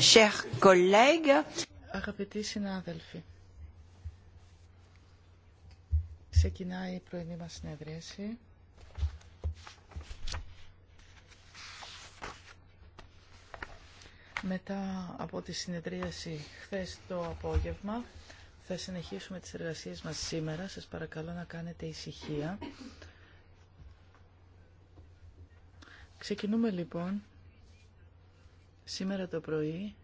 Chers collègues, Αγαπητοί συνάδελφοι, ξεκινάει η πρωινή μας συνεδρίαση. Μετά από τη συνεδρίαση θες το απόγευμα, θα συνεχίσουμε τις εργασίες μας σήμερα. Σας παρακαλώ να κάνετε ησυχία. Ξεκινούμε λοιπόν σήμερα το πρωί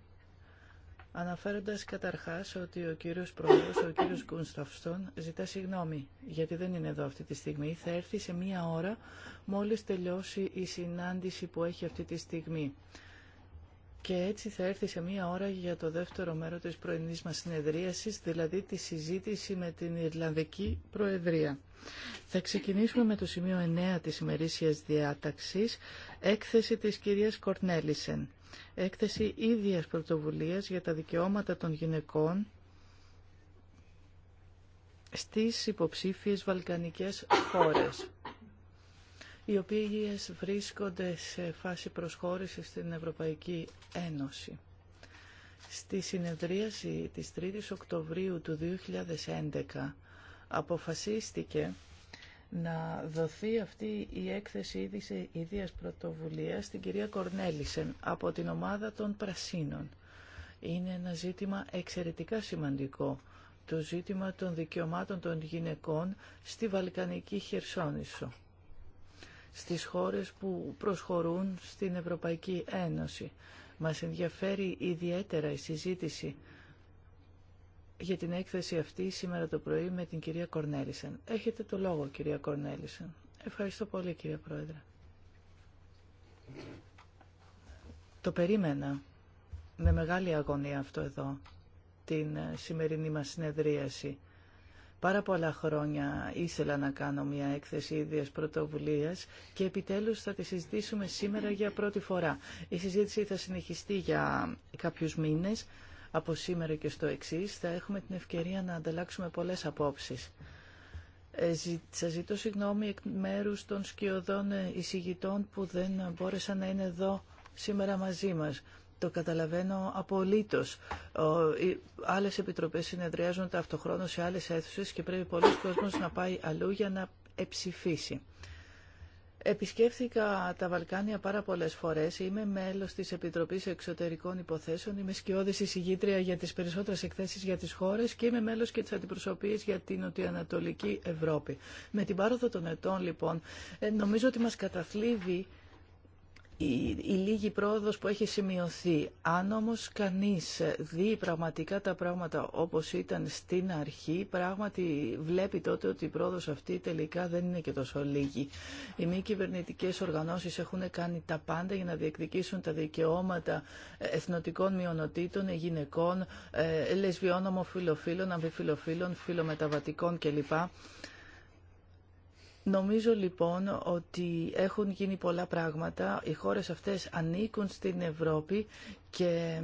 αναφέροντας καταρχάς ότι ο κύριος Πρόεδρος, ο κύριος Κούνσταφστον, ζητά συγγνώμη, γιατί δεν είναι εδώ αυτή τη στιγμή. Θα έρθει σε μία ώρα μόλις τελειώσει η συνάντηση που έχει αυτή τη στιγμή. Και έτσι θα έρθει σε μία ώρα για το δεύτερο μέρο της πρωινής μας συνεδρίασης, δηλαδή τη συζήτηση με την Ιρλανδική Προεδρία. Θα ξεκινήσουμε με το σημείο 9 της ημερήσιας διάταξης, έκθεση της κυρίας Κορνέλισεν έκθεση ίδιας πρωτοβουλίας για τα δικαιώματα των γυναικών στις υποψήφιες βαλκανικές χώρες οι οποίες βρίσκονται σε φάση προσχώρησης στην Ευρωπαϊκή Ένωση. Στη συνεδρίαση της 3ης Οκτωβρίου του 2011 αποφασίστηκε να δοθεί αυτή η έκθεση είδης ιδίας πρωτοβουλίας στην κυρία Κορνέλισεν από την ομάδα των Πρασίνων. Είναι ένα ζήτημα εξαιρετικά σημαντικό, το ζήτημα των δικαιωμάτων των γυναικών στη Βαλκανική Χερσόνησο, στις χώρες που προσχωρούν στην Ευρωπαϊκή Ένωση. Μας ενδιαφέρει ιδιαίτερα η συζήτηση για την έκθεση αυτή σήμερα το πρωί με την κυρία Κορνέλισεν. Έχετε το λόγο, κυρία Κορνέλισεν. Ευχαριστώ πολύ, κύριε Πρόεδρε. Το περίμενα με μεγάλη αγωνία αυτό εδώ, την ε, σημερινή μας συνεδρίαση. Πάρα πολλά χρόνια ήθελα να κάνω μια έκθεση ίδιας πρωτοβουλίας και επιτέλους θα τη συζητήσουμε σήμερα για πρώτη φορά. Η συζήτηση θα συνεχιστεί για κάποιους μήνες από σήμερα και στο εξή θα έχουμε την ευκαιρία να ανταλλάξουμε πολλές απόψεις. Ε, σας ζητώ συγγνώμη εκ μέρους των σκιωδών ε, εισηγητών που δεν μπόρεσαν να είναι εδώ σήμερα μαζί μας. Το καταλαβαίνω απολύτως. Οι άλλες επιτροπές συνεδριάζουν ταυτοχρόνως σε άλλες αίθουσες και πρέπει πολλοί κόσμος να πάει αλλού για να εψηφίσει. Επισκέφθηκα τα Βαλκάνια πάρα πολλές φορές. Είμαι μέλος της Επιτροπής Εξωτερικών Υποθέσεων. Είμαι σκιώδης εισηγήτρια για τις περισσότερες εκθέσεις για τις χώρες και είμαι μέλος και της Αντιπροσωπείας για την Νοτιοανατολική Ευρώπη. Με την πάροδο των ετών, λοιπόν, ε, νομίζω ότι μας καταθλίβει η, λίγη πρόοδος που έχει σημειωθεί. Αν όμως κανείς δει πραγματικά τα πράγματα όπως ήταν στην αρχή, πράγματι βλέπει τότε ότι η πρόοδος αυτή τελικά δεν είναι και τόσο λίγη. Οι μη κυβερνητικέ οργανώσεις έχουν κάνει τα πάντα για να διεκδικήσουν τα δικαιώματα εθνοτικών μειονοτήτων, γυναικών, ε, λεσβιών, ομοφιλοφίλων, αμφιφιλοφίλων, φιλομεταβατικών κλπ. Νομίζω λοιπόν ότι έχουν γίνει πολλά πράγματα. Οι χώρες αυτές ανήκουν στην Ευρώπη και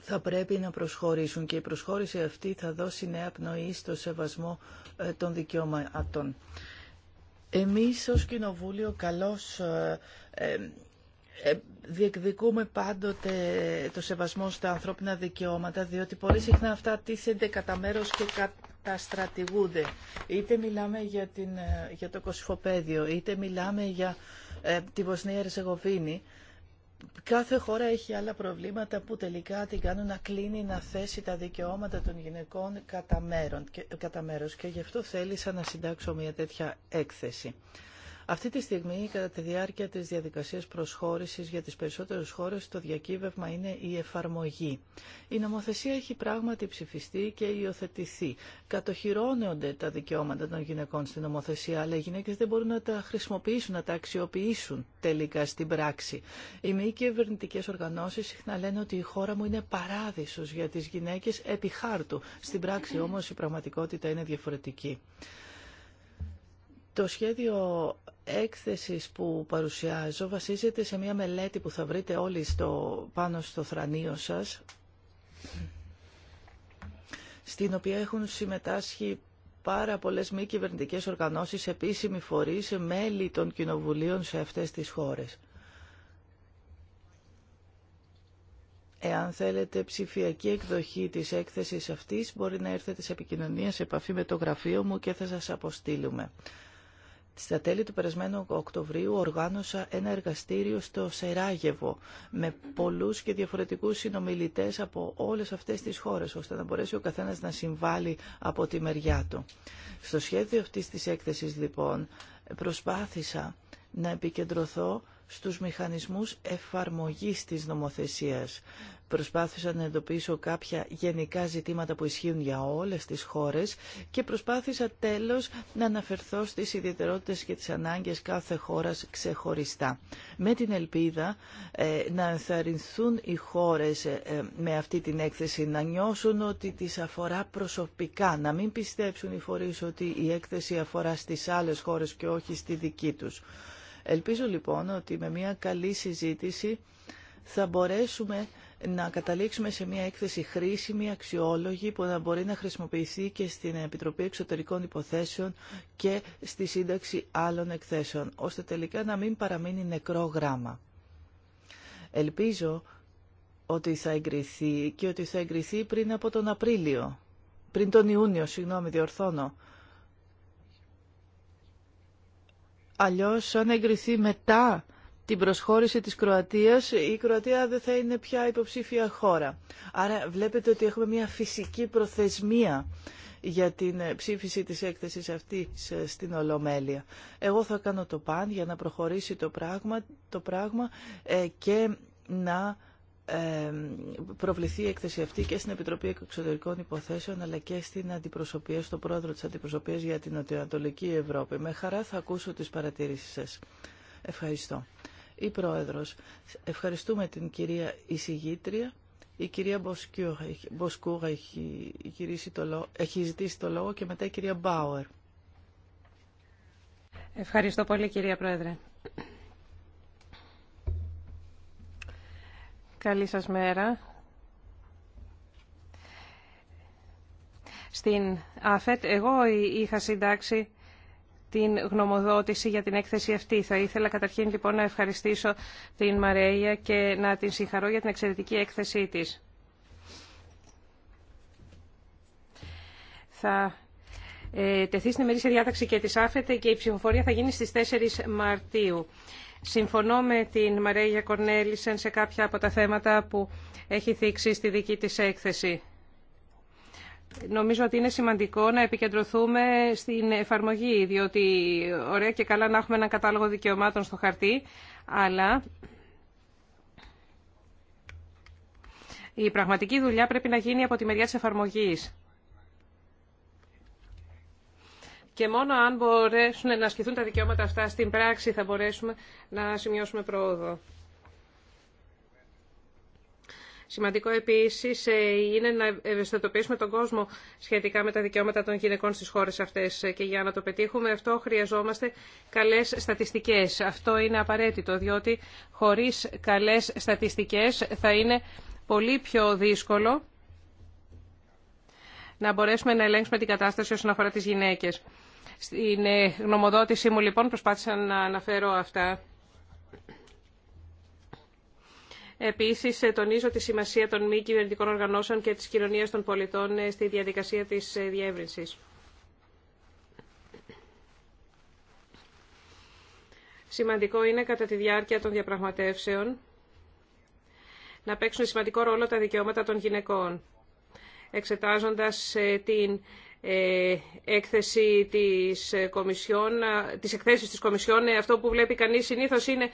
θα πρέπει να προσχωρήσουν και η προσχώρηση αυτή θα δώσει νέα πνοή στο σεβασμό ε, των δικαιωμάτων. Εμείς ως Κοινοβούλιο καλώς ε, ε, διεκδικούμε πάντοτε το σεβασμό στα ανθρώπινα δικαιώματα, διότι πολύ συχνά αυτά τίθενται κατά μέρο και στρατηγούνται, Είτε μιλάμε για, την, ε, για το Κωσυφοπαίδιο, είτε μιλάμε για ε, τη Βοσνία Ερζεγοβίνη. Κάθε χώρα έχει άλλα προβλήματα που τελικά την κάνουν να κλείνει να θέσει τα δικαιώματα των γυναικών κατά, μέρον, κατά μέρος και γι' αυτό θέλησα να συντάξω μια τέτοια έκθεση. Αυτή τη στιγμή, κατά τη διάρκεια της διαδικασίας προσχώρησης για τις περισσότερες χώρες, το διακύβευμα είναι η εφαρμογή. Η νομοθεσία έχει πράγματι ψηφιστεί και υιοθετηθεί. Κατοχυρώνονται τα δικαιώματα των γυναικών στην νομοθεσία, αλλά οι γυναίκες δεν μπορούν να τα χρησιμοποιήσουν, να τα αξιοποιήσουν τελικά στην πράξη. Οι μη κυβερνητικέ οργανώσεις συχνά λένε ότι η χώρα μου είναι παράδεισος για τις γυναίκες επί χάρτου. Στην πράξη όμως η πραγματικότητα είναι διαφορετική. Το σχέδιο Έκθεση που παρουσιάζω βασίζεται σε μια μελέτη που θα βρείτε όλοι στο, πάνω στο θρανίο σας, στην οποία έχουν συμμετάσχει πάρα πολλές μη κυβερνητικές οργανώσεις, επίσημοι φορείς, μέλη των κοινοβουλίων σε αυτές τις χώρες. Εάν θέλετε ψηφιακή εκδοχή της έκθεσης αυτής, μπορεί να έρθετε σε επικοινωνία, σε επαφή με το γραφείο μου και θα σας αποστείλουμε. Στα τέλη του περασμένου Οκτωβρίου οργάνωσα ένα εργαστήριο στο Σεράγεβο με πολλούς και διαφορετικούς συνομιλητές από όλες αυτές τις χώρες ώστε να μπορέσει ο καθένας να συμβάλλει από τη μεριά του. Στο σχέδιο αυτής της έκθεσης λοιπόν προσπάθησα να επικεντρωθώ στους μηχανισμούς εφαρμογής της νομοθεσίας. Προσπάθησα να εντοπίσω κάποια γενικά ζητήματα που ισχύουν για όλες τις χώρες και προσπάθησα τέλος να αναφερθώ στις ιδιαιτερότητες και τις ανάγκες κάθε χώρας ξεχωριστά. Με την ελπίδα ε, να ενθαρρυνθούν οι χώρες ε, ε, με αυτή την έκθεση, να νιώσουν ότι τις αφορά προσωπικά, να μην πιστέψουν οι φορείς ότι η έκθεση αφορά στις άλλες χώρες και όχι στη δική τους. Ελπίζω λοιπόν ότι με μια καλή συζήτηση θα μπορέσουμε να καταλήξουμε σε μια έκθεση χρήσιμη, αξιόλογη, που να μπορεί να χρησιμοποιηθεί και στην Επιτροπή Εξωτερικών Υποθέσεων και στη σύνταξη άλλων εκθέσεων, ώστε τελικά να μην παραμείνει νεκρό γράμμα. Ελπίζω ότι θα εγκριθεί και ότι θα εγκριθεί πριν από τον Απρίλιο, πριν τον Ιούνιο, συγγνώμη, διορθώνω. Αλλιώς αν εγκριθεί μετά την προσχώρηση της Κροατίας, η Κροατία δεν θα είναι πια υποψήφια χώρα. Άρα βλέπετε ότι έχουμε μια φυσική προθεσμία για την ε, ψήφιση της έκθεσης αυτής ε, στην Ολομέλεια. Εγώ θα κάνω το παν για να προχωρήσει το πράγμα, το πράγμα ε, και να προβληθεί η έκθεση αυτή και στην Επιτροπή Εξωτερικών Υποθέσεων αλλά και στην αντιπροσωπεία, στον πρόεδρο της αντιπροσωπείας για την Νοτιοανατολική Ευρώπη. Με χαρά θα ακούσω τις παρατηρήσεις σας. Ευχαριστώ η Πρόεδρος. Ευχαριστούμε την κυρία Ισηγήτρια. Η κυρία Μποσκούγα έχει, έχει ζητήσει το λόγο και μετά η κυρία Μπάουερ. Ευχαριστώ πολύ κυρία Πρόεδρε. Καλή σας μέρα. Στην ΑΦΕΤ εγώ είχα συντάξει την γνωμοδότηση για την έκθεση αυτή. Θα ήθελα καταρχήν λοιπόν να ευχαριστήσω την Μαρέια και να την συγχαρώ για την εξαιρετική έκθεσή της. Θα ε, τεθεί στην ημερήσια διάταξη και της άφετε και η ψηφοφορία θα γίνει στις 4 Μαρτίου. Συμφωνώ με την Μαρέγια Κορνέλισεν σε κάποια από τα θέματα που έχει θίξει στη δική της έκθεση. Νομίζω ότι είναι σημαντικό να επικεντρωθούμε στην εφαρμογή, διότι ωραία και καλά να έχουμε ένα κατάλογο δικαιωμάτων στο χαρτί, αλλά η πραγματική δουλειά πρέπει να γίνει από τη μεριά της εφαρμογής. Και μόνο αν μπορέσουν να ασκηθούν τα δικαιώματα αυτά στην πράξη θα μπορέσουμε να σημειώσουμε πρόοδο. Σημαντικό επίσης ε, είναι να ευαισθητοποιήσουμε τον κόσμο σχετικά με τα δικαιώματα των γυναικών στις χώρες αυτές και για να το πετύχουμε αυτό χρειαζόμαστε καλές στατιστικές. Αυτό είναι απαραίτητο διότι χωρίς καλές στατιστικές θα είναι πολύ πιο δύσκολο να μπορέσουμε να ελέγξουμε την κατάσταση όσον αφορά τις γυναίκες. Στην ε, γνωμοδότησή μου λοιπόν προσπάθησα να αναφέρω αυτά Επίσης, ε, τονίζω τη σημασία των μη κυβερνητικών οργανώσεων και της κοινωνία των πολιτών ε, στη διαδικασία της ε, διεύρυνσης. Σημαντικό είναι κατά τη διάρκεια των διαπραγματεύσεων να παίξουν σημαντικό ρόλο τα δικαιώματα των γυναικών, εξετάζοντας την ε, έκθεση της, ε, Κομισιόν, ε, της εκθέσεις της Κομισιόν. Αυτό που βλέπει κανείς συνήθως είναι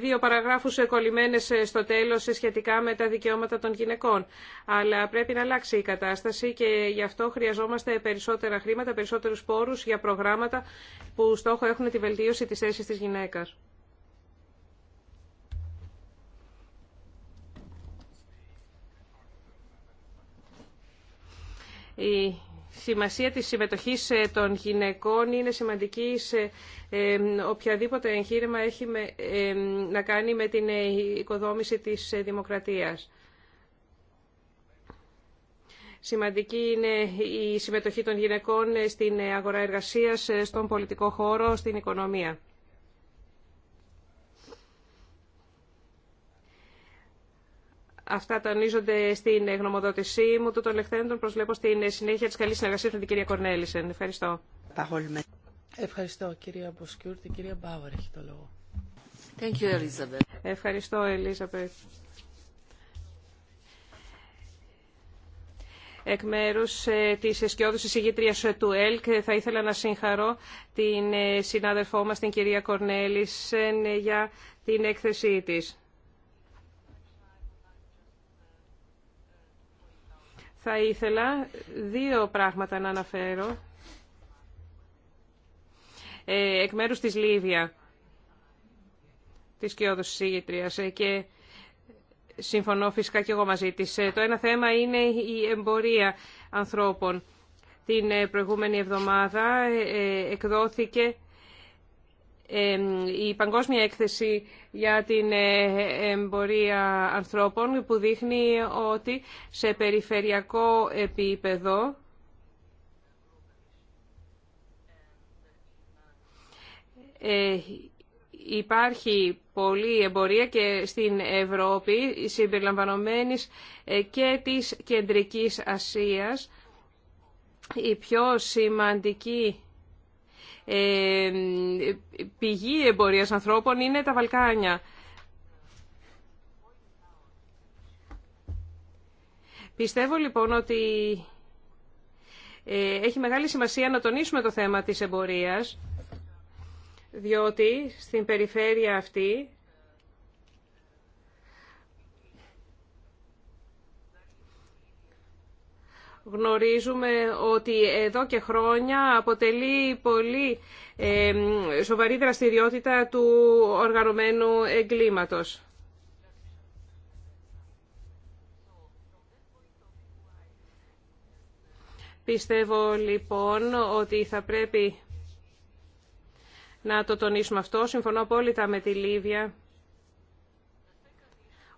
δύο παραγράφους κολλημένες στο τέλος σχετικά με τα δικαιώματα των γυναικών. Αλλά πρέπει να αλλάξει η κατάσταση και γι' αυτό χρειαζόμαστε περισσότερα χρήματα, περισσότερους πόρους για προγράμματα που στόχο έχουν τη βελτίωση της θέσης της γυναίκας. Η θυμασία της συμμετοχής ε, των γυναικών είναι σημαντική σε ε, οποιαδήποτε εγχείρημα έχει ε, να κάνει με την οικοδόμηση της δημοκρατίας. Σημαντική είναι η συμμετοχή των γυναικών στην αγορά εργασίας, στον πολιτικό χώρο, στην οικονομία. Αυτά τονίζονται στην γνωμοδότησή μου. Τούτων λεχθέντων προσβλέπω στην συνέχεια της καλή συνεργασία με την κυρία Κορνέλησεν. Ευχαριστώ. Ευχαριστώ κυρία Μποσκιούρτη. κυρία Μπάουερ έχει το λόγο. Thank you, Elizabeth. Ευχαριστώ, Ελίζαπεθ. εκ μέρου ε, τη σκιώδου εισηγήτρια του ΕΛΚ. Ε, θα ήθελα να συγχαρώ την ε, συνάδελφό μα, την κυρία Κορνέλη, για την έκθεσή τη. Θα ήθελα δύο πράγματα να αναφέρω ε, εκ μέρους της Λίβια, της Κιόδος Συγητρίας ε, και συμφωνώ φυσικά και εγώ μαζί της. Ε, το ένα θέμα είναι η εμπορία ανθρώπων. Την προηγούμενη εβδομάδα εκδόθηκε η Παγκόσμια Έκθεση για την ε, Εμπορία Ανθρώπων που δείχνει ότι σε περιφερειακό επίπεδο ε, υπάρχει πολλή εμπορία και στην Ευρώπη συμπεριλαμβανομένης ε, και της Κεντρικής Ασίας. Η πιο σημαντική πηγή εμπορία ανθρώπων είναι τα Βαλκάνια. Πιστεύω λοιπόν ότι ε, έχει μεγάλη σημασία να τονίσουμε το θέμα της εμπορίας, διότι στην περιφέρεια αυτή γνωρίζουμε ότι εδώ και χρόνια αποτελεί πολύ σοβαρή δραστηριότητα του οργανωμένου εγκλήματος. Πιστεύω λοιπόν ότι θα πρέπει να το τονίσουμε αυτό. Συμφωνώ απόλυτα με τη Λίβια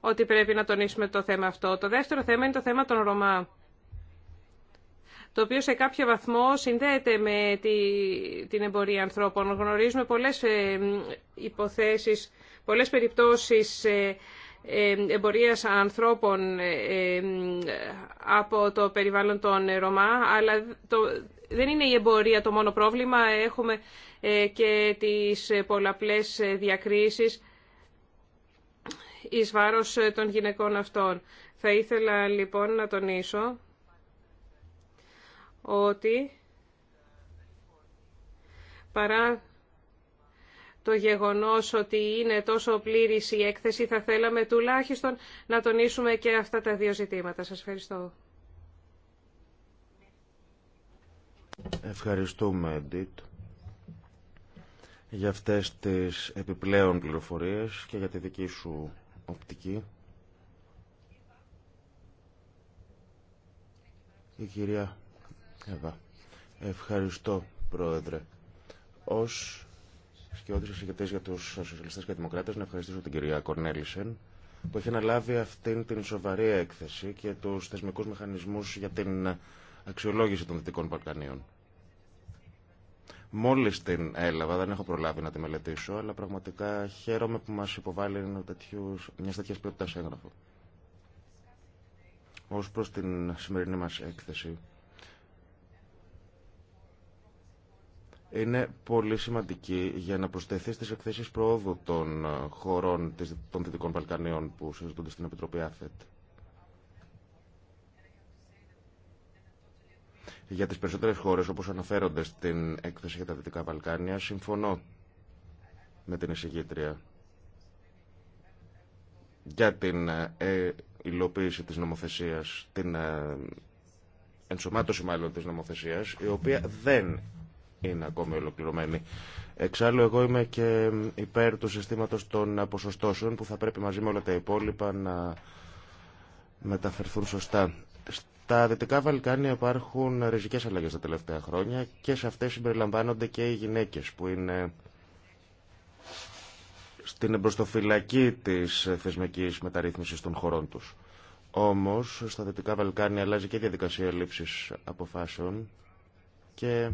ότι πρέπει να τονίσουμε το θέμα αυτό. Το δεύτερο θέμα είναι το θέμα των Ρωμά το οποίο σε κάποιο βαθμό συνδέεται με τη, την εμπορία ανθρώπων. Γνωρίζουμε πολλές ε, υποθέσεις, πολλές περιπτώσεις ε, ε, εμπορίας ανθρώπων από το περιβάλλον των Ρωμά, αλλά το, δεν είναι η εμπορία το μόνο πρόβλημα. Έχουμε και τις πολλαπλές διακρίσεις εις βάρος των γυναικών αυτών. Θα ήθελα λοιπόν να τονίσω ότι παρά το γεγονός ότι είναι τόσο πλήρης η έκθεση, θα θέλαμε τουλάχιστον να τονίσουμε και αυτά τα δύο ζητήματα. Σας ευχαριστώ. Ευχαριστούμε, Ντίτ, για αυτές τις επιπλέον πληροφορίες και για τη δική σου οπτική. Η κυρία Εύα. Ευχαριστώ, Πρόεδρε. Ως σκιώδης εισηγητή για του Σοσιαλιστέ και Δημοκράτες, να ευχαριστήσω την κυρία Κορνέλισεν, που έχει αναλάβει αυτήν την σοβαρή έκθεση και του θεσμικού μηχανισμού για την αξιολόγηση των Δυτικών Βαλκανίων. Μόλι την έλαβα, δεν έχω προλάβει να τη μελετήσω, αλλά πραγματικά χαίρομαι που μα υποβάλλει μια τέτοια ποιότητα έγγραφο. Ω προ την σημερινή μα έκθεση, είναι πολύ σημαντική για να προσθεθεί στις εκθέσεις προόδου των ε, χωρών των Δυτικών Βαλκανίων που συζητούνται στην Επιτροπή ΑΦΕΤ. Για τις περισσότερες χώρες όπως αναφέρονται στην έκθεση για τα Δυτικά Βαλκάνια συμφωνώ με την εισηγήτρια για την ε, ε υλοποίηση της νομοθεσίας, την ε, ενσωμάτωση μάλλον της νομοθεσίας, η οποία δεν είναι ακόμη ολοκληρωμένη. Εξάλλου, εγώ είμαι και υπέρ του συστήματος των αποσωστώσεων που θα πρέπει μαζί με όλα τα υπόλοιπα να μεταφερθούν σωστά. Στα Δυτικά Βαλκάνια υπάρχουν ριζικέ αλλαγέ τα τελευταία χρόνια και σε αυτέ συμπεριλαμβάνονται και οι γυναίκε που είναι στην εμπροστοφυλακή τη θεσμική μεταρρύθμιση των χωρών του. Όμω, στα Δυτικά Βαλκάνια αλλάζει και η διαδικασία λήψη αποφάσεων και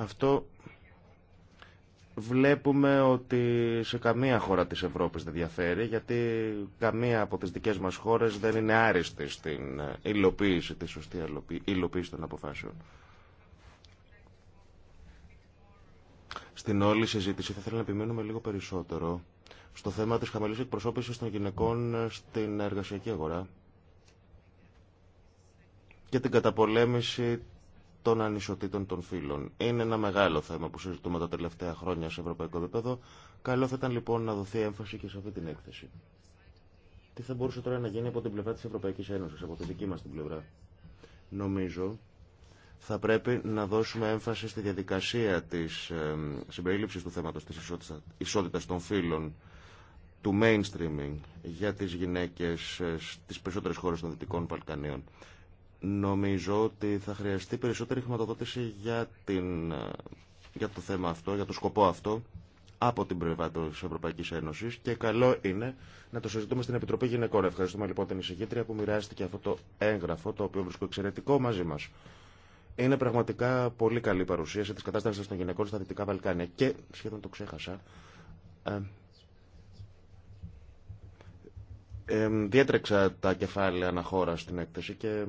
Αυτό βλέπουμε ότι σε καμία χώρα της Ευρώπης δεν διαφέρει γιατί καμία από τις δικές μας χώρες δεν είναι άριστη στην ε, υλοποίηση, τη σωστή υλοποίηση των αποφάσεων. Στην όλη συζήτηση θα ήθελα να επιμείνουμε λίγο περισσότερο στο θέμα της χαμηλής εκπροσώπησης των γυναικών ε, στην εργασιακή αγορά και την καταπολέμηση των ανισοτήτων των φύλων. Είναι ένα μεγάλο θέμα που συζητούμε τα τελευταία χρόνια σε ευρωπαϊκό επίπεδο. Καλό θα ήταν λοιπόν να δοθεί έμφαση και σε αυτή την έκθεση. Τι θα μπορούσε τώρα να γίνει από την πλευρά τη Ευρωπαϊκή Ένωση, από τη δική μα την πλευρά. Νομίζω θα πρέπει να δώσουμε έμφαση στη διαδικασία της συμπερίληψη του θέματο τη ισότητα των φύλων του mainstreaming για τις γυναίκες ε, στις περισσότερες χώρες των Δυτικών Βαλκανίων. Νομίζω ότι θα χρειαστεί περισσότερη χρηματοδότηση για, την, για το θέμα αυτό, για το σκοπό αυτό, από την πλευρά τη Ευρωπαϊκή Ένωση και καλό είναι να το συζητούμε στην Επιτροπή Γυναικών. Ευχαριστούμε λοιπόν την εισηγήτρια που μοιράστηκε αυτό το έγγραφο, το οποίο βρίσκω εξαιρετικό μαζί μα. Είναι πραγματικά πολύ καλή παρουσίαση τη κατάσταση των γυναικών στα Δυτικά Βαλκάνια και σχεδόν το ξέχασα. Ε, ε, διέτρεξα τα κεφάλαια αναχώρα στην έκθεση και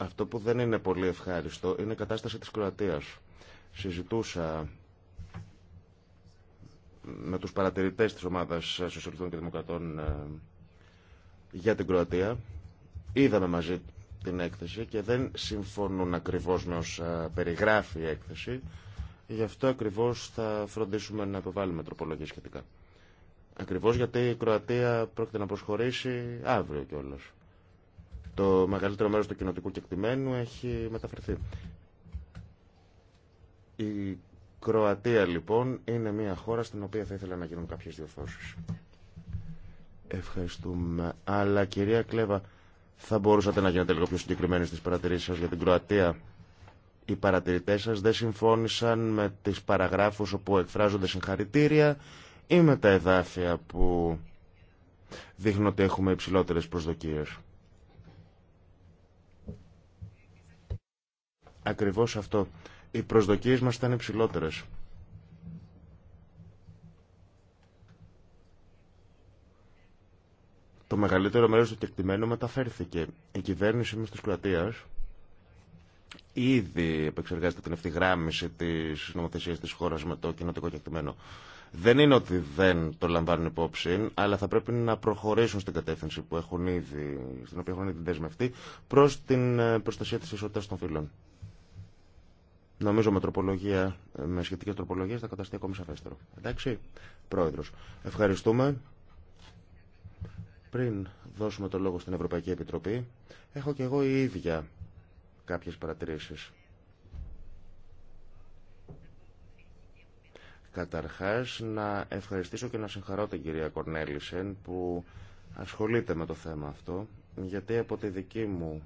αυτό που δεν είναι πολύ ευχάριστο είναι η κατάσταση της Κροατίας. Συζητούσα με τους παρατηρητές της ομάδας Σοσιαλιστών και Δημοκρατών ε, για την Κροατία. Είδαμε μαζί την έκθεση και δεν συμφωνούν ακριβώς με όσα περιγράφει η έκθεση. Γι' αυτό ακριβώς θα φροντίσουμε να επιβάλλουμε τροπολογία σχετικά. Ακριβώς γιατί η Κροατία πρόκειται να προσχωρήσει αύριο κιόλας. Το μεγαλύτερο μέρος του κοινοτικού κεκτημένου έχει μεταφερθεί. Η Κροατία λοιπόν είναι μια χώρα στην οποία θα ήθελα να γίνουν κάποιες διορθώσεις. Ευχαριστούμε. Αλλά κυρία Κλέβα, θα μπορούσατε να γίνετε λίγο πιο συγκεκριμένοι στις παρατηρήσεις σας για την Κροατία. Οι παρατηρητές σας δεν συμφώνησαν με τις παραγράφους όπου εκφράζονται συγχαρητήρια ή με τα εδάφια που δείχνουν ότι έχουμε υψηλότερες προσδοκίες. ακριβώς αυτό. Οι προσδοκίες μας ήταν υψηλότερες. Το μεγαλύτερο μέρος του κεκτημένου μεταφέρθηκε. Η κυβέρνηση μας της Κροατίας ήδη επεξεργάζεται την ευθυγράμμιση της νομοθεσίας της χώρας με το κοινοτικό κεκτημένο. Δεν είναι ότι δεν το λαμβάνουν υπόψη, αλλά θα πρέπει να προχωρήσουν στην κατεύθυνση που έχουν ήδη, στην οποία έχουν ήδη δεσμευτεί προς την ε, προστασία της ισότητας των φύλων. Νομίζω με, τροπολογία, με σχετικές τροπολογίες θα καταστεί ακόμη σαφέστερο. Εντάξει, Πρόεδρος. Ευχαριστούμε. Πριν δώσουμε το λόγο στην Ευρωπαϊκή Επιτροπή, έχω και εγώ η ίδια κάποιες παρατηρήσεις. Καταρχάς, να ευχαριστήσω και να συγχαρώ την κυρία Κορνέλισεν που ασχολείται με το θέμα αυτό, γιατί από τη δική μου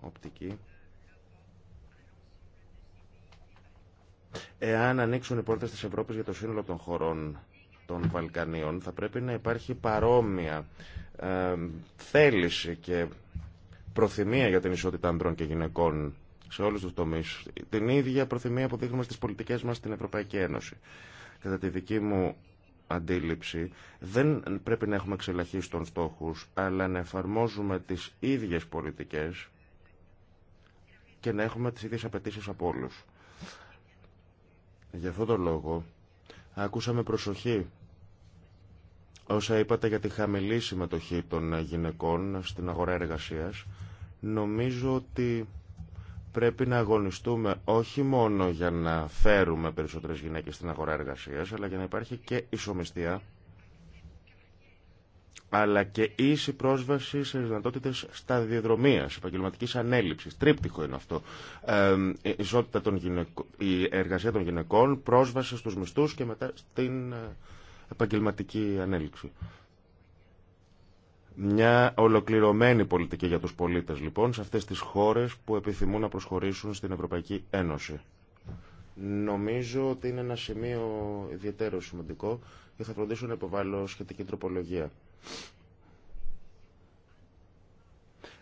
οπτική Εάν ανοίξουν οι πόρτες της Ευρώπης για το σύνολο των χωρών των Βαλκανίων, θα πρέπει να υπάρχει παρόμοια ε, θέληση και προθυμία για την ισότητα ανδρών και γυναικών σε όλους τους τομείς. Την ίδια προθυμία που δείχνουμε στις πολιτικές μας στην Ευρωπαϊκή Ένωση. Κατά τη δική μου αντίληψη, δεν πρέπει να έχουμε τον στόχους, αλλά να εφαρμόζουμε τις ίδιες πολιτικές και να έχουμε τις ίδιες απαιτήσει από όλους. Γι' αυτό το λόγο ακούσαμε προσοχή όσα είπατε για τη χαμηλή συμμετοχή των γυναικών στην αγορά εργασίας. Νομίζω ότι πρέπει να αγωνιστούμε όχι μόνο για να φέρουμε περισσότερες γυναίκες στην αγορά εργασίας, αλλά για να υπάρχει και ισομιστία αλλά και ίση πρόσβαση σε δυνατότητε σταδιοδρομία, επαγγελματική ανέλυψη. Τρίπτυχο είναι αυτό. Ε, ισότητα γυναικο... Η εργασία των γυναικών, πρόσβαση στου μισθού και μετά στην ε, επαγγελματική ανέλυξη. Μια ολοκληρωμένη πολιτική για τους πολίτες λοιπόν σε αυτές τις χώρες που επιθυμούν να προσχωρήσουν στην Ευρωπαϊκή Ένωση. Νομίζω ότι είναι ένα σημείο ιδιαίτερο σημαντικό και θα φροντίσω να υποβάλω σχετική τροπολογία.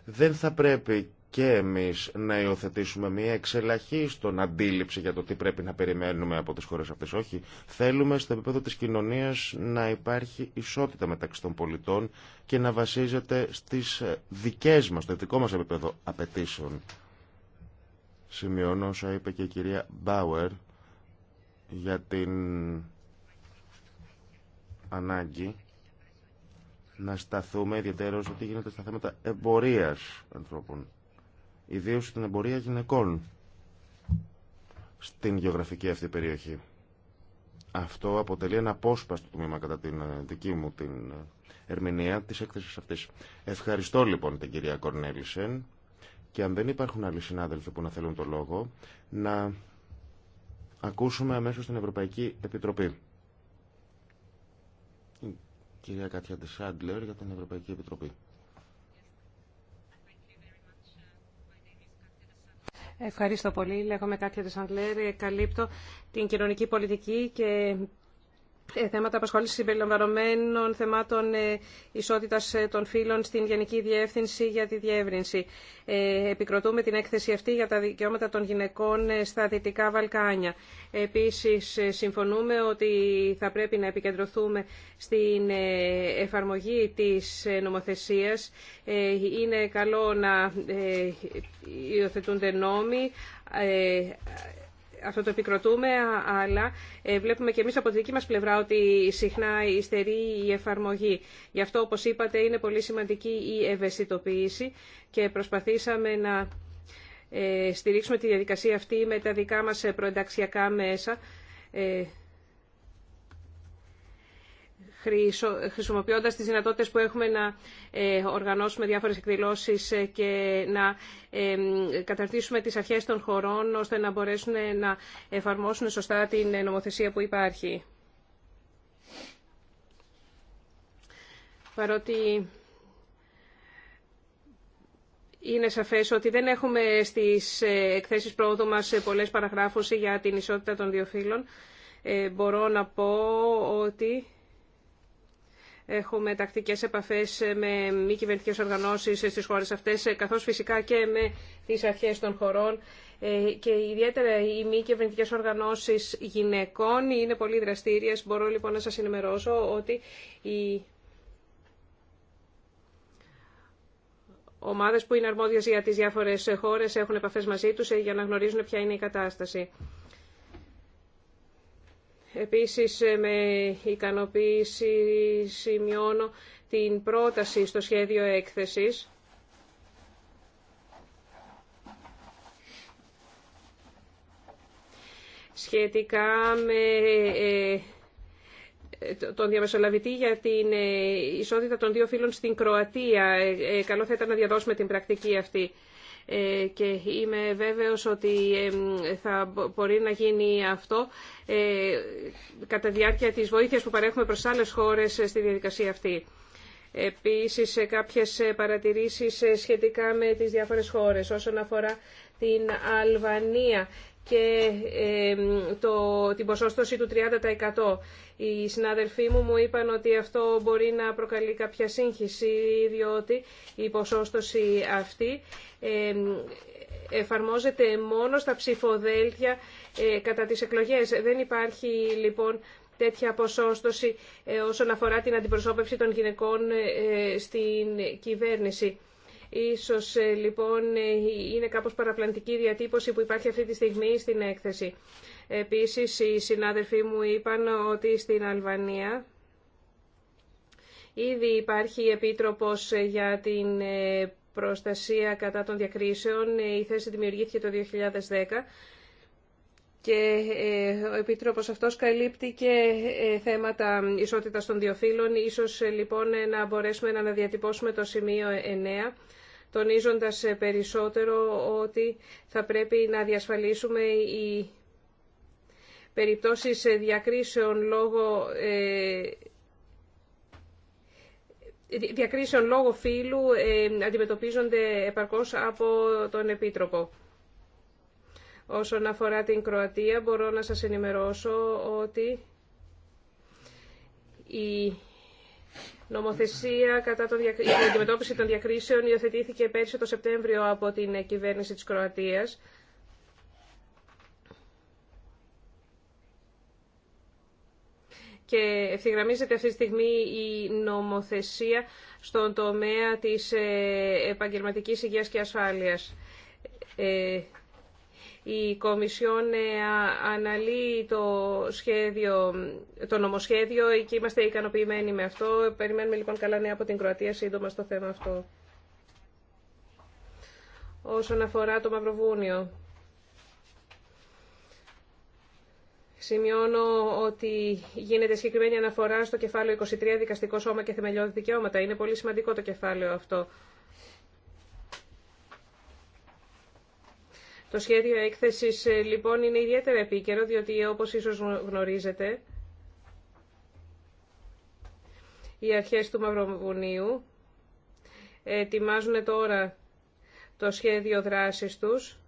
Δεν θα πρέπει και εμείς να υιοθετήσουμε μια εξελαχή στον αντίληψη για το τι πρέπει να περιμένουμε από τις χώρες αυτές. Όχι, θέλουμε στο επίπεδο της κοινωνίας να υπάρχει ισότητα μεταξύ των πολιτών και να βασίζεται στις δικές μας, το δικό μας επίπεδο απαιτήσεων. Σημειώνω όσα είπε και η κυρία Μπάουερ για την ανάγκη να σταθούμε ιδιαίτερως ότι γίνεται στα θέματα εμπορίας ανθρώπων, ιδίω στην εμπορία γυναικών στην γεωγραφική αυτή περιοχή. Αυτό αποτελεί ένα απόσπαστο τμήμα κατά την ε, δική μου την ε, ερμηνεία της έκθεσης αυτής. Ευχαριστώ λοιπόν την κυρία Κορνέλισεν και αν δεν υπάρχουν άλλοι συνάδελφοι που να θέλουν το λόγο, να ακούσουμε αμέσως την Ευρωπαϊκή Επιτροπή κυρία Κάτια Ντεσάντλερ για την Ευρωπαϊκή Επιτροπή. Ευχαριστώ πολύ. Λέγομαι Κάτια Ντεσάντλερ. Καλύπτω την κοινωνική πολιτική και ε, θέματα απασχόλησης συμπεριλαμβανομένων θεμάτων ε, ισότητας ε, των φύλων στην Γενική Διεύθυνση για τη Διεύρυνση. Επικροτούμε την έκθεση αυτή για τα δικαιώματα των γυναικών στα Δυτικά Βαλκάνια. Επίσης, συμφωνούμε ότι θα πρέπει να επικεντρωθούμε στην εφαρμογή της νομοθεσίας. Είναι καλό να υιοθετούνται νόμοι αυτό το επικροτούμε, αλλά ε, βλέπουμε και εμείς από τη δική μας πλευρά ότι συχνά υστερεί η εφαρμογή. Γι' αυτό, όπως είπατε, είναι πολύ σημαντική η ευαισθητοποίηση και προσπαθήσαμε να ε, στηρίξουμε τη διαδικασία αυτή με τα δικά μας ε, προενταξιακά μέσα χρησιμοποιώντας τις δυνατότητες που έχουμε να ε, οργανώσουμε διάφορες εκδηλώσεις ε, και να ε, καταρτήσουμε τις αρχές των χωρών ώστε να μπορέσουν να εφαρμόσουν σωστά την νομοθεσία που υπάρχει. Παρότι είναι σαφές ότι δεν έχουμε στις εκθέσεις πρόοδου μας πολλές παραγράφους για την ισότητα των δύο φύλων, μπορώ να πω ότι Έχουμε τακτικές επαφές με μη κυβερνητικές οργανώσεις στις χώρες αυτές, καθώς φυσικά και με τις αρχές των χωρών. Ε, και ιδιαίτερα οι μη κυβερνητικέ οργανώσεις γυναικών είναι πολύ δραστήριες. Μπορώ λοιπόν να σας ενημερώσω ότι οι ομάδες που είναι αρμόδιες για τις διάφορες χώρες έχουν επαφές μαζί τους ε, για να γνωρίζουν ποια είναι η κατάσταση. Επίσης, με ικανοποίηση σημειώνω την πρόταση στο σχέδιο έκθεσης σχετικά με ε, τον διαμεσολαβητή για την ε, ισότητα των δύο φίλων στην Κροατία. Ε, καλό θα ήταν να διαδώσουμε την πρακτική αυτή. Ε, και είμαι βέβαιος ότι θα μπορεί να γίνει αυτό ε, κατά διάρκεια της βοήθειας που παρέχουμε προς άλλες χώρες ε, στη διαδικασία αυτή. Επίσης, κάποιες παρατηρήσεις σχετικά με τις διάφορες χώρες όσον αφορά την Αλβανία και το, την ποσόστοση του 30%. Οι συνάδελφοί μου μου είπαν ότι αυτό μπορεί να προκαλεί κάποια σύγχυση, διότι η ποσόστοση αυτή εφαρμόζεται μόνο στα ψηφοδέλτια ε, κατά τις εκλογές. Δεν υπάρχει λοιπόν τέτοια ποσόστοση ε, όσον αφορά την αντιπροσώπευση των γυναικών ε, στην κυβέρνηση. Ίσως ε, λοιπόν ε, είναι κάπως παραπλανητική διατύπωση που υπάρχει αυτή τη στιγμή στην έκθεση. Επίσης οι συνάδελφοί μου είπαν ότι στην Αλβανία ήδη υπάρχει επίτροπος για την ε, προστασία κατά των διακρίσεων. Η θέση δημιουργήθηκε το 2010 και ο Επίτροπος αυτός καλύπτει και θέματα ισότητας των δύο φύλων. Ίσως λοιπόν να μπορέσουμε να αναδιατυπώσουμε το σημείο 9 τονίζοντας περισσότερο ότι θα πρέπει να διασφαλίσουμε οι περιπτώσεις διακρίσεων λόγω ε, διακρίσεων λόγω φύλου ε, αντιμετωπίζονται επαρκώς από τον Επίτροπο. Όσον αφορά την Κροατία, μπορώ να σας ενημερώσω ότι η νομοθεσία κατά τον την αντιμετώπιση των διακρίσεων υιοθετήθηκε πέρσι το Σεπτέμβριο από την κυβέρνηση της Κροατίας. και ευθυγραμμίζεται αυτή τη στιγμή η νομοθεσία στον τομέα της ε, επαγγελματικής υγείας και ασφάλειας. Ε, η Κομισιόν ε, αναλύει το, σχέδιο, το νομοσχέδιο και είμαστε ικανοποιημένοι με αυτό. Περιμένουμε λοιπόν καλά νέα από την Κροατία σύντομα στο θέμα αυτό. Όσον αφορά το Μαυροβούνιο, Σημειώνω ότι γίνεται συγκεκριμένη αναφορά στο κεφάλαιο 23 Δικαστικό Σώμα και Θεμελιώδη Δικαιώματα. Είναι πολύ σημαντικό το κεφάλαιο αυτό. Το σχέδιο έκθεσης ε, λοιπόν είναι ιδιαίτερα επίκαιρο, διότι όπως ίσως γνωρίζετε, οι αρχές του Μαυροβουνίου ετοιμάζουν τώρα το σχέδιο δράσης τους,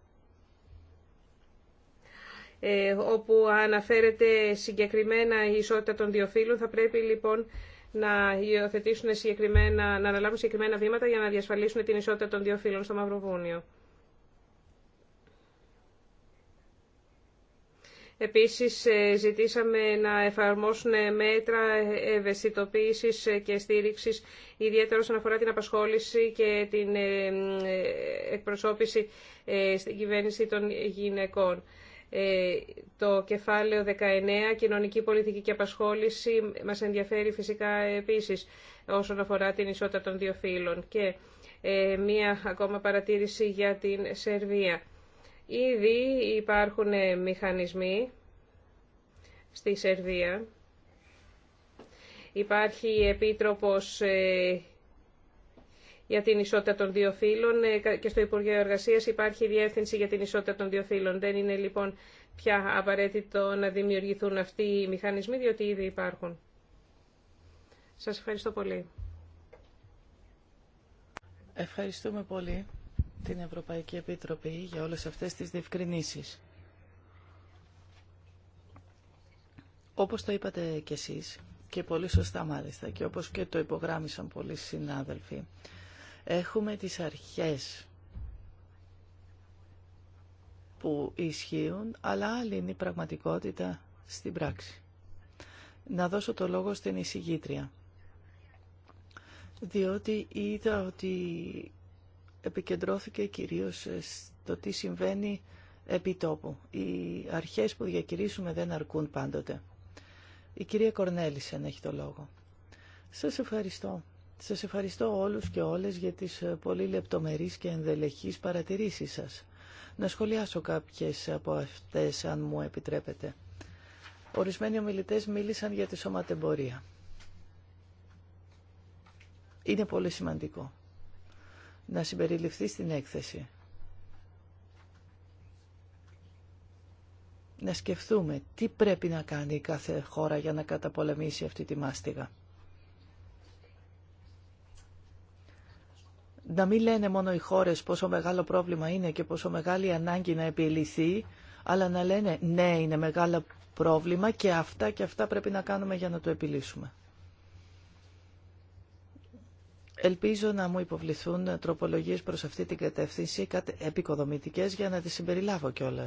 ε, όπου αναφέρεται συγκεκριμένα η ισότητα των δύο φύλων. Θα πρέπει λοιπόν να υιοθετήσουν συγκεκριμένα, να αναλάβουν συγκεκριμένα βήματα για να διασφαλίσουν την ισότητα των δύο φύλων στο Μαυροβούνιο. Επίσης ε, ζητήσαμε να εφαρμόσουν μέτρα ευαισθητοποίησης και στήριξης, ιδιαίτερα όσον αφορά την απασχόληση και την ε, ε, εκπροσώπηση στην κυβέρνηση των γυναικών. Το κεφάλαιο 19, κοινωνική πολιτική και απασχόληση, μας ενδιαφέρει φυσικά επίσης όσον αφορά την ισότητα των δύο φύλων. Και μία ακόμα παρατήρηση για την Σερβία. Ήδη υπάρχουν μηχανισμοί στη Σερβία. Υπάρχει επίτροπος ε, για την ισότητα των δύο φύλων ε, και στο Υπουργείο Εργασίας υπάρχει διεύθυνση για την ισότητα των δύο φύλων. Δεν είναι λοιπόν πια απαραίτητο να δημιουργηθούν αυτοί οι μηχανισμοί, διότι ήδη υπάρχουν. Σας ευχαριστώ πολύ. Ευχαριστούμε πολύ την Ευρωπαϊκή Επίτροπη για όλες αυτές τις διευκρινήσεις. Όπως το είπατε και εσείς, και πολύ σωστά μάλιστα, και όπως και το υπογράμμισαν πολλοί συνάδελφοι, έχουμε τις αρχές που ισχύουν, αλλά άλλη είναι η πραγματικότητα στην πράξη. Να δώσω το λόγο στην εισηγήτρια, διότι είδα ότι επικεντρώθηκε κυρίως ε, στο τι συμβαίνει επί τόπου. Οι αρχές που διακηρύσουμε δεν αρκούν πάντοτε. Η κυρία Κορνέλησεν έχει το λόγο. Σας ευχαριστώ. Σας ευχαριστώ όλους και όλες για τις ε, πολύ λεπτομερείς και ενδελεχείς παρατηρήσεις σας. Να σχολιάσω κάποιες από αυτές, αν μου επιτρέπετε. Ορισμένοι ομιλητές μίλησαν για τη σωματεμπορία. Είναι πολύ σημαντικό να συμπεριληφθεί στην έκθεση. Να σκεφτούμε τι πρέπει να κάνει κάθε χώρα για να καταπολεμήσει αυτή τη μάστιγα. Να μην λένε μόνο οι χώρες πόσο μεγάλο πρόβλημα είναι και πόσο μεγάλη ανάγκη να επιληθεί, αλλά να λένε ναι είναι μεγάλο πρόβλημα και αυτά και αυτά πρέπει να κάνουμε για να το επιλύσουμε. Ελπίζω να μου υποβληθούν τροπολογίες προς αυτή την κατεύθυνση επικοδομητικές για να τις συμπεριλάβω κιόλα.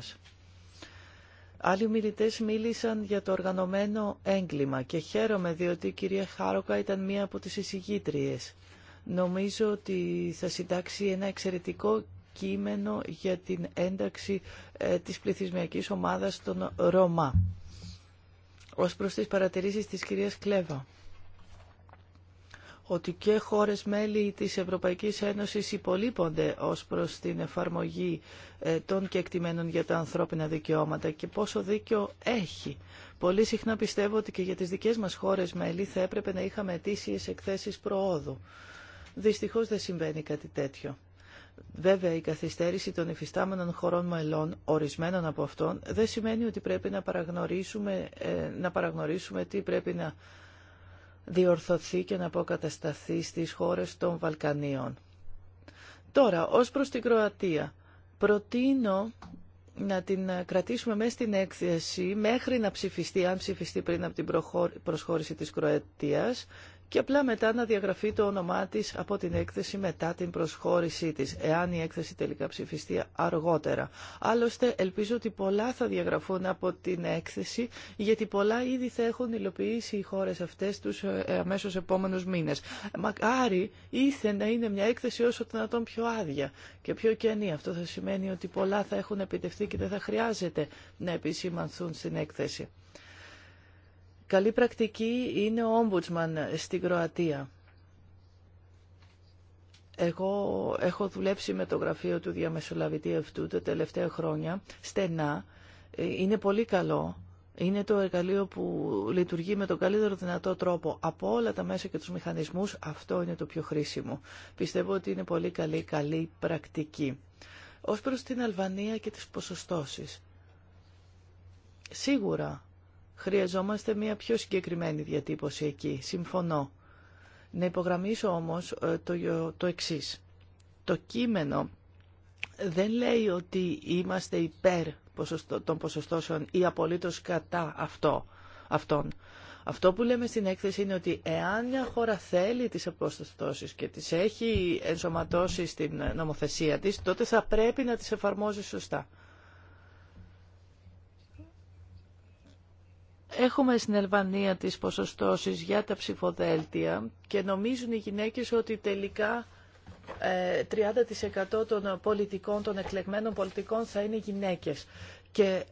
Άλλοι μιλητέ μίλησαν για το οργανωμένο έγκλημα και χαίρομαι διότι η κυρία Χάροκα ήταν μία από τις εισηγήτριες. Νομίζω ότι θα συντάξει ένα εξαιρετικό κείμενο για την ένταξη ε, της πληθυσμιακής ομάδας των Ρωμά. Ως προς τις παρατηρήσεις της κυρίας Κλέβα ότι και χώρες μέλη της Ευρωπαϊκής Ένωσης υπολείπονται ως προς την εφαρμογή ε, των κεκτημένων για τα ανθρώπινα δικαιώματα και πόσο δίκιο έχει. Πολύ συχνά πιστεύω ότι και για τις δικές μας χώρες μέλη θα έπρεπε να είχαμε αιτήσιες εκθέσεις προόδου. Δυστυχώς δεν συμβαίνει κάτι τέτοιο. Βέβαια, η καθυστέρηση των υφιστάμενων χωρών μελών, ορισμένων από αυτών, δεν σημαίνει ότι πρέπει να παραγνωρίσουμε, ε, να παραγνωρίσουμε τι πρέπει να διορθωθεί και να αποκατασταθεί στις χώρες των Βαλκανίων. Τώρα, ως προς την Κροατία, προτείνω να την κρατήσουμε μέσα στην έκθεση μέχρι να ψηφιστεί, αν ψηφιστεί πριν από την προσχώρηση της Κροατίας και απλά μετά να διαγραφεί το όνομά της από την έκθεση μετά την προσχώρησή της, εάν η έκθεση τελικά ψηφιστεί αργότερα. Άλλωστε, ελπίζω ότι πολλά θα διαγραφούν από την έκθεση, γιατί πολλά ήδη θα έχουν υλοποιήσει οι χώρες αυτές τους ε, ε, αμέσως επόμενους μήνες. Μακάρι ήθε να είναι μια έκθεση όσο το δυνατόν πιο άδεια και πιο κενή. Αυτό θα σημαίνει ότι πολλά θα έχουν επιτευχθεί και δεν θα χρειάζεται να επισημανθούν στην έκθεση. Καλή πρακτική είναι ο Ombudsman στην Κροατία. Εγώ έχω δουλέψει με το γραφείο του διαμεσολαβητή αυτού τα τελευταία χρόνια, στενά. Είναι πολύ καλό. Είναι το εργαλείο που λειτουργεί με τον καλύτερο δυνατό τρόπο από όλα τα μέσα και τους μηχανισμούς. Αυτό είναι το πιο χρήσιμο. Πιστεύω ότι είναι πολύ καλή, καλή πρακτική. Ως προς την Αλβανία και τις ποσοστώσεις. Σίγουρα Χρειαζόμαστε μια πιο συγκεκριμένη διατύπωση εκεί. Συμφωνώ. Να υπογραμμίσω όμως ε, το, ε, το εξής. Το κείμενο δεν λέει ότι είμαστε υπέρ των ποσοστώσεων ή απολύτως κατά αυτό, αυτών. Αυτό που λέμε στην έκθεση είναι ότι εάν μια χώρα θέλει τις αποστοστώσεις και τις έχει ενσωματώσει στην νομοθεσία της, τότε θα πρέπει να τις εφαρμόζει σωστά. Έχουμε στην Ελβανία τις ποσοστώσεις για τα ψηφοδέλτια και νομίζουν οι γυναίκες ότι τελικά 30% ε, των πολιτικών, των εκλεγμένων πολιτικών θα είναι γυναίκες. Και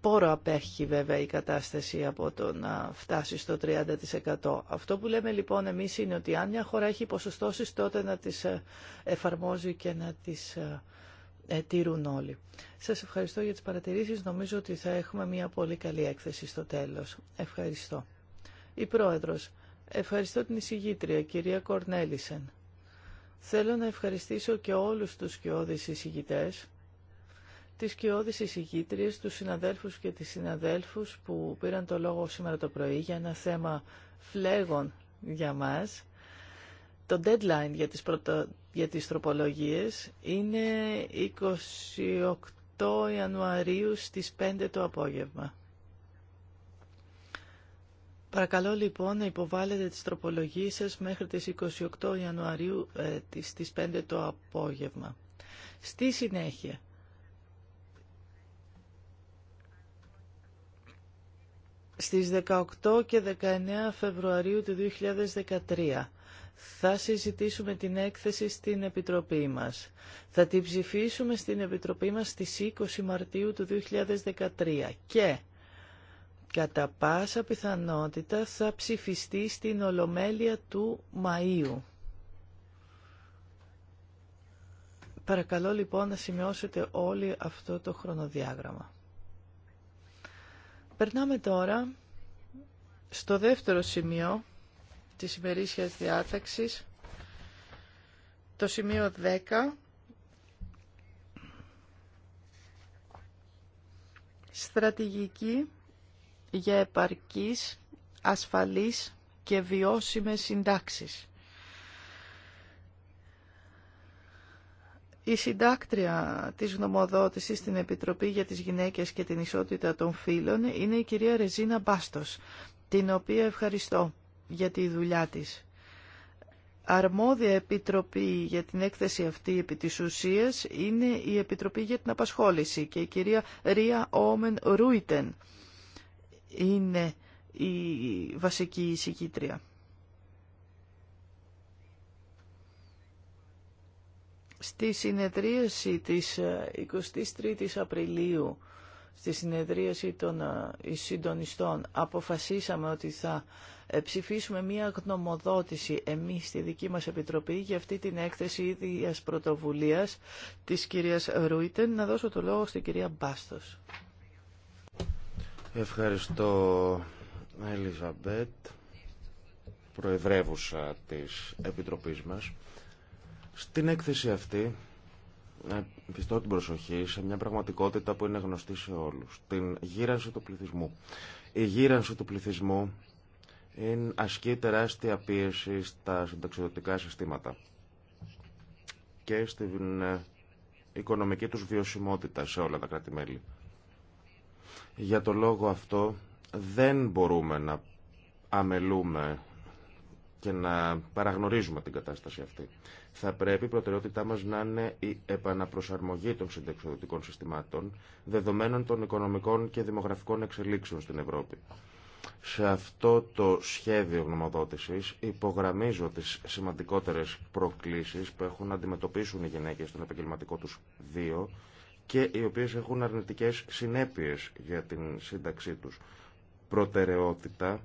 πόρο απέχει βέβαια η κατάσταση από το να φτάσει στο 30%. Αυτό που λέμε λοιπόν εμείς είναι ότι αν μια χώρα έχει ποσοστώσεις τότε να τις ε, εφαρμόζει και να τις ε, ε, τηρούν όλοι. Σας ευχαριστώ για τις παρατηρήσεις. Νομίζω ότι θα έχουμε μια πολύ καλή έκθεση στο τέλος. Ευχαριστώ. Η Πρόεδρος. Ευχαριστώ την εισηγήτρια, κυρία Κορνέλισεν. Θέλω να ευχαριστήσω και όλους τους σκιώδεις εισηγητές, τις σκιώδεις εισηγήτριες, τους συναδέλφους και τις συναδέλφους που πήραν το λόγο σήμερα το πρωί για ένα θέμα φλέγων για μας. Το deadline για τις για τις τροπολογίες είναι 28 Ιανουαρίου στις 5 το απόγευμα. Παρακαλώ λοιπόν να υποβάλλετε τις τροπολογίες σας μέχρι τις 28 Ιανουαρίου ε, στις 5 το απόγευμα. Στη συνέχεια, στις 18 και 19 Φεβρουαρίου του 2013 θα συζητήσουμε την έκθεση στην Επιτροπή μας. Θα την ψηφίσουμε στην Επιτροπή μας στις 20 Μαρτίου του 2013 και κατά πάσα πιθανότητα θα ψηφιστεί στην Ολομέλεια του Μαΐου. Παρακαλώ λοιπόν να σημειώσετε όλοι αυτό το χρονοδιάγραμμα. Περνάμε τώρα στο δεύτερο σημείο της ημερήσιας διάταξης, το σημείο 10, στρατηγική για επαρκής, ασφαλής και βιώσιμες συντάξεις. Η συντάκτρια της γνωμοδότησης στην Επιτροπή για τις Γυναίκες και την Ισότητα των Φύλων είναι η κυρία Ρεζίνα Μπάστος, την οποία ευχαριστώ για τη δουλειά της. Αρμόδια επιτροπή για την έκθεση αυτή επί της ουσίας είναι η Επιτροπή για την Απασχόληση και η κυρία Ρία Όμεν Ρούιτεν είναι η βασική εισηγήτρια. Στη συνεδρίαση της 23ης ε, Απριλίου, στη συνεδρίαση των ε, συντονιστών, αποφασίσαμε ότι θα ε, ψηφίσουμε μία γνωμοδότηση εμείς στη δική μας Επιτροπή για αυτή την έκθεση ίδιας πρωτοβουλίας της κυρίας Ρούιτεν. Να δώσω το λόγο στην κυρία Μπάστος. Ευχαριστώ, Ελιζαμπέτ, προεδρεύουσα της Επιτροπής μας. Στην έκθεση αυτή ε, πιστώ την προσοχή σε μια πραγματικότητα που είναι γνωστή σε όλους, την γύρανση του πληθυσμού. Η γύρανση του πληθυσμού είναι ασκεί τεράστια πίεση στα συνταξιδοτικά συστήματα και στην ε, οικονομική τους βιωσιμότητα σε όλα τα κράτη-μέλη. Για το λόγο αυτό δεν μπορούμε να αμελούμε και να παραγνωρίζουμε την κατάσταση αυτή. Θα πρέπει η προτεραιότητά μας να είναι η επαναπροσαρμογή των συνταξιδοτικών συστημάτων δεδομένων των οικονομικών και δημογραφικών εξελίξεων στην Ευρώπη. Σε αυτό το σχέδιο γνωμοδότησης υπογραμμίζω τις σημαντικότερες προκλήσεις που έχουν να αντιμετωπίσουν οι γυναίκες στον επαγγελματικό τους βίο και οι οποίες έχουν αρνητικές συνέπειες για την σύνταξή τους. Προτεραιότητα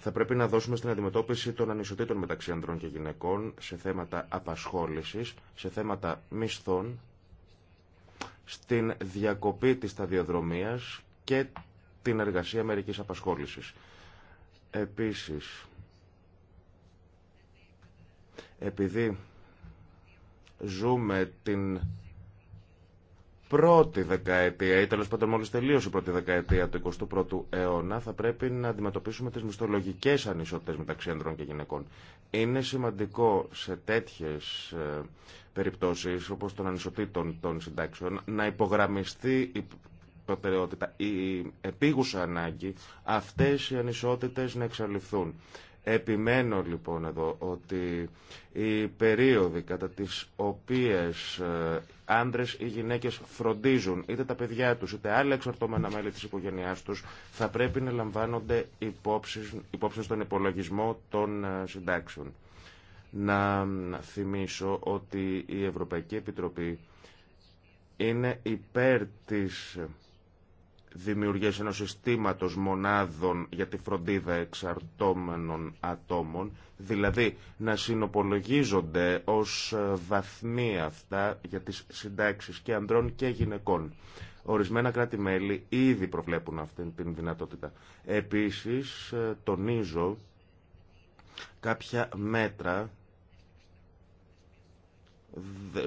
θα πρέπει να δώσουμε στην αντιμετώπιση των ανισοτήτων μεταξύ ανδρών και γυναικών σε θέματα απασχόλησης, σε θέματα μισθών, στην διακοπή της σταδιοδρομίας και την εργασία μερικής απασχόλησης. Επίσης, επειδή ζούμε την πρώτη δεκαετία ή τέλος πάντων μόλις τελείωσε η πρώτη δεκαετία του 21ου αιώνα θα πρέπει να αντιμετωπίσουμε τις μισθολογικές ανισότητες μεταξύ ανδρών και γυναικών. Είναι σημαντικό σε τέτοιες ε, περιπτώσεις όπως των ανισοτήτων των συντάξεων να υπογραμμιστεί προτεραιότητα, η επίγουσα ανάγκη, αυτές οι ανισότητες να εξαλειφθούν. Επιμένω λοιπόν εδώ ότι οι περίοδοι κατά τις οποίες ε, άνδρες ή γυναίκες φροντίζουν είτε τα παιδιά τους είτε άλλα εξαρτώμενα μέλη της οικογένειάς τους θα πρέπει να λαμβάνονται υπόψη, υπόψη στον υπολογισμό των ε, συντάξεων. Να θυμίσω ότι η Ευρωπαϊκή Επιτροπή είναι υπέρ της δημιουργίας ενός συστήματος μονάδων για τη φροντίδα εξαρτώμενων ατόμων, δηλαδή να συνοπολογίζονται ως ε, βαθμοί αυτά για τις συντάξεις και ανδρών και γυναικών. Ορισμένα κράτη-μέλη ήδη προβλέπουν αυτή την δυνατότητα. Επίσης, ε, τονίζω κάποια μέτρα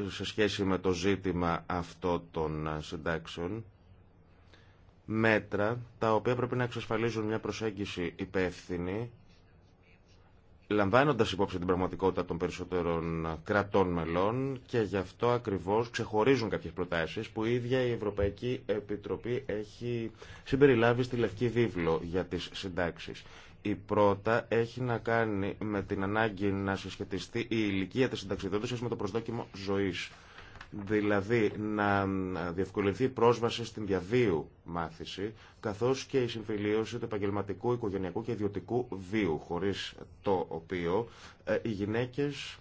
σε σχέση με το ζήτημα αυτό των ε, συντάξεων μέτρα τα οποία πρέπει να εξασφαλίζουν μια προσέγγιση υπεύθυνη λαμβάνοντας υπόψη την πραγματικότητα των περισσότερων κρατών μελών και γι' αυτό ακριβώς ξεχωρίζουν κάποιες προτάσεις που η ίδια η Ευρωπαϊκή Επιτροπή έχει συμπεριλάβει στη Λευκή Βίβλο για τις συντάξεις. Η πρώτα έχει να κάνει με την ανάγκη να συσχετιστεί η ηλικία της συνταξιδότησης με το προσδόκιμο ζωής δηλαδή να διευκολυνθεί η πρόσβαση στην διαβίου μάθηση, καθώς και η συμφιλίωση του επαγγελματικού, οικογενειακού και ιδιωτικού βίου, χωρίς το οποίο ε, οι γυναίκες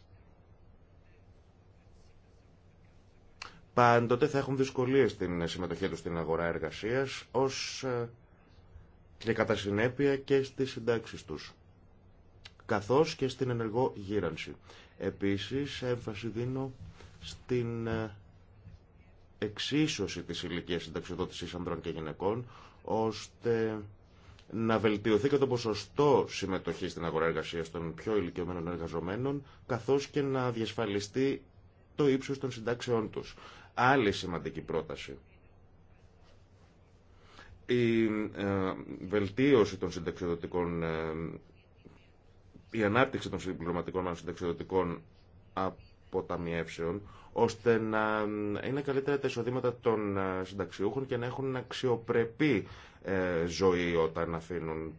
πάντοτε θα έχουν δυσκολίες στην συμμετοχή τους στην αγορά εργασίας, ως ε, και κατά συνέπεια και στις συντάξεις τους, καθώς και στην ενεργό γύρανση. Επίσης, έμφαση δίνω στην ε, εξίσωση της ηλικίας συνταξιδότησης ανδρών και γυναικών, ώστε να βελτιωθεί και το ποσοστό συμμετοχής στην αγορά εργασίας των πιο ηλικιωμένων εργαζομένων, καθώς και να διασφαλιστεί το ύψος των συντάξεών τους. Άλλη σημαντική πρόταση. Η ε, βελτίωση των συνταξιδοτικών, ε, η ανάπτυξη των συμπληρωματικών συνταξιδοτικών αποταμιεύσεων, ώστε να είναι καλύτερα τα εισοδήματα των ε, συνταξιούχων και να έχουν αξιοπρεπή ε, ζωή όταν αφήνουν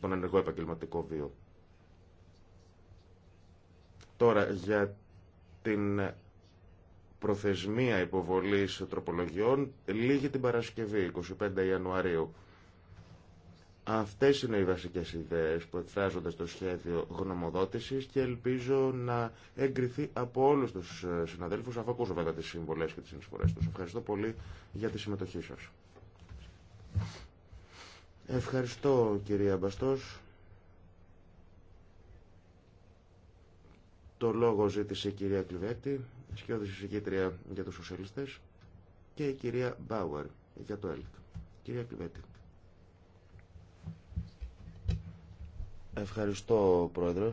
τον ενεργό επαγγελματικό βίο. Τώρα, για την προθεσμία υποβολής τροπολογιών, λίγη την Παρασκευή, 25 Ιανουαρίου. Αυτές είναι οι βασικές ιδέες που εκφράζονται στο σχέδιο γνωμοδότησης και ελπίζω να εγκριθεί από όλους τους ε, συναδέλφους, αφού ακούσω βέβαια τις συμβολές και τις συνεισφορές τους. Ευχαριστώ πολύ για τη συμμετοχή σας. Ευχαριστώ κυρία Μπαστός. Το λόγο ζήτησε η κυρία Κλειβέτη, σχέδιση συζητήτρια για τους σοσιαλιστές και η κυρία Μπάουερ για το ΕΛΚ. Κυρία Κλειβέτη. Ευχαριστώ, Πρόεδρε.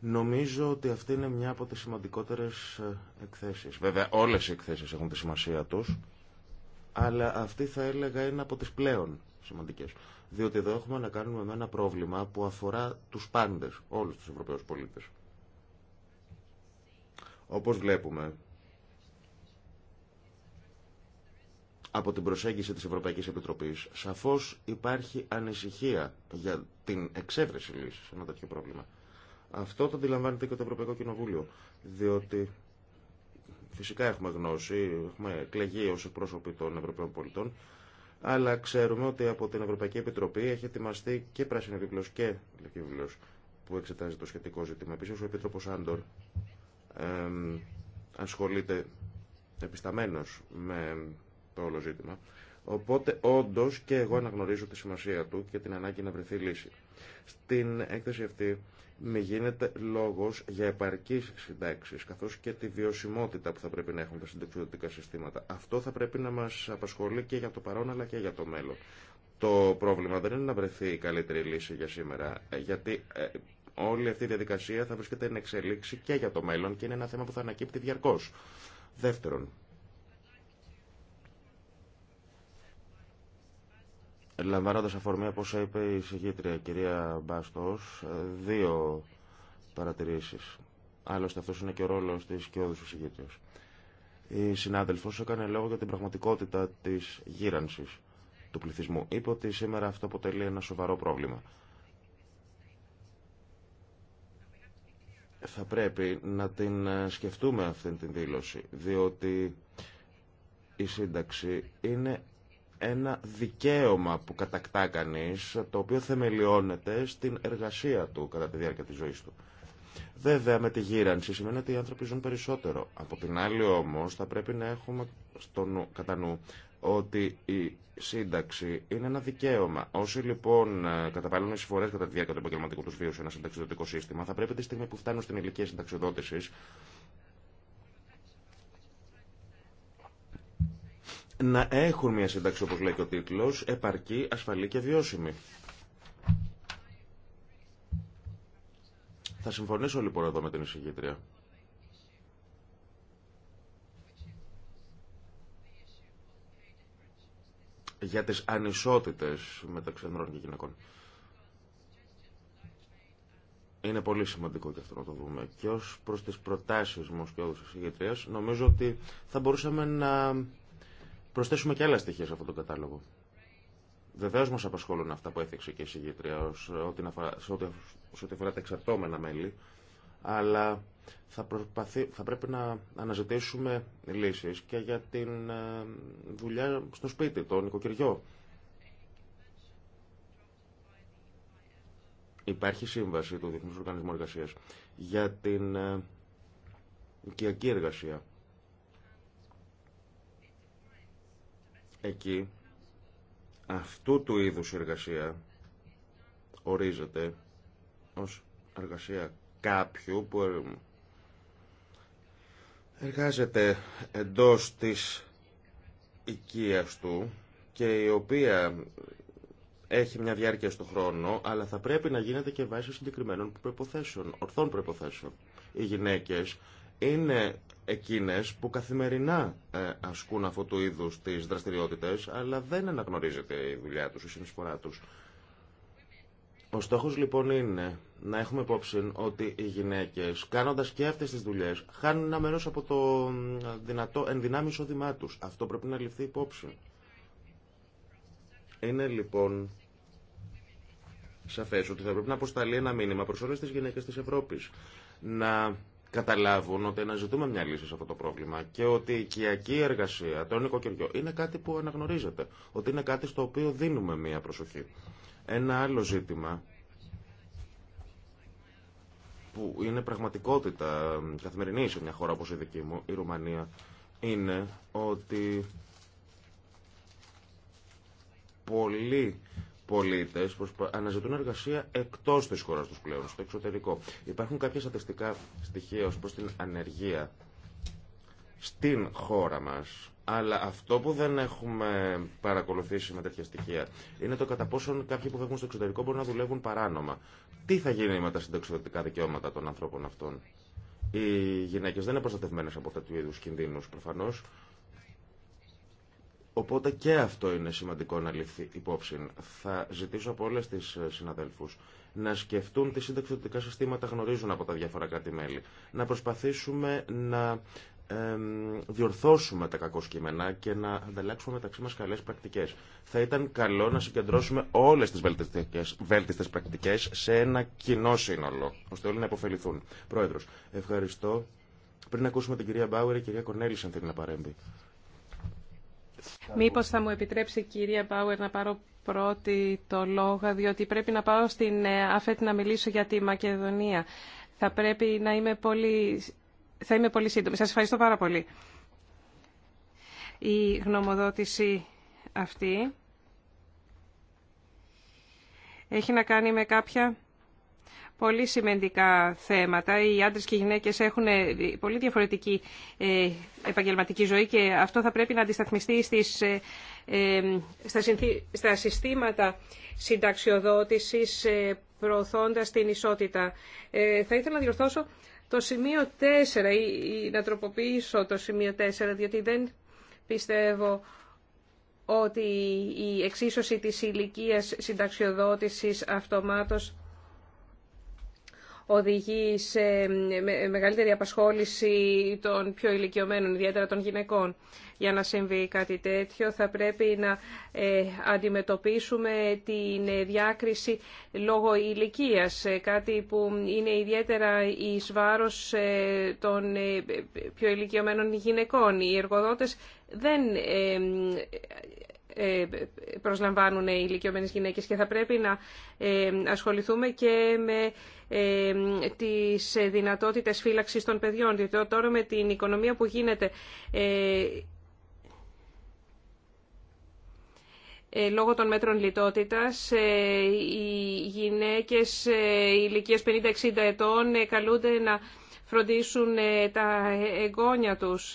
Νομίζω ότι αυτή είναι μια από τις σημαντικότερες ε, εκθέσεις. Βέβαια, όλες οι εκθέσεις έχουν τη σημασία τους, αλλά αυτή θα έλεγα είναι από τις πλέον σημαντικές. Διότι εδώ έχουμε να κάνουμε με ένα πρόβλημα που αφορά τους πάντες, όλους τους Ευρωπαίους πολίτες. Όπως βλέπουμε, από την προσέγγιση της Ευρωπαϊκής Επιτροπής σαφώς υπάρχει ανησυχία για την εξέβρεση λύσης σε ένα τέτοιο πρόβλημα. Αυτό το αντιλαμβάνεται και το Ευρωπαϊκό Κοινοβούλιο, διότι φυσικά έχουμε γνώση, έχουμε εκλεγεί ως εκπρόσωποι των Ευρωπαίων πολιτών, αλλά ξέρουμε ότι από την Ευρωπαϊκή Επιτροπή έχει ετοιμαστεί και πράσινο βιβλίο και λευκή βιβλίο που εξετάζει το σχετικό ζήτημα. Επίση, ο Επίτροπο Άντορ ασχολείται επισταμένω με όλο ζήτημα. Οπότε όντω και εγώ αναγνωρίζω τη σημασία του και την ανάγκη να βρεθεί λύση. Στην έκθεση αυτή με γίνεται λόγο για επαρκή συντάξει καθώ και τη βιωσιμότητα που θα πρέπει να έχουν τα συνταξιδοτικά συστήματα. Αυτό θα πρέπει να μα απασχολεί και για το παρόν αλλά και για το μέλλον. Το πρόβλημα δεν είναι να βρεθεί η καλύτερη λύση για σήμερα, γιατί ε, όλη αυτή η διαδικασία θα βρίσκεται εν εξελίξη και για το μέλλον και είναι ένα θέμα που θα ανακύπτει διαρκώ. Δεύτερον, Λαμβάνοντας αφορμή από είπε η συγκήτρια κυρία Μπάστος, δύο παρατηρήσεις. Άλλωστε αυτός είναι και ο ρόλος της κοιόδουσης συγκήτριας. Η συνάδελφος έκανε λόγο για την πραγματικότητα της γύρανσης του πληθυσμού. Είπε ότι σήμερα αυτό αποτελεί ένα σοβαρό πρόβλημα. Θα πρέπει να την ε, σκεφτούμε αυτή την δήλωση, διότι η σύνταξη είναι ένα δικαίωμα που κατακτά κανείς, το οποίο θεμελιώνεται στην εργασία του κατά τη διάρκεια της ζωής του. Βέβαια με τη γύρανση σημαίνει ότι οι άνθρωποι ζουν περισσότερο. Από την άλλη όμως θα πρέπει να έχουμε στο νου, κατά νου ότι η σύνταξη είναι ένα δικαίωμα. Όσοι λοιπόν καταβάλουν εισφορέ κατά τη διάρκεια του επαγγελματικού του βίου σε ένα συνταξιδοτικό σύστημα, θα πρέπει τη στιγμή που φτάνουν στην ηλικία συνταξιδότηση να έχουν μια σύνταξη, όπως λέει και ο τίτλος, επαρκή, ασφαλή και βιώσιμη. Θα συμφωνήσω λοιπόν εδώ με την εισηγήτρια. για τις ανισότητες μεταξύ ανδρών και γυναικών. Είναι πολύ σημαντικό και αυτό να το δούμε. Και ως προς τις προτάσεις μου και όλους εισηγητρίας, νομίζω ότι θα μπορούσαμε να προσθέσουμε και άλλα στοιχεία σε αυτόν τον κατάλογο. Βεβαίω μα απασχολούν αυτά που έθιξε και η συγγήτρια σε ό,τι αφορά τα εξαρτώμενα μέλη, αλλά θα, θα πρέπει να αναζητήσουμε λύσεις και για την ε, δουλειά στο σπίτι, το νοικοκυριό. Υπάρχει σύμβαση του Διεθνού Οργανισμού εργασία για την ε, οικιακή εργασία. Εκεί αυτού του είδους εργασία ορίζεται ως εργασία κάποιου που ε, εργάζεται εντός της οικίας του και η οποία έχει μια διάρκεια στον χρόνο, αλλά θα πρέπει να γίνεται και βάσει συγκεκριμένων προποθέσεων, ορθών προϋποθέσεων, Οι γυναίκες είναι εκείνες που καθημερινά ε, ασκούν αυτού του είδους τις δραστηριότητες, αλλά δεν αναγνωρίζεται η δουλειά τους, η συνεισφορά τους. Ο στόχος λοιπόν είναι να έχουμε υπόψη ότι οι γυναίκες κάνοντας και αυτές τις δουλειές χάνουν ένα μέρος από το δυνατό ενδυνάμει εισόδημά τους. Αυτό πρέπει να ληφθεί υπόψη. Είναι λοιπόν σαφές ότι θα πρέπει να αποσταλεί ένα μήνυμα προς όλες τις γυναίκες της Ευρώπης να καταλάβουν ότι ζητούμε μια λύση σε αυτό το πρόβλημα και ότι η οικιακή εργασία, το νοικοκυριό, είναι κάτι που αναγνωρίζεται, ότι είναι κάτι στο οποίο δίνουμε μια προσοχή. Ένα άλλο ζήτημα που είναι πραγματικότητα καθημερινή σε μια χώρα όπως η δική μου, η Ρουμανία, είναι ότι πολλοί πολίτε αναζητούν εργασία εκτό τη χώρα του πλέον, στο εξωτερικό. Υπάρχουν κάποια στατιστικά στοιχεία ω προ την ανεργία στην χώρα μα. Αλλά αυτό που δεν έχουμε παρακολουθήσει με τέτοια στοιχεία είναι το κατά πόσον κάποιοι που φεύγουν στο εξωτερικό μπορούν να δουλεύουν παράνομα. Τι θα γίνει με τα συνταξιδοτικά δικαιώματα των ανθρώπων αυτών. Οι γυναίκε δεν είναι προστατευμένε από τέτοιου είδου κινδύνου προφανώ, Οπότε και αυτό είναι σημαντικό να ληφθεί υπόψη. Θα ζητήσω από όλε τι ε, συναδέλφου να σκεφτούν τι συνταξιδοτικά συστήματα γνωρίζουν από τα διάφορα κράτη-μέλη. Να προσπαθήσουμε να διορθώσουμε τα κακοσκημενά και να ανταλλάξουμε μεταξύ μας καλές πρακτικές. Θα ήταν καλό να συγκεντρώσουμε όλες τις βέλτιστες, βέλτιστες πρακτικές σε ένα κοινό σύνολο, ώστε όλοι να υποφεληθούν. Πρόεδρος, ευχαριστώ. Πριν ακούσουμε την κυρία Μπάουερ, η κυρία Κονέλης αν θέλει να παρέμβει. Μήπως θα μου επιτρέψει η κυρία Μπάουερ να πάρω πρώτη το λόγο, διότι πρέπει να πάω στην ε, ΑΦΕΤ να μιλήσω για τη Μακεδονία. Θα πρέπει να είμαι πολύ, θα είμαι πολύ σύντομη. Σας ευχαριστώ πάρα πολύ. Η γνωμοδότηση αυτή έχει να κάνει με κάποια πολύ σημαντικά θέματα. Οι άντρες και οι γυναίκες έχουν ε, πολύ διαφορετική ε, επαγγελματική ζωή και αυτό θα πρέπει να αντισταθμιστεί στις, ε, στα συστήματα συνταξιοδότησης προωθώντας την ισότητα. Θα ήθελα να διορθώσω το σημείο 4 ή να τροποποιήσω το σημείο 4 διότι δεν πιστεύω ότι η εξίσωση της ηλικίας συνταξιοδότησης αυτομάτως οδηγεί σε μεγαλύτερη απασχόληση των πιο ηλικιωμένων, ιδιαίτερα των γυναικών. Για να συμβεί κάτι τέτοιο θα πρέπει να ε, αντιμετωπίσουμε την ε, διάκριση λόγω ηλικίας, ε, κάτι που είναι ιδιαίτερα η βάρος των πιο ηλικιωμένων γυναικών. Οι εργοδότες δεν ε, προσλαμβάνουν οι ηλικιωμένες γυναίκες και θα πρέπει να ε, ασχοληθούμε και με ε, τις δυνατότητες φύλαξης των παιδιών, διότι τώρα με την οικονομία που γίνεται λόγω των μέτρων λιτότητας οι γυναίκες ηλικίας 50-60 ετών καλούνται να φροντίσουν τα εγγόνια τους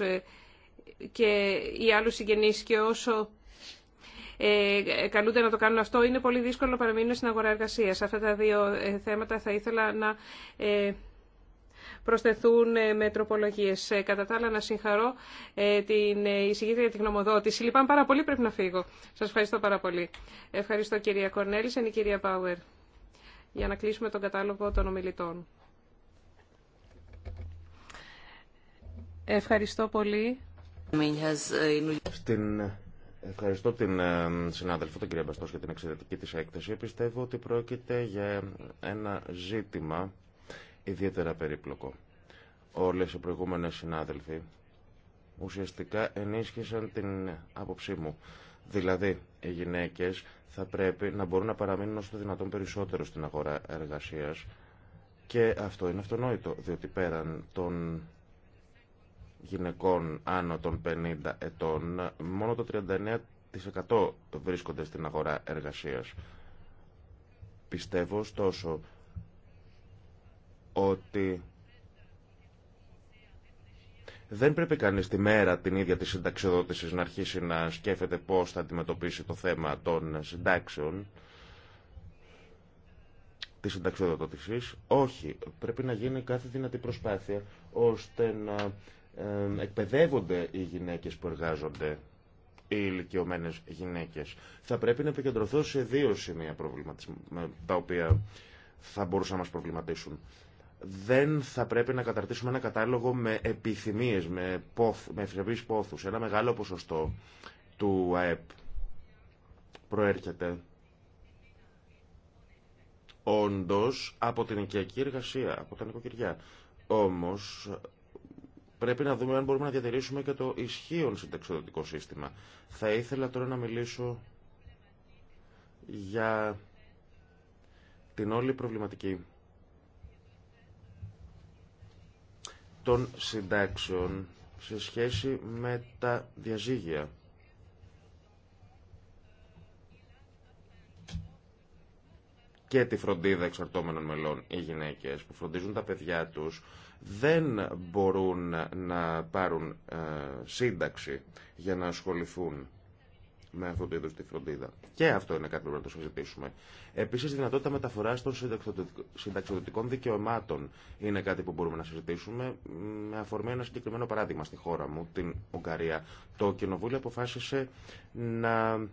και οι άλλους συγγενείς και όσο ε, καλούνται να το κάνουν αυτό, είναι πολύ δύσκολο να παραμείνουν στην αγορά εργασία. Αυτά τα δύο ε, θέματα θα ήθελα να ε, προσθεθούν με τροπολογίε. Κατά τα άλλα, να συγχαρώ την εισηγήτρια για την γνωμοδότηση. Λυπάμαι πάρα πολύ, πρέπει να φύγω. Σα ευχαριστώ πάρα πολύ. Ευχαριστώ, κυρία Κορνέλη. Κορνέλησεν, η κυρία Πάουερ, για να κλείσουμε τον κατάλογο των ομιλητών. Ευχαριστώ πολύ. Uh, Ευχαριστώ την ε, συνάδελφο, τον κύριο Μπαστός, για την εξαιρετική της έκθεση. Πιστεύω ότι πρόκειται για ένα ζήτημα ιδιαίτερα περίπλοκο. Όλες οι προηγούμενες συνάδελφοι ουσιαστικά ενίσχυσαν την άποψή μου. Δηλαδή, οι γυναίκες θα πρέπει να μπορούν να παραμείνουν όσο το δυνατόν περισσότερο στην αγορά εργασίας και αυτό είναι αυτονόητο, διότι πέραν των γυναικών άνω των 50 ετών, μόνο το 39% βρίσκονται στην αγορά εργασίας. Πιστεύω ωστόσο ότι δεν πρέπει κανείς τη μέρα την ίδια της συνταξιοδότησης να αρχίσει να σκέφτεται πώς θα αντιμετωπίσει το θέμα των συντάξεων της συνταξιοδότησης. Όχι, πρέπει να γίνει κάθε δυνατή προσπάθεια ώστε να εκπαιδεύονται οι γυναίκες που εργάζονται, οι ηλικιωμένε γυναίκες. Θα πρέπει να επικεντρωθώ σε δύο σημεία τα οποία θα μπορούσαν να μας προβληματίσουν. Δεν θα πρέπει να καταρτήσουμε ένα κατάλογο με επιθυμίες, με, πόθ, με πόθους. Ένα μεγάλο ποσοστό του ΑΕΠ προέρχεται όντως από την οικιακή εργασία, από τα νοικοκυριά. Όμως Πρέπει να δούμε αν μπορούμε να διατηρήσουμε και το ισχύον συνταξιδοτικό σύστημα. Θα ήθελα τώρα να μιλήσω για την όλη προβληματική των συντάξεων σε σχέση με τα διαζύγια. και τη φροντίδα εξαρτώμενων μελών οι γυναίκες που φροντίζουν τα παιδιά τους δεν μπορούν να πάρουν ε, σύνταξη για να ασχοληθούν με αυτό το είδο τη φροντίδα. Και αυτό είναι κάτι που πρέπει να το συζητήσουμε. Επίση, δυνατότητα μεταφορά των συνταξιδοτικών δικαιωμάτων είναι κάτι που μπορούμε να συζητήσουμε. Με αφορμή ένα συγκεκριμένο παράδειγμα στη χώρα μου, την Ουγγαρία. Το Κοινοβούλιο αποφάσισε να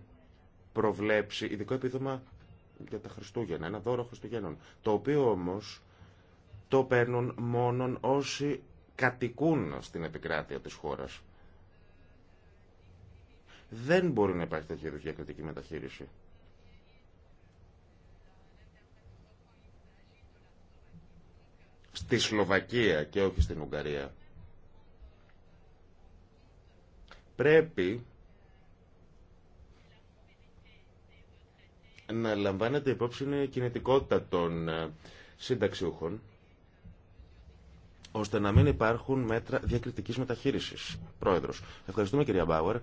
προβλέψει ειδικό επίδομα για τα Χριστούγεννα, ένα δώρο Χριστουγέννων. Το οποίο όμω το παίρνουν μόνο όσοι κατοικούν στην επικράτεια της χώρας. Δεν μπορεί να υπάρχει τέτοια διακριτική μεταχείριση. Στη Σλοβακία και όχι στην Ουγγαρία. Πρέπει να λαμβάνεται υπόψη η κινητικότητα των ε, συνταξιούχων ώστε να μην υπάρχουν μέτρα διακριτική μεταχείρισης. Πρόεδρος, ευχαριστούμε κυρία Μπάουερ.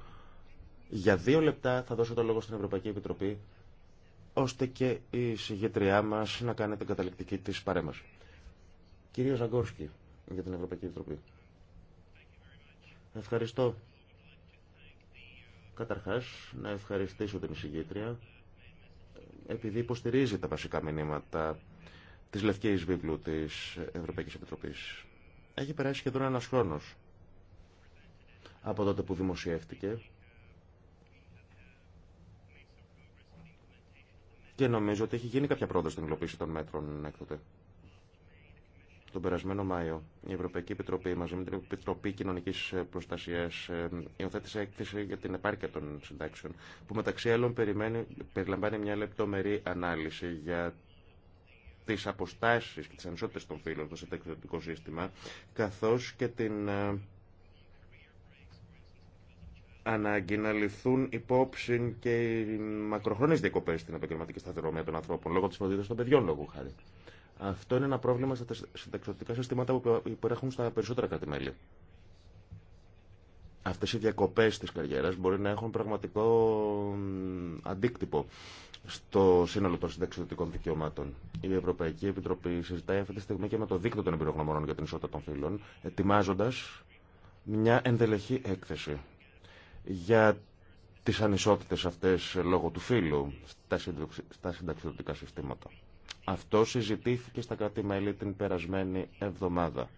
Για δύο λεπτά θα δώσω το λόγο στην Ευρωπαϊκή Επιτροπή, ώστε και η συγγετριά μας να κάνει την καταληκτική της παρέμβαση. Κυρία Ζαγκόρσκι, για την Ευρωπαϊκή Επιτροπή. Ευχαριστώ. Καταρχά να ευχαριστήσω την συγγέτρια, επειδή υποστηρίζει τα βασικά μηνύματα της Λευκής Βίβλου της Ευρωπαϊκής Επιτροπής. Έχει περάσει σχεδόν ένας χρόνος από τότε που δημοσιεύτηκε και νομίζω ότι έχει γίνει κάποια πρόοδο στην υλοποίηση των μέτρων έκτοτε. Τον περασμένο Μάιο, η Ευρωπαϊκή Επιτροπή μαζί με την Επιτροπή Κοινωνική Προστασία ε, υιοθέτησε έκθεση για την επάρκεια των συντάξεων, που μεταξύ άλλων περιλαμβάνει μια λεπτομερή ανάλυση για τι αποστάσει και τι ανισότητε των φύλων στο συνταξιδοτικό σύστημα, καθώ και την ε, ανάγκη να ληφθούν υπόψη και οι μακροχρόνιε διακοπέ στην επαγγελματική σταθερομία των ανθρώπων, λόγω τη φροντίδα των παιδιών, λόγω χάρη. Αυτό είναι ένα πρόβλημα στα συνταξιδοτικά συστήματα που υπερέχουν στα περισσότερα κράτη-μέλη. Αυτές οι διακοπές τη καριέρα μπορεί να έχουν πραγματικό αντίκτυπο στο σύνολο των συνταξιδοτικών δικαιωμάτων. Η Ευρωπαϊκή Επιτροπή συζητάει αυτή τη στιγμή και με το δίκτυο των εμπειρογνωμόνων για την ισότητα των φύλων, ετοιμάζοντα μια ενδελεχή έκθεση για τι ανισότητε αυτέ λόγω του φύλου στα συνταξιδοτικά συστήματα. Αυτό συζητήθηκε στα κράτη-μέλη την περασμένη εβδομάδα.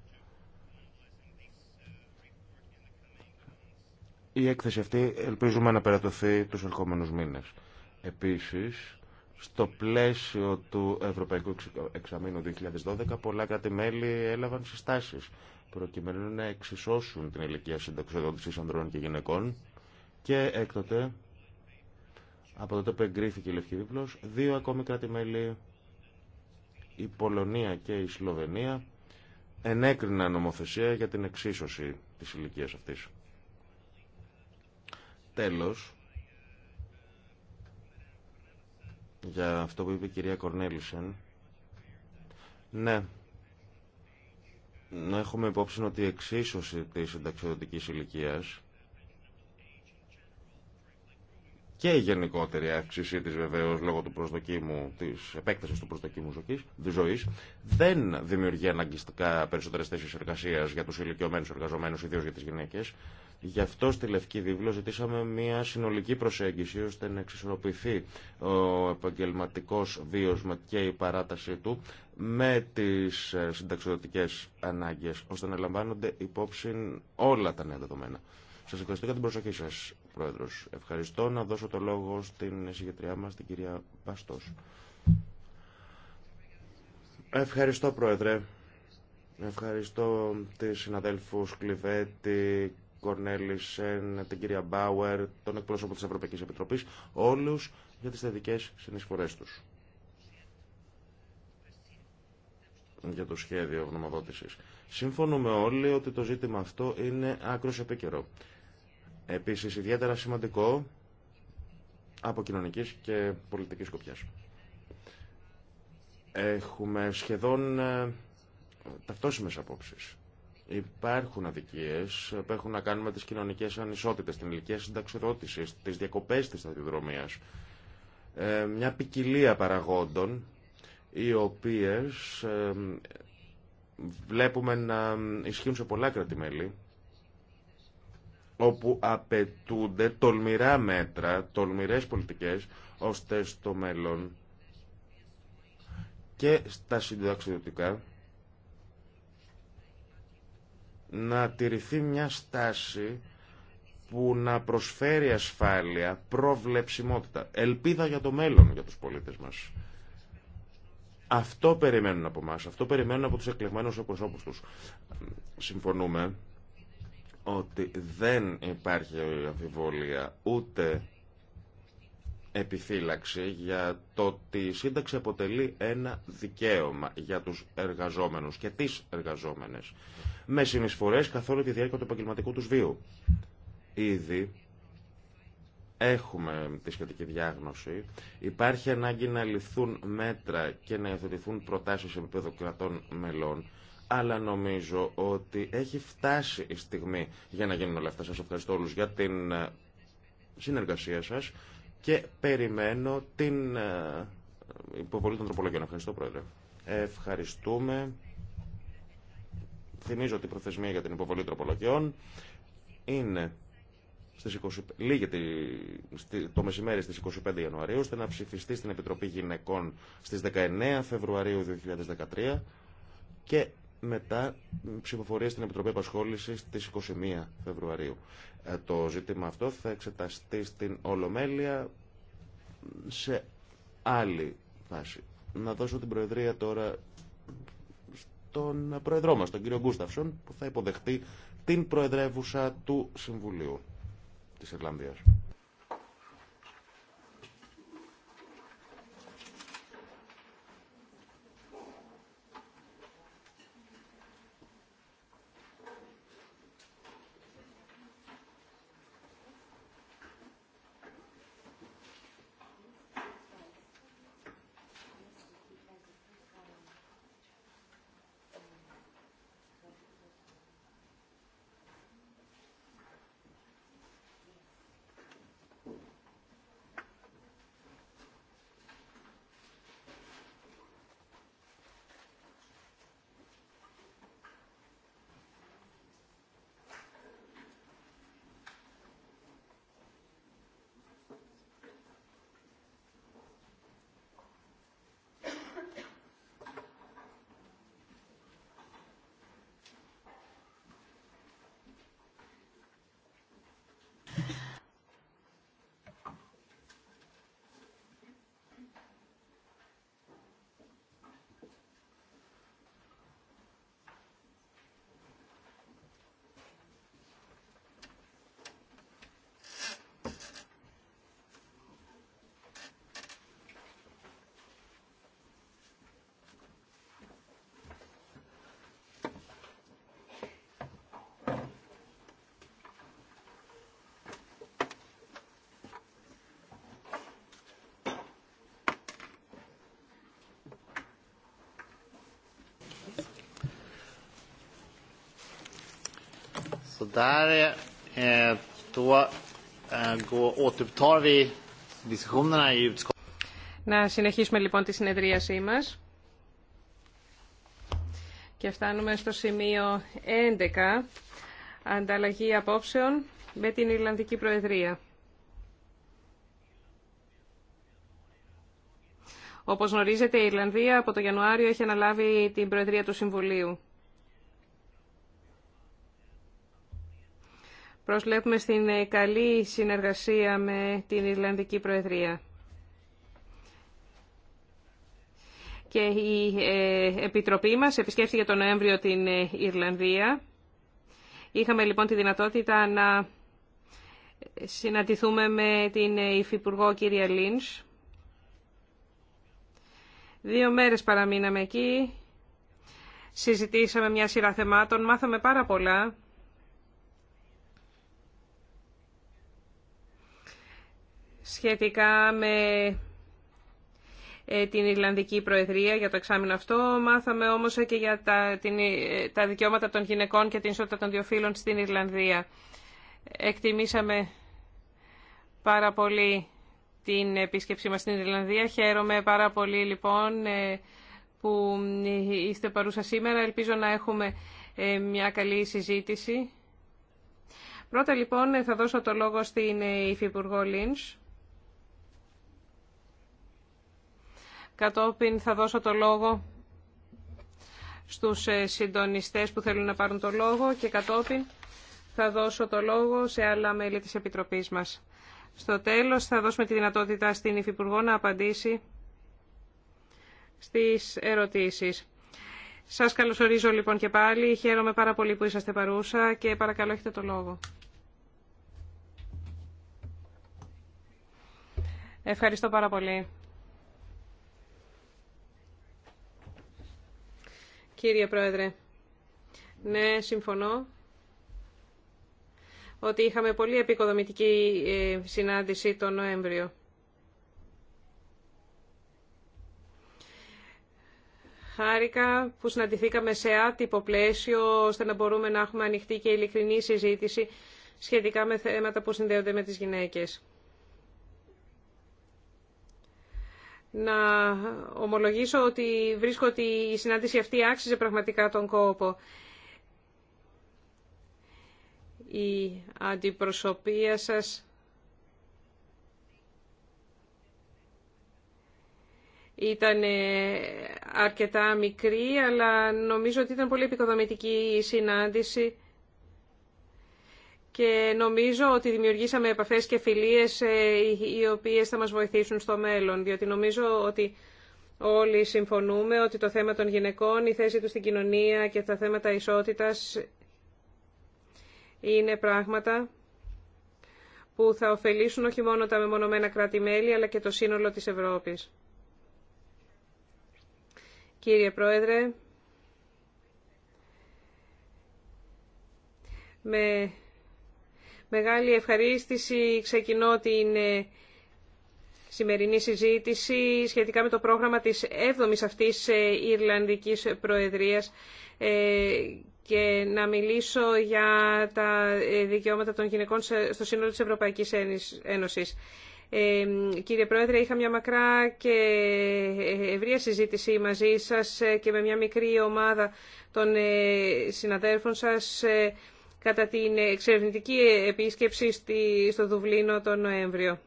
Η έκθεση αυτή ελπίζουμε να περατωθεί τους ερχόμενους μήνες. Επίσης, στο πλαίσιο του Ευρωπαϊκού Εξαμήνου 2012, πολλά κράτη-μέλη έλαβαν συστάσεις προκειμένου να εξισώσουν την ηλικία συνταξιοδότησης ανδρών και γυναικών και έκτοτε, από τότε που εγκρίθηκε η λευκη Βίπλος, δύο ακόμη κράτη-μέλη, η Πολωνία και η Σλοβενία, ενέκριναν νομοθεσία για την εξίσωση της ηλικία αυτής. Τέλος, για αυτό που είπε η κυρία Κορνέλουσεν. Ναι, να έχουμε υπόψη ότι η εξίσωση της συνταξιδοτικής ηλικία και η γενικότερη αύξησή της βεβαίως λόγω του προσδοκίμου, της επέκτασης του προσδοκίμου ζωής δεν δημιουργεί αναγκαστικά περισσότερες θέσεις εργασίας για τους ηλικιωμένους εργαζομένους, ιδίως για τις γυναίκες Γι' αυτό στη Λευκή Βίβλο ζητήσαμε μια συνολική προσέγγιση ώστε να εξισορροπηθεί ο επαγγελματικό βίωσμα και η παράτασή του με τι ε, συνταξιδοτικέ ανάγκε, ώστε να λαμβάνονται υπόψη όλα τα νέα δεδομένα. Σα ευχαριστώ για την προσοχή σα, Πρόεδρο. Ευχαριστώ να δώσω το λόγο στην συγκεκριά μα, την κυρία Παστό. Ευχαριστώ, Πρόεδρε. Ευχαριστώ τις συναδέλφους Κλειβέτη Κορνέλισεν, την κυρία Μπάουερ, τον εκπρόσωπο της Ευρωπαϊκής Επιτροπής, όλους για τις θετικέ συνεισφορές τους για το σχέδιο γνωμοδότησης. Συμφωνούμε όλοι ότι το ζήτημα αυτό είναι άκρος επίκαιρο. Επίσης, ιδιαίτερα σημαντικό από κοινωνικής και πολιτικής σκοπιάς. Έχουμε σχεδόν ε, ταυτόσιμες απόψεις Υπάρχουν αδικίε που έχουν να κάνουν με τις κοινωνικές ανισότητες, την ηλικία συνταξιδότηση, διακοπέ διακοπές της Ε, μια ποικιλία παραγόντων, οι οποίες ε, βλέπουμε να ισχύουν σε πολλά κράτη-μέλη, όπου απαιτούνται τολμηρά μέτρα, τολμηρές πολιτικές, ώστε στο μέλλον και στα συνταξιδοτικά να τηρηθεί μια στάση που να προσφέρει ασφάλεια, προβλεψιμότητα, ελπίδα για το μέλλον για τους πολίτες μας. Αυτό περιμένουν από εμά, αυτό περιμένουν από τους εκλεγμένους εκπροσώπους τους. Συμφωνούμε ότι δεν υπάρχει αμφιβολία ούτε επιφύλαξη για το ότι η σύνταξη αποτελεί ένα δικαίωμα για τους εργαζόμενους και τις εργαζόμενες με συνεισφορές καθ' όλη τη διάρκεια του επαγγελματικού του βίου. Ήδη έχουμε τη σχετική διάγνωση. Υπάρχει ανάγκη να ληφθούν μέτρα και να υιοθετηθούν προτάσεις σε επίπεδο κρατών μελών αλλά νομίζω ότι έχει φτάσει η στιγμή για να γίνουν όλα αυτά. σα ευχαριστώ όλου για την ε, συνεργασία σα και περιμένω την ε, υποβολή των τροπολογιών. Ευχαριστώ, Πρόεδρε. Ευχαριστούμε. Θυμίζω ότι η προθεσμία για την υποβολή τροπολογιών είναι στις 20, το μεσημέρι στις 25 Ιανουαρίου, ώστε να ψηφιστεί στην Επιτροπή Γυναικών στις 19 Φεβρουαρίου 2013 και μετά ψηφοφορία στην Επιτροπή Απασχόληση στις 21 Φεβρουαρίου. Ε, το ζήτημα αυτό θα εξεταστεί στην Ολομέλεια σε άλλη φάση. Να δώσω την Προεδρία τώρα τον πρόεδρό μας, τον κύριο Γκούσταυσον, που θα υποδεχτεί την προεδρεύουσα του Συμβουλίου της Ιρλανδίας. Να συνεχίσουμε λοιπόν τη συνεδρίασή μας. Και φτάνουμε στο σημείο 11, ανταλλαγή απόψεων με την Ιρλανδική Προεδρία. Όπως γνωρίζετε, η Ιρλανδία από το Ιανουάριο έχει αναλάβει την Προεδρία του Συμβουλίου. Προσβλέπουμε στην ε, καλή συνεργασία με την Ιρλανδική Προεδρία. Και η ε, Επιτροπή μας επισκέφθηκε τον Νοέμβριο την ε, Ιρλανδία. Είχαμε λοιπόν τη δυνατότητα να συναντηθούμε με την Υφυπουργό κυρία Λίντς. Δύο μέρες παραμείναμε εκεί. Συζητήσαμε μια σειρά θεμάτων, μάθαμε πάρα πολλά. σχετικά με ε, την Ιρλανδική Προεδρία για το εξάμεινο αυτό. Μάθαμε όμως και για τα, την, ε, τα δικαιώματα των γυναικών και την ισότητα των δύο φύλων στην Ιρλανδία. Εκτιμήσαμε πάρα πολύ την επίσκεψή μας στην Ιρλανδία. Χαίρομαι πάρα πολύ λοιπόν ε, που είστε παρούσα σήμερα. Ελπίζω να έχουμε μια καλή συζήτηση. Πρώτα λοιπόν θα δώσω το λόγο στην Υφυπουργό Λίντς, Κατόπιν θα δώσω το λόγο στους ε, συντονιστές που θέλουν να πάρουν το λόγο και κατόπιν θα δώσω το λόγο σε άλλα μέλη της Επιτροπής μας. Στο τέλος θα δώσουμε τη δυνατότητα στην Υφυπουργό να απαντήσει στις ερωτήσεις. Σας καλωσορίζω λοιπόν και πάλι. Χαίρομαι πάρα πολύ που είσαστε παρούσα και παρακαλώ έχετε το λόγο. Ευχαριστώ πάρα πολύ. Κύριε Πρόεδρε, ναι, συμφωνώ ότι είχαμε πολύ επικοδομητική ε, συνάντηση το Νοέμβριο. Χάρηκα που συναντηθήκαμε σε άτυπο πλαίσιο, ώστε να μπορούμε να έχουμε ανοιχτή και ειλικρινή συζήτηση σχετικά με θέματα που συνδέονται με τις γυναίκες. να ομολογήσω ότι βρίσκω ότι η συνάντηση αυτή άξιζε πραγματικά τον κόπο. Η αντιπροσωπεία σας ήταν ε, αρκετά μικρή, αλλά νομίζω ότι ήταν πολύ επικοδομητική η συνάντηση και νομίζω ότι δημιουργήσαμε επαφές και φιλίες ε, οι οποίες θα μας βοηθήσουν στο μέλλον, διότι νομίζω ότι όλοι συμφωνούμε ότι το θέμα των γυναικών, η θέση τους στην κοινωνία και τα θέματα ισότητας είναι πράγματα που θα ωφελήσουν όχι μόνο τα μεμονωμένα κράτη-μέλη, αλλά και το σύνολο της Ευρώπης. Κύριε Πρόεδρε, με μεγάλη ευχαρίστηση ξεκινώ την ε, σημερινή συζήτηση σχετικά με το πρόγραμμα της 7ης αυτής ε, Ιρλανδικής Προεδρίας ε, και να μιλήσω για τα δικαιώματα των γυναικών στο σύνολο της Ευρωπαϊκής Ένωσης. Ε, κύριε Πρόεδρε, είχα μια μακρά και ευρία συζήτηση μαζί σας και με μια μικρή ομάδα των συναδέλφων σας κατά την εξερευνητική επίσκεψη στο Δουβλίνο τον Νοέμβριο.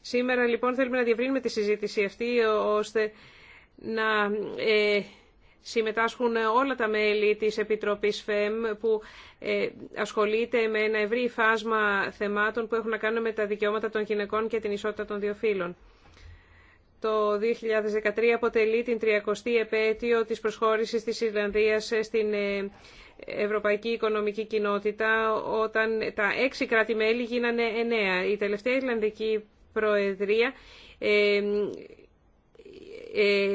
Σήμερα λοιπόν θέλουμε να διευρύνουμε τη συζήτηση αυτή ώστε να ε, συμμετάσχουν όλα τα μέλη της Επιτροπής ΦΕΜ που ε, ασχολείται με ένα ευρύ φάσμα θεμάτων που έχουν να κάνουν με τα δικαιώματα των γυναικών και την ισότητα των δύο φύλων. Το 2013 αποτελεί την 30η επέτειο της προσχώρησης της Ιρλανδίας στην ε, Ευρωπαϊκή Οικονομική Κοινότητα όταν τα έξι κράτη-μέλη γίνανε εννέα. Η τελευταία Ιρλανδική Προεδρία ε, ε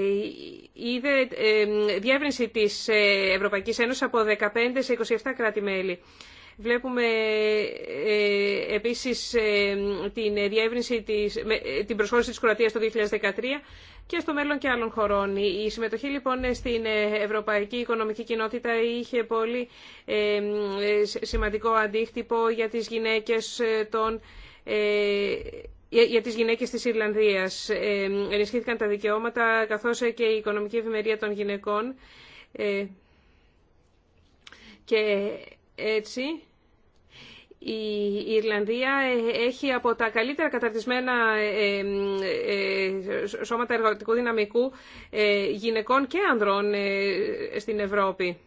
είδε ε, διεύρυνση της ε, Ευρωπαϊκής Ένωσης από 15 σε 27 κράτη-μέλη. Βλέπουμε ε, επίσης ε, την διεύρυνση, της, ε, την προσχώρηση της Κροατίας το 2013 και στο μέλλον και άλλων χωρών. Η συμμετοχή λοιπόν στην Ευρωπαϊκή Οικονομική Κοινότητα είχε πολύ σημαντικό αντίκτυπο για τις γυναίκες των για τις γυναίκες της Ιρλανδίας. ενισχύθηκαν τα δικαιώματα καθώς και η οικονομική ευημερία των γυναικών. και έτσι η Ιρλανδία ε, έχει από τα καλύτερα καταρτισμένα ε, ε, σώματα εργατικού δυναμικού γυναικών και ανδρών στην Ευρώπη.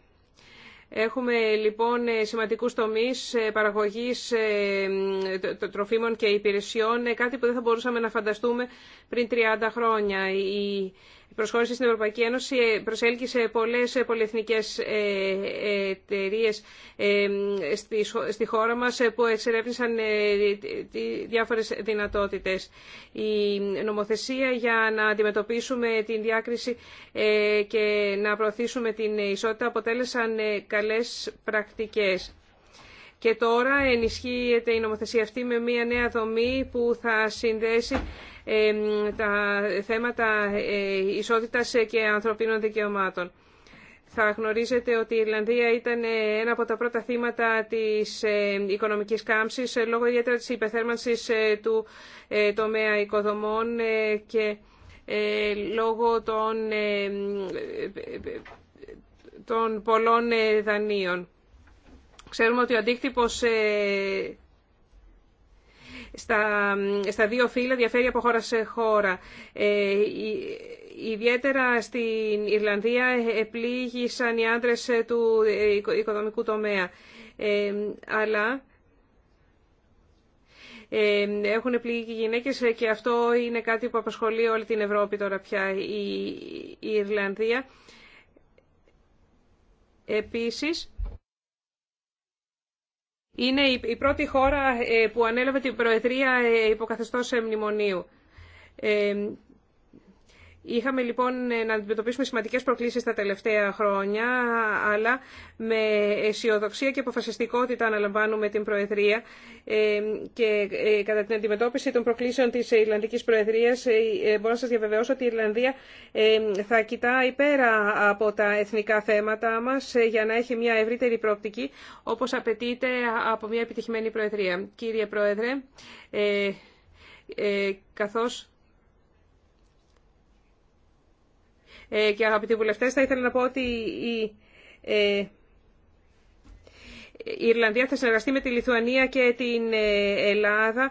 Έχουμε λοιπόν σημαντικούς τομείς παραγωγής τροφίμων και υπηρεσιών, κάτι που δεν θα μπορούσαμε να φανταστούμε πριν 30 χρόνια. Η η προσχώρηση στην Ευρωπαϊκή Ένωση προσέλκυσε πολλές πολυεθνικές ε, εταιρείε ε, στη χώρα μας ε, που εξερεύνησαν διάφορες δυνατότητες. Η νομοθεσία για να αντιμετωπίσουμε την διάκριση και να προωθήσουμε την ισότητα αποτέλεσαν καλές πρακτικές. Και τώρα ενισχύεται η νομοθεσία αυτή με μια νέα δομή που θα συνδέσει τα θέματα ε, ισότητας και ανθρωπίνων δικαιωμάτων. Θα γνωρίζετε ότι η Ιρλανδία ήταν ε, ένα από τα πρώτα θύματα της ε, οικονομικής κάμψης λόγω ιδιαίτερα της υπεθέρμανσης του τομέα οικοδομών και λόγω των, των πολλών δανείων. Ξέρουμε ότι ο αντίκτυπος ε, στα, στα δύο φύλλα διαφέρει από χώρα σε χώρα. Ε, ιδιαίτερα στην Ιρλανδία επλήγησαν οι άντρες ε, του οικοδομικού τομέα. Ε, αλλά ε, έχουν πληγεί γυναίκες και αυτό είναι κάτι που απασχολεί όλη την Ευρώπη τώρα πια η, η Ιρλανδία. Επίσης, είναι η πρώτη χώρα ε, που ανέλαβε την Προεδρία ε, υποκαθεστώς μνημονίου. Ε, Είχαμε λοιπόν να αντιμετωπίσουμε σημαντικές προκλήσεις τα τελευταία χρόνια, αλλά με αισιοδοξία και αποφασιστικότητα αναλαμβάνουμε την Προεδρία ε, και ε, κατά την αντιμετώπιση των προκλήσεων της Ιρλανδικής Προεδρίας ε, μπορώ να σας διαβεβαιώσω ότι η Ιρλανδία θα κοιτάει πέρα από τα εθνικά θέματα μας για να έχει μια ευρύτερη προοπτική όπω απαιτείται από μια επιτυχημένη Προεδρία. Κύριε Πρόεδρε, καθώ Ε, και αγαπητοί βουλευτές, θα ήθελα να πω ότι η, ε, η Ιρλανδία θα συνεργαστεί με τη Λιθουανία και την ε, Ελλάδα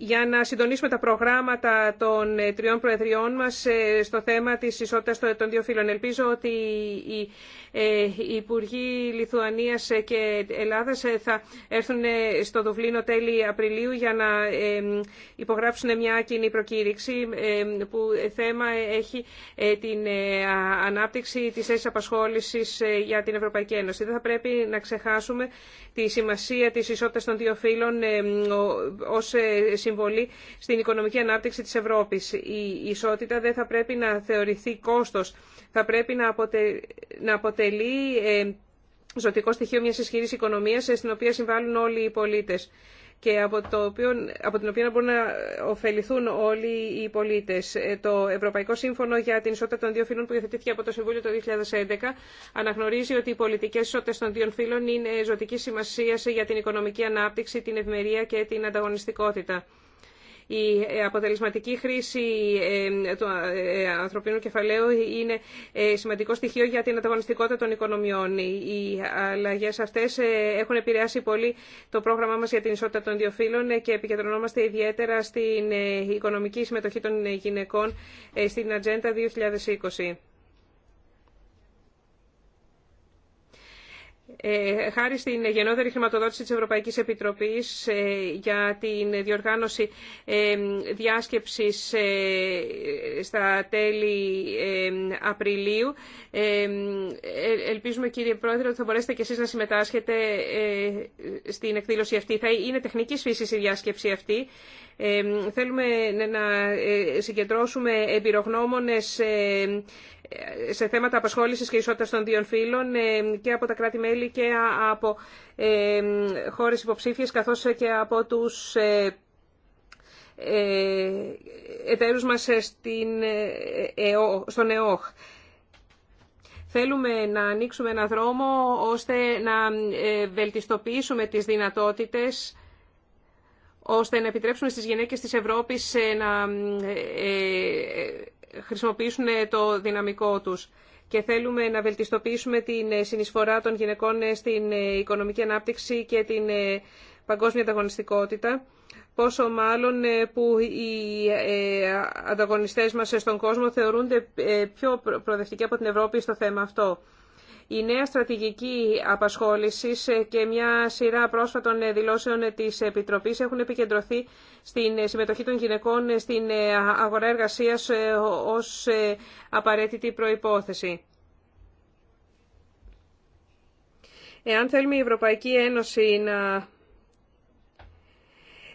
για να συντονίσουμε τα προγράμματα των ε, τριών προεδριών μας ε, στο θέμα της ισότητας των δύο φύλων. Ελπίζω ότι οι ε, Υπουργοί Λιθουανίας και Ελλάδα θα έρθουν στο Δουβλίνο τέλη Απριλίου για να υπογράψουν μια κοινή προκήρυξη που θέμα έχει την ανάπτυξη της θέσης απασχόλησης για την Ευρωπαϊκή Ένωση. Δεν θα πρέπει να ξεχάσουμε τη σημασία τη ισότητας των δύο φύλων ως συμβολή στην οικονομική ανάπτυξη της Ευρώπης. Η ισότητα δεν θα πρέπει να θεωρηθεί κόστος, θα πρέπει να αποτελεί ε, ζωτικό στοιχείο μιας ισχυρής οικονομίας ε, στην οποία συμβάλλουν όλοι οι πολίτες και από, το οποίο, από την οποία μπορούν να ωφεληθούν όλοι οι πολίτες. Ε, το Ευρωπαϊκό Σύμφωνο για την Ισότητα των Δύο Φύλων που υιοθετήθηκε από το Συμβούλιο το 2011 αναγνωρίζει ότι οι πολιτικέ ισότητε των δύο φύλων είναι ζωτική σημασία για την οικονομική ανάπτυξη, την ευημερία και την ανταγωνιστικότητα. Η αποτελεσματική χρήση ε, του ε, ανθρωπίνου κεφαλαίου είναι ε, σημαντικό στοιχείο για την ανταγωνιστικότητα των οικονομιών. Οι αλλαγέ αυτέ έχουν επηρεάσει πολύ το πρόγραμμά μα για την ισότητα των δύο φύλων και επικεντρωνόμαστε ιδιαίτερα στην οικονομική συμμετοχή των γυναικών στην Ατζέντα 2020. Ε, χάρη στην γενναιότερη χρηματοδότηση της Ευρωπαϊκής Επιτροπής ε, για την διοργάνωση ε, διάσκεψης στα τέλη Απριλίου. Ελπίζουμε κύριε Πρόεδρε ότι θα μπορέσετε και εσείς να συμμετάσχετε στην εκδήλωση αυτή. Θα είναι τεχνική φύση η διάσκεψη αυτή. Θέλουμε ναι, να συγκεντρώσουμε εμπειρογνώμονες σε θέματα απασχόλησης και ισότητας των δύο φύλων ε, και από τα κράτη-μέλη και από ε, χώρες υποψήφιες καθώς και από τους ε, εταίρους μας στην, στον ΕΟΧ. Θέλουμε να ανοίξουμε ένα δρόμο ώστε να βελτιστοποιήσουμε τις δυνατότητες ώστε να επιτρέψουμε στις γυναίκες της Ευρώπης να χρησιμοποιήσουν ε, το δυναμικό τους και θέλουμε να βελτιστοποιήσουμε την ε, συνεισφορά των γυναικών ε, στην οικονομική ανάπτυξη και την παγκόσμια ανταγωνιστικότητα, πόσο μάλλον που οι ανταγωνιστές μας στον κόσμο θεωρούνται πιο προοδευτικοί από την Ευρώπη στο θέμα αυτό. Η νέα στρατηγική απασχόληση και μια σειρά πρόσφατων δηλώσεων της Επιτροπής έχουν επικεντρωθεί στην συμμετοχή των γυναικών στην αγορά εργασία ω απαραίτητη προϋπόθεση. Εάν θέλουμε η Ευρωπαϊκή Ένωση να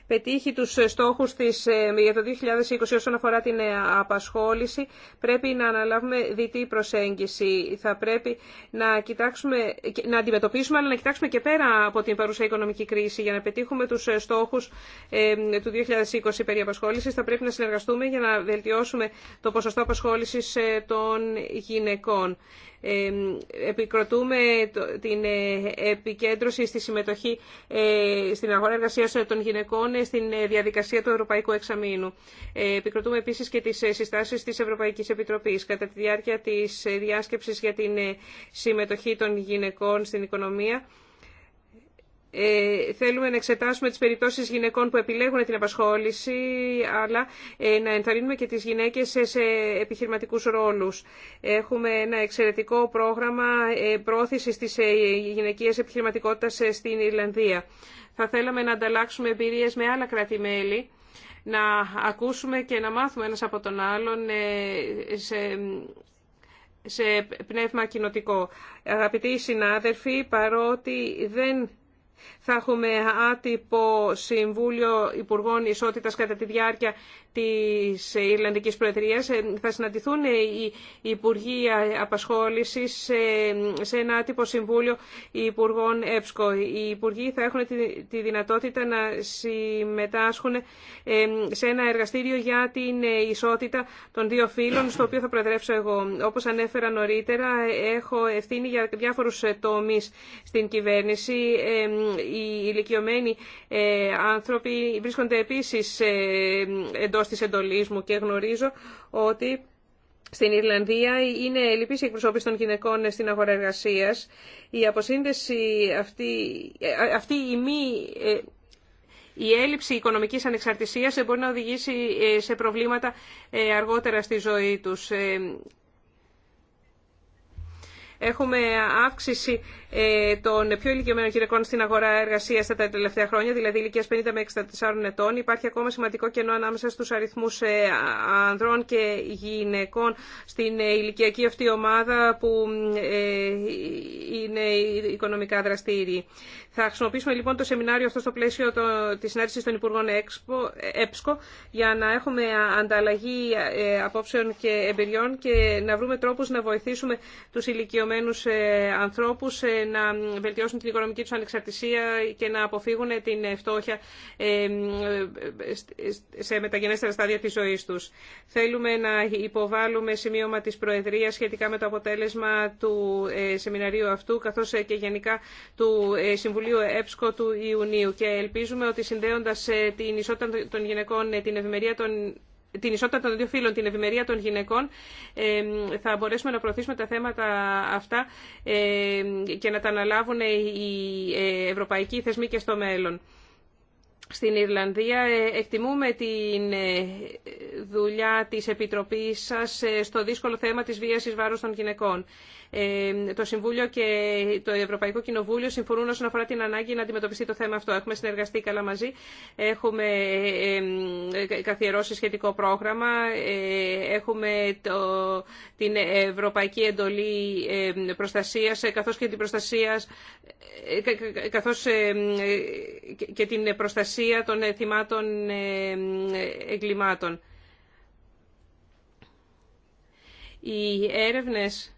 πετύχει τους στόχους της ε, για το 2020 όσον αφορά την ε, απασχόληση, πρέπει να αναλάβουμε διτή προσέγγιση. Θα πρέπει να, κοιτάξουμε, να αντιμετωπίσουμε, αλλά να κοιτάξουμε και πέρα από την παρούσα οικονομική κρίση. Για να πετύχουμε τους ε, στόχους του 2020 περί απασχόλησης, θα πρέπει να συνεργαστούμε για να βελτιώσουμε το ποσοστό απασχόλησης των γυναικών επικροτούμε την ε, επικέντρωση στη συμμετοχή ε, στην αγορά εργασία των γυναικών ε, στην διαδικασία του Ευρωπαϊκού Εξαμήνου. Επικροτούμε επίσης και τις συστάσεις της Ευρωπαϊκής Επιτροπής. Κατά τη διάρκεια της διάσκεψης για την συμμετοχή των γυναικών στην οικονομία, ε, θέλουμε να εξετάσουμε τις περιπτώσεις γυναικών που επιλέγουν την απασχόληση, αλλά ε, να ενθαρρύνουμε και τις γυναίκες σε, σε επιχειρηματικούς ρόλους. Έχουμε ένα εξαιρετικό πρόγραμμα ε, πρόθεσης της ε, γυναικείας επιχειρηματικότητας ε, στην Ιρλανδία. Θα θέλαμε να ανταλλάξουμε εμπειρίες με άλλα να ακούσουμε και να μάθουμε ένας από τον άλλον σε σε πνεύμα κοινοτικό. Αγαπητοί συνάδελφοι, παρότι δεν θα έχουμε άτυπο Συμβούλιο Υπουργών Ισότητας κατά τη διάρκεια Τη Ιρλανδική Προεδρίας ε, θα συναντηθούν οι Υπουργοί Απασχόλησης σε ένα άτυπο Συμβούλιο Υπουργών ΕΠΣΚΟ. Οι Υπουργοί θα έχουν τη δυνατότητα να συμμετάσχουν ε, σε ένα εργαστήριο για την ε, ισότητα των δύο φύλων, στο οποίο θα προεδρεύσω εγώ. Όπως ανέφερα νωρίτερα, έχω ευθύνη για διάφορους τομεί στην κυβέρνηση. Οι ηλικιωμένοι άνθρωποι βρίσκονται επίση εντό στι της μου και γνωρίζω ότι στην Ιρλανδία είναι έλλειπη η εκπροσώπηση των γυναικών στην αγορά εργασία. Η αποσύνδεση αυτή, ε, αυτή η μη... Ε, η έλλειψη οικονομικής ανεξαρτησίας μπορεί να οδηγήσει ε, σε προβλήματα αργότερα στη ζωή τους. Έχουμε αύξηση ε, των πιο ηλικιωμένων γυναικών στην αγορά εργασία τα τελευταία χρόνια, δηλαδή ηλικία 50 με 64 ετών. Υπάρχει ακόμα σημαντικό κενό ανάμεσα στου αριθμού ε, ανδρών και γυναικών στην ε, ηλικιακή αυτή ομάδα που είναι οικονομικά δραστήριοι. Θα χρησιμοποιήσουμε λοιπόν το σεμινάριο αυτό στο πλαίσιο τη συνάντηση των Υπουργών ΕΠΣΚΟ για να έχουμε ανταλλαγή απόψεων και εμπειριών και να βρούμε τρόπου να βοηθήσουμε του ηλικιωμένου ανθρώπου ε, ανθρώπους ε, να βελτιώσουν την οικονομική τους ανεξαρτησία και να αποφύγουν την φτώχεια ε, σε μεταγενέστερα στάδια τη ζωή του. Θέλουμε να υποβάλουμε σημείωμα της Προεδρίας σχετικά με το αποτέλεσμα του σεμιναρίου αυτού, καθώς και γενικά του Συμβουλίου ΕΠΣΚΟ του Ιουνίου. Και ελπίζουμε ότι συνδέοντας την ισότητα των γυναικών, την ευημερία των την ισότητα των δύο φύλων, την ευημερία των γυναικών, ε, θα μπορέσουμε να προωθήσουμε τα θέματα αυτά ε, και να τα αναλάβουν οι ε, ευρωπαϊκοί θεσμοί και στο μέλλον. Στην Ιρλανδία εκτιμούμε την δουλειά της Επιτροπής σας στο δύσκολο θέμα της βίας εις των γυναικών. Ε, το Συμβούλιο και το Ευρωπαϊκό Κοινοβούλιο συμφωνούν όσον αφορά την ανάγκη να αντιμετωπιστεί το θέμα αυτό. Έχουμε συνεργαστεί καλά μαζί, έχουμε ε, ε, καθιερώσει σχετικό πρόγραμμα, έχουμε το, την Ευρωπαϊκή Εντολή Προστασίας καθώς και την προστασία καθώς και την προστασία των θυμάτων εγκλημάτων. Οι έρευνες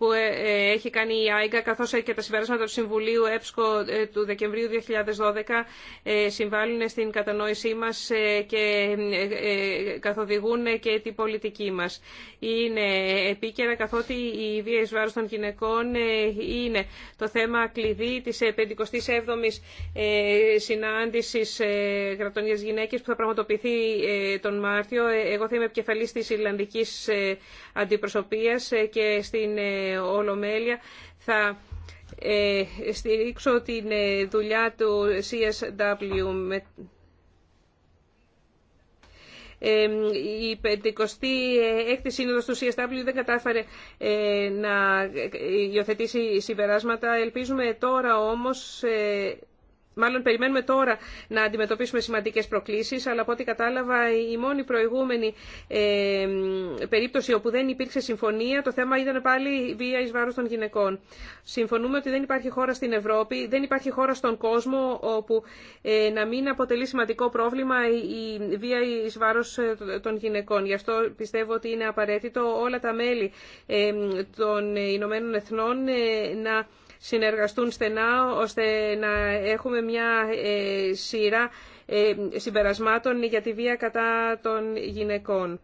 που ε, ε, έχει κάνει η ΆΙΚΑ, καθώς και τα συμπεράσματα του Συμβουλίου ΕΠΣΚΟ ε, του Δεκεμβρίου 2012 συμβάλλουν στην κατανόησή μας και καθοδηγούν και την πολιτική μας. Είναι επίκαιρα καθότι η βία εις των γυναικών είναι το θέμα κλειδί της 57ης συνάντησης κρατών για γυναίκες που θα πραγματοποιηθεί τον Μάρτιο. Εγώ θα είμαι επικεφαλής της Ιρλανδικής Αντιπροσωπείας και στην Ολομέλεια θα ε, στηρίξω την ε, δουλειά του CSW ε, η 56η Σύνοδος του CSW δεν κατάφερε να υιοθετήσει συμπεράσματα. Ελπίζουμε τώρα όμως Μάλλον περιμένουμε τώρα να αντιμετωπίσουμε σημαντικές προκλήσεις, αλλά από ό,τι κατάλαβα η μόνη προηγούμενη ε, περίπτωση όπου δεν υπήρξε συμφωνία, το θέμα ήταν πάλι βία εις βάρος των γυναικών. Συμφωνούμε ότι δεν υπάρχει χώρα στην Ευρώπη, δεν υπάρχει χώρα στον κόσμο όπου ε, να μην αποτελεί σημαντικό πρόβλημα η βία εις βάρος ε, των γυναικών. Γι' αυτό πιστεύω ότι είναι απαραίτητο όλα τα μέλη ε, των Ηνωμένων Εθνών να συνεργαστούν στενά ώστε να έχουμε μια ε, σειρά ε, συμπερασμάτων για τη βία κατά των γυναικών.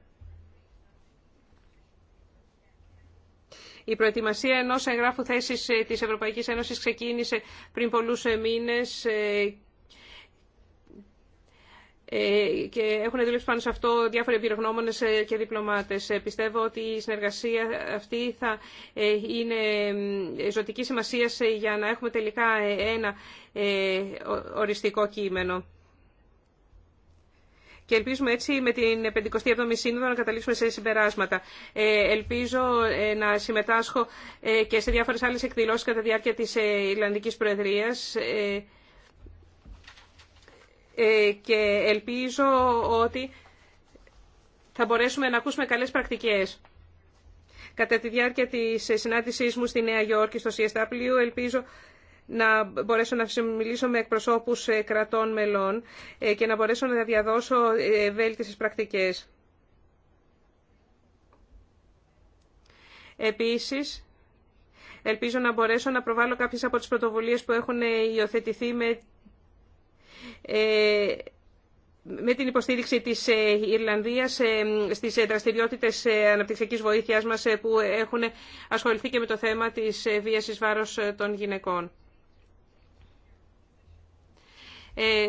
Η προετοιμασία ενός εγγράφου θέσης ε, της Ευρωπαϊκής Ένωσης ξεκίνησε πριν πολλούς μήνες ε, και έχουν δουλέψει πάνω σε αυτό διάφοροι εμπειρογνώμονε ε, και διπλωμάτες. Ε, πιστεύω ότι η συνεργασία αυτή θα είναι ζωτική σημασία για να έχουμε τελικά ένα οριστικό κείμενο. Και ελπίζουμε έτσι με την 57η Σύνοδο να καταλήξουμε σε συμπεράσματα. Ελπίζω να συμμετάσχω και σε διάφορε άλλε εκδηλώσει κατά τη διάρκεια της Προεδρία. Προεδρίας. Ε, και ελπίζω ότι θα μπορέσουμε να ακούσουμε καλές πρακτικές. Κατά τη διάρκεια της συνάντησής μου στη Νέα Υόρκη στο CSW ελπίζω να μπορέσω να μιλήσω με εκπροσώπους ε, κρατών μελών ε, και να μπορέσω να διαδώσω βέλτιστες πρακτικές. Επίσης, ελπίζω να μπορέσω να προβάλλω κάποιες από τις πρωτοβουλίες που έχουν υιοθετηθεί με ε, με την υποστήριξη της ε, Ιρλανδίας ε, στις δραστηριότητες αναπτυξιακής βοήθειάς μας που έχουν ασχοληθεί και με το θέμα της βίας εις βάρος των γυναικών.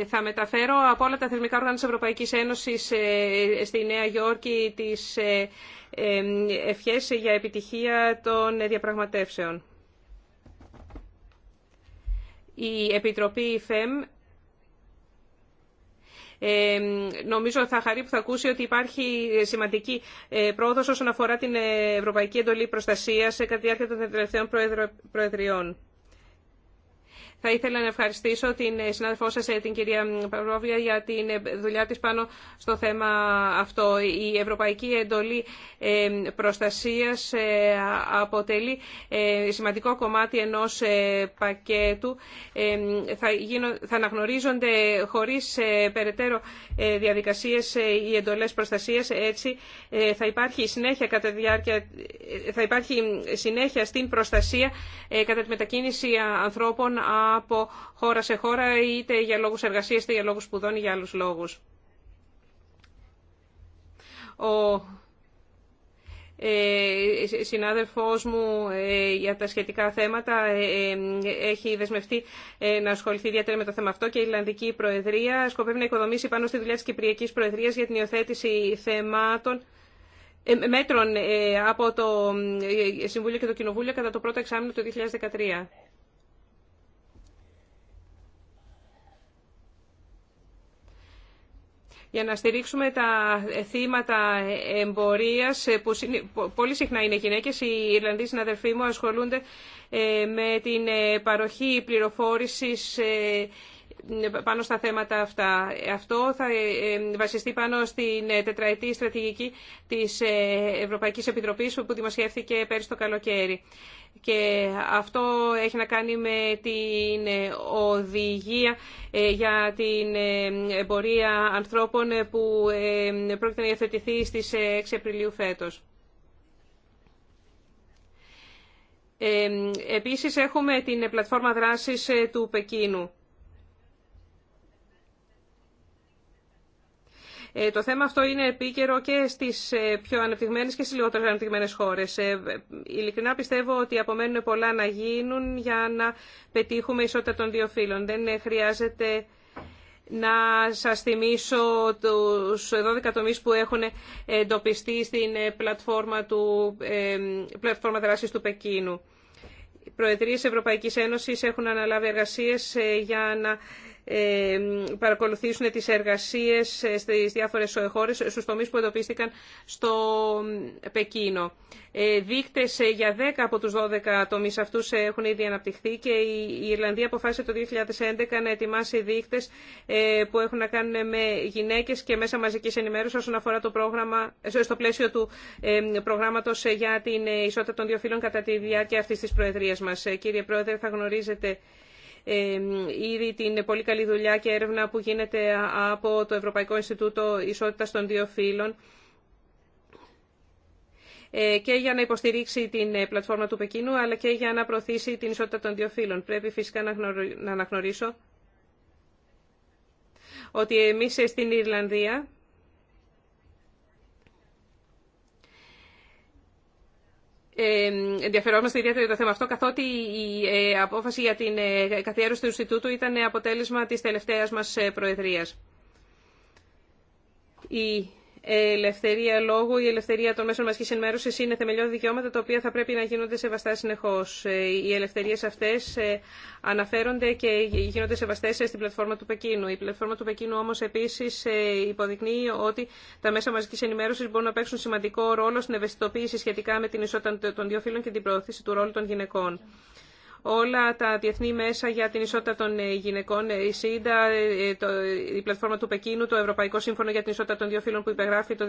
Θα μεταφέρω από όλα τα θεσμικά οργάνα της Ευρωπαϊκής Ένωσης στη Νέα Υόρκη τις ευχές για επιτυχία των διαπραγματεύσεων. Η Επιτροπή ΦΕΜ ε, νομίζω θα χαρεί που θα ακούσει ότι υπάρχει σημαντική ε, πρόοδος όσον αφορά την ε, Ευρωπαϊκή Εντολή Προστασίας κατά τη διάρκεια των τελευταίων προεδριών. Θα ήθελα να ευχαριστήσω την συνάδελφό σα, ε, την κυρία Παυλόβια, για την ε, δουλειά της πάνω στο θέμα αυτό. Η Ευρωπαϊκή Εντολή ε, Προστασίας αποτελεί σημαντικό κομμάτι ενός πακέτου. Θα αναγνωρίζονται χωρίς περαιτέρω διαδικασίες οι εντολές προστασίας. Έτσι θα υπάρχει συνέχεια, κατά θα υπάρχει συνέχεια στην προστασία κατά τη μετακίνηση ανθρώπων από χώρα σε χώρα, είτε για λόγους εργασίας, είτε για λόγους σπουδών ή για άλλους λόγους. Ο ε, συνάδελφός μου ε, για τα σχετικά θέματα ε, ε, έχει δεσμευτεί να ασχοληθεί ιδιαίτερα με το θέμα αυτό και η Ιλλανδική Προεδρία σκοπεύει να οικοδομήσει πάνω στη δουλειά της Κυπριακής Προεδρίας για την υιοθέτηση θεμάτων μέτρων από το Συμβούλιο και το Κοινοβούλιο κατά το πρώτο εξάμεινο του 2013. για να στηρίξουμε τα θύματα εμπορίας ε, που πολύ συχνά είναι γυναίκες. Οι Ιρλανδοί συναδελφοί μου ασχολούνται ε, με την ε, παροχή πληροφόρησης πάνω στα θέματα αυτά. Αυτό θα ε, ε, βασιστεί πάνω στην ε, τετραετή στρατηγική της Ευρωπαϊκής Επιτροπής που δημοσιεύθηκε πέρυσι το καλοκαίρι. Και αυτό έχει να κάνει με την οδηγία για την εμπορία ανθρώπων που πρόκειται να υιοθετηθεί στις 6 Απριλίου φέτος. Επίσης έχουμε την πλατφόρμα δράσης του Πεκίνου. Ε, το θέμα αυτό είναι επίκαιρο και στις ε, πιο ανεπτυγμένε και στις λιγότερο ανεπτυγμένες χώρες. Ε, ειλικρινά πιστεύω ότι απομένουν πολλά να γίνουν για να πετύχουμε ισότητα των δύο φύλων. Δεν χρειάζεται να σας θυμίσω τους 12 τομείς που έχουν εντοπιστεί στην πλατφόρμα, του, πλατφόρμα δράσης του Πεκίνου. Οι Προεδρίες Ευρωπαϊκής Ένωσης έχουν αναλάβει εργασίες για να ε, παρακολουθήσουν τις εργασίες στις διάφορες χώρες, στους τομείς που εντοπίστηκαν στο Πεκίνο. Ε, δείκτες για 10 από τους 12 τομείς αυτούς έχουν ήδη αναπτυχθεί και η Ιρλανδία αποφάσισε το 2011 να ετοιμάσει δείκτες ε, που έχουν να κάνουν με γυναίκες και μέσα μαζικής ενημέρωσης όσον αφορά το πρόγραμμα, στο πλαίσιο του προγράμματος για την ισότητα των δύο φύλων κατά τη διάρκεια αυτής της Προεδρίας μας. Κύριε Πρόεδρε, θα γνωρίζετε ήδη την πολύ καλή δουλειά και έρευνα που γίνεται από το Ευρωπαϊκό Ινστιτούτο Ισότητας των Δύο Φύλων ε, και για να υποστηρίξει την ε, πλατφόρμα του Πεκίνου, αλλά και για να προωθήσει την ισότητα των δύο φύλων. Πρέπει φυσικά να αναγνωρίσω ότι εμείς στην Ιρλανδία Ε, ενδιαφερόμαστε ιδιαίτερα για το θέμα αυτό, καθότι η ε, απόφαση για την ε, καθιέρωση του Ινστιτούτου ήταν αποτέλεσμα της τελευταίας μας προεδρίας. Η ελευθερία λόγου, η ελευθερία των μέσων μαζικής ενημέρωσης είναι θεμελιώδη δικαιώματα τα οποία θα πρέπει να γίνονται σεβαστά συνεχώ. Ε, οι ελευθερίες αυτέ ε, αναφέρονται και γίνονται σεβαστές ε, στην πλατφόρμα του Πεκίνου. Η πλατφόρμα του Πεκίνου όμω επίση υποδεικνύει ότι τα μέσα μαζικής ενημέρωση μπορούν να παίξουν σημαντικό ρόλο στην ευαισθητοποίηση σχετικά με την ισότητα των δύο φύλων και την προώθηση του ρόλου των γυναικών όλα τα διεθνή μέσα για την ισότητα των ε, γυναικών, ε, η ΣΥΝΤΑ, ε, η πλατφόρμα του Πεκίνου, το Ευρωπαϊκό Σύμφωνο για την Ισότητα των Δύο Φύλων που υπεγράφει το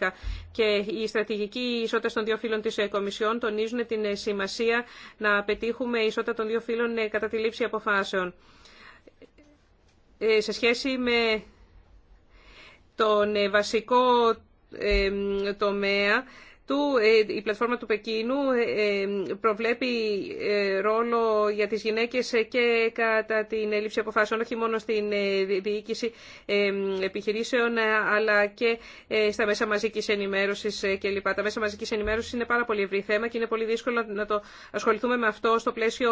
2010 και η στρατηγική ισότητα των δύο φύλων της Κομισιόν τονίζουν την σημασία να πετύχουμε ισότητα των δύο φύλων κατά τη λήψη αποφάσεων. Σε σχέση με τον βασικό τομέα, ε, η πλατφόρμα του Πεκίνου ε, ε, προβλέπει ρόλο για τις γυναίκες και κατά την έλλειψη αποφάσεων, όχι μόνο στην διοίκηση επιχειρήσεων, αλλά και στα μέσα μαζικής ενημέρωσης κλπ. Τα μέσα μαζικής ενημέρωσης είναι πάρα πολύ ευρύ θέμα και είναι πολύ δύσκολο να το ασχοληθούμε με αυτό στο πλαίσιο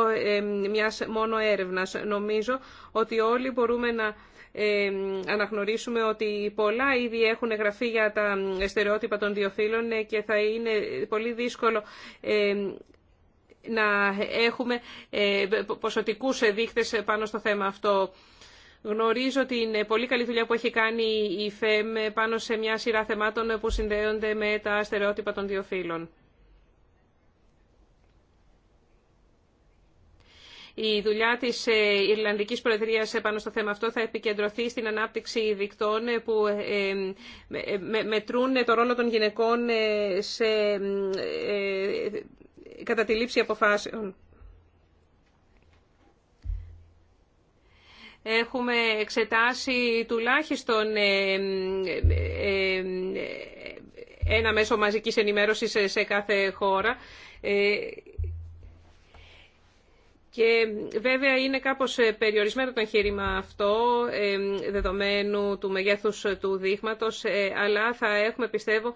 μιας μόνο έρευνας. Νομίζω ότι όλοι μπορούμε να αναγνωρίσουμε ότι πολλά ήδη έχουν γραφεί για τα στερεότυπα των δύο φύλων και θα είναι πολύ δύσκολο ε, να έχουμε ε, ποσοτικούς δείχτες πάνω στο θέμα αυτό. Γνωρίζω την πολύ καλή δουλειά που έχει κάνει η ΦΕΜ πάνω σε μια σειρά θεμάτων που συνδέονται με τα στερεότυπα των δύο φύλων. Η δουλειά τη ε, Ιρλανδική Προεδρία πάνω στο θέμα αυτό θα επικεντρωθεί στην ανάπτυξη δικτών ε, που ε, μετρούν το ρόλο των γυναικών σε, κατά τη λήψη αποφάσεων. Έχουμε εξετάσει τουλάχιστον ένα μέσο μαζικής ενημέρωσης σε κάθε χώρα και βέβαια είναι κάπως ε, περιορισμένο το εγχείρημα αυτό, ε, δεδομένου του μεγέθους ε, του δείγματος, αλλά θα έχουμε, πιστεύω,